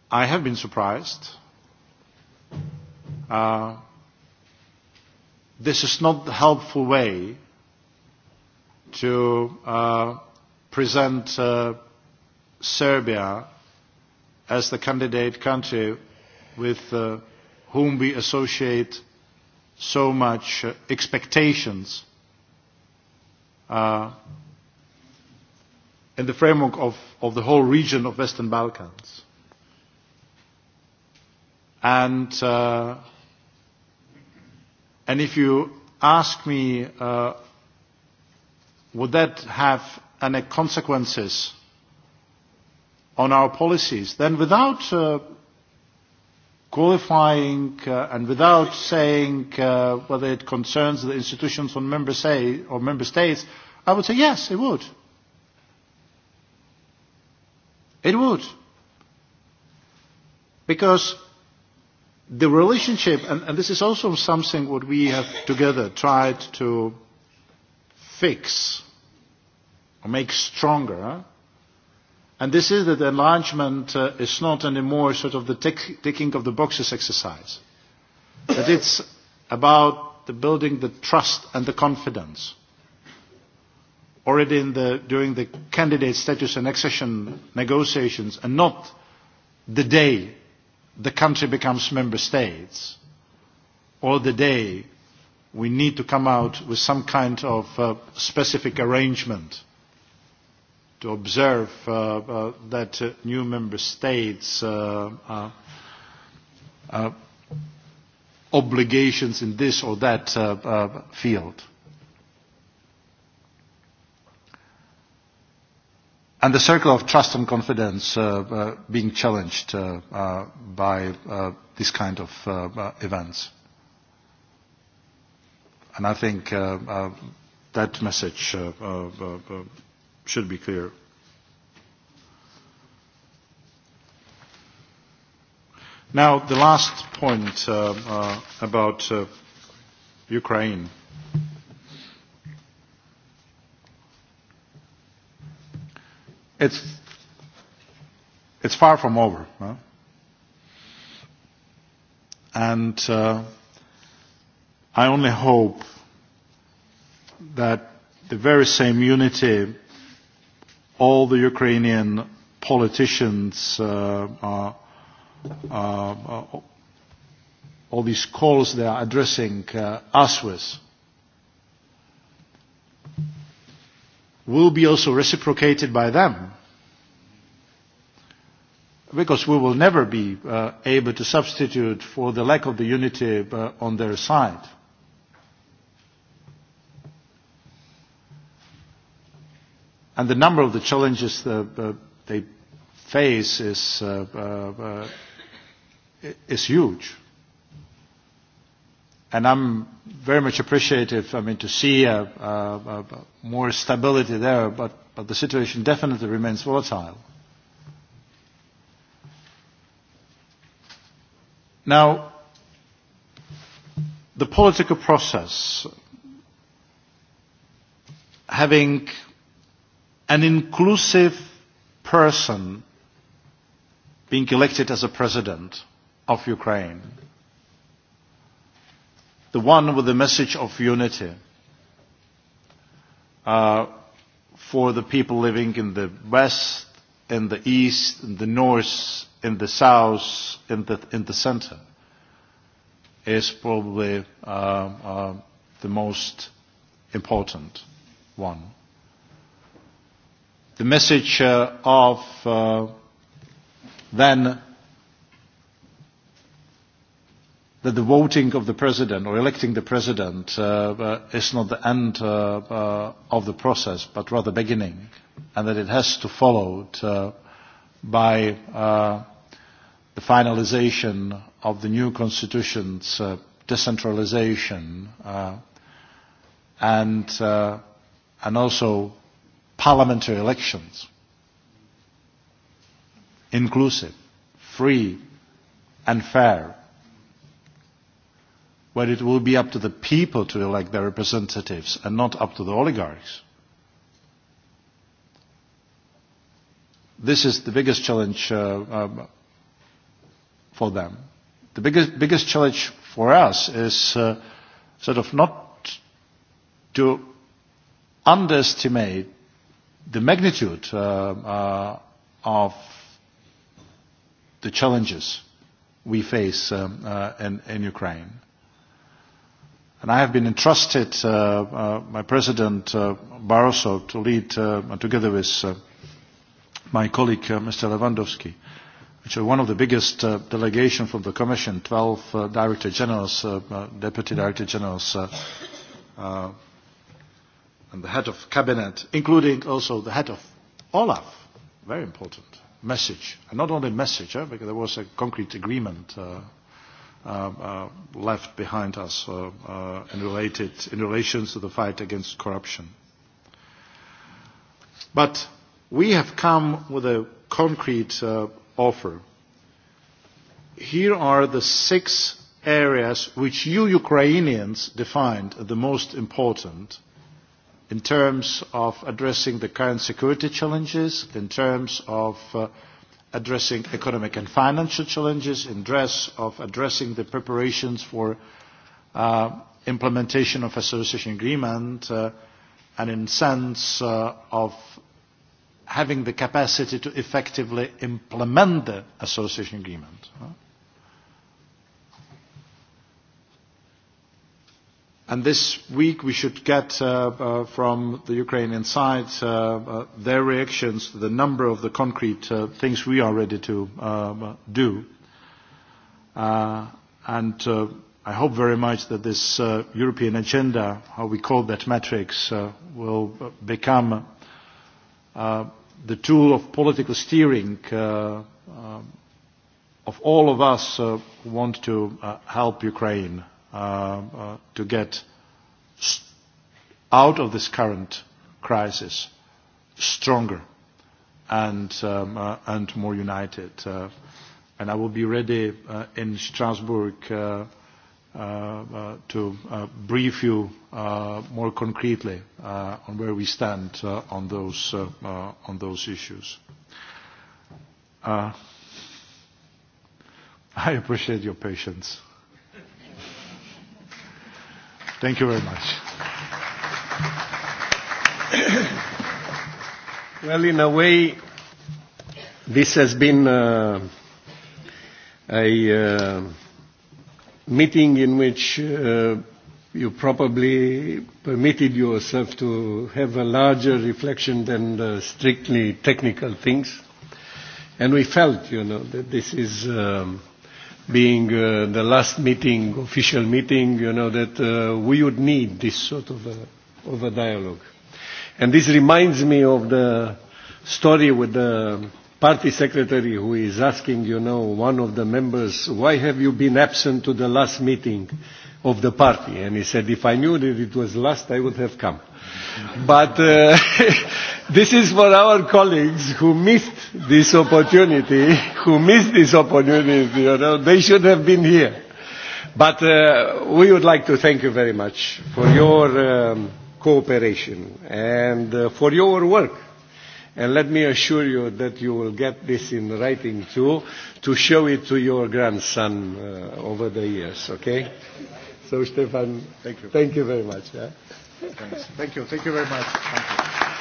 I have been surprised. Uh, this is not the helpful way to uh, present uh, Serbia as the candidate country with uh, whom we associate so much expectations uh, in the framework of, of the whole region of Western Balkans. And, uh, and if you ask me, uh, would that have any consequences on our policies, then without uh, qualifying uh, and without saying uh, whether it concerns the institutions on member say or member states, I would say yes, it would. It would. Because the relationship, and, and this is also something what we have together tried to fix or make stronger, And this is that enlargement uh, is not anymore sort of the tick, ticking of the boxes exercise. but it's about the building the trust and the confidence. Already in the, during the candidate status and accession negotiations, and not the day the country becomes member states, or the day we need to come out with some kind of uh, specific arrangement to observe uh, uh, that uh, new member states uh, uh, uh, obligations in this or that uh, uh, field. And the circle of trust and confidence uh, uh, being challenged uh, uh, by uh, this kind of uh, uh, events. And I think uh, uh, that message uh, uh, uh, should be clear. Now, the last point uh, uh, about uh, Ukraine. It's, it's far from over. Huh? And uh, I only hope that the very same unity all the Ukrainian politicians, uh, uh, uh, uh, all these calls they are addressing uh, us with, will be also reciprocated by them. Because we will never be uh, able to substitute for the lack of the unity uh, on their side. And the number of the challenges the, uh, they face is, uh, uh, uh, is huge. And I'm very much appreciative, I mean, to see uh, uh, uh, more stability there, but, but the situation definitely remains volatile. Now, the political process having an inclusive person being elected as a president of Ukraine. The one with the message of unity uh, for the people living in the west, in the east, in the north, in the south, in the, in the center is probably uh, uh, the most important one the message uh, of uh, then that the voting of the president or electing the president uh, uh, is not the end uh, uh, of the process, but rather beginning, and that it has to follow uh, by uh, the finalization of the new constitution's uh, decentralization uh, and, uh, and also parliamentary elections. Inclusive, free and fair, where it will be up to the people to elect their representatives and not up to the oligarchs. This is the biggest challenge uh, um, for them. The biggest, biggest challenge for us is uh, sort of not to underestimate the magnitude uh, uh, of the challenges we face um, uh, in, in Ukraine. And I have been entrusted uh, uh, by President uh, Barroso to lead, uh, together with uh, my colleague uh, Mr. Lewandowski, which is one of the biggest uh, delegation from the Commission, 12 uh, Director Generals, uh, uh, Deputy Director Generals uh, uh, and the head of cabinet, including also the head of Olaf, very important message, and not only message, eh, because there was a concrete agreement uh, uh, uh, left behind us uh, uh, in, related, in relation to the fight against corruption. But we have come with a concrete uh, offer. Here are the six areas which you Ukrainians defined the most important in terms of addressing the current security challenges, in terms of uh, addressing economic and financial challenges, in dress of addressing the preparations for uh, implementation of association agreement, uh, and in sense uh, of having the capacity to effectively implement the association agreement. Uh. And this week we should get uh, uh, from the Ukrainian side uh, uh, their reactions to the number of the concrete uh, things we are ready to uh, do. Uh, and uh, I hope very much that this uh, European agenda, how we call that matrix, uh, will uh, become uh, the tool of political steering uh, uh, of all of us uh, who want to uh, help Ukraine. Uh, uh, to get out of this current crisis stronger and, um, uh, and more united. Uh, and I will be ready uh, in Strasbourg uh, uh, uh to uh, brief you uh, more concretely uh, on where we stand uh, on, those, uh, uh, on those issues. Uh, I appreciate your patience. Thank you very much. well, in a way, this has been uh, a uh, meeting in which uh, you probably permitted yourself to have a larger reflection than the uh, strictly technical things. And we felt, you know, that this is um, being uh, the last meeting, official meeting, you know, that uh, we would need this sort of a, uh, of a dialogue. And this reminds me of the story with the party secretary who is asking, you know, one of the members, why have you been absent to the last meeting of the party? And he said, if I knew that it was last, I would have come. But uh, this is for our colleagues who missed this opportunity, who missed this opportunity, you know, they should have been here. But uh, we would like to thank you very much for your um, cooperation and uh, for your work And let me assure you that you will get this in writing too, to show it to your grandson uh, over the years, okay? So, Stefan, thank you, thank you very much. Yeah? Thanks. Thank you. Thank you very much. Thank you.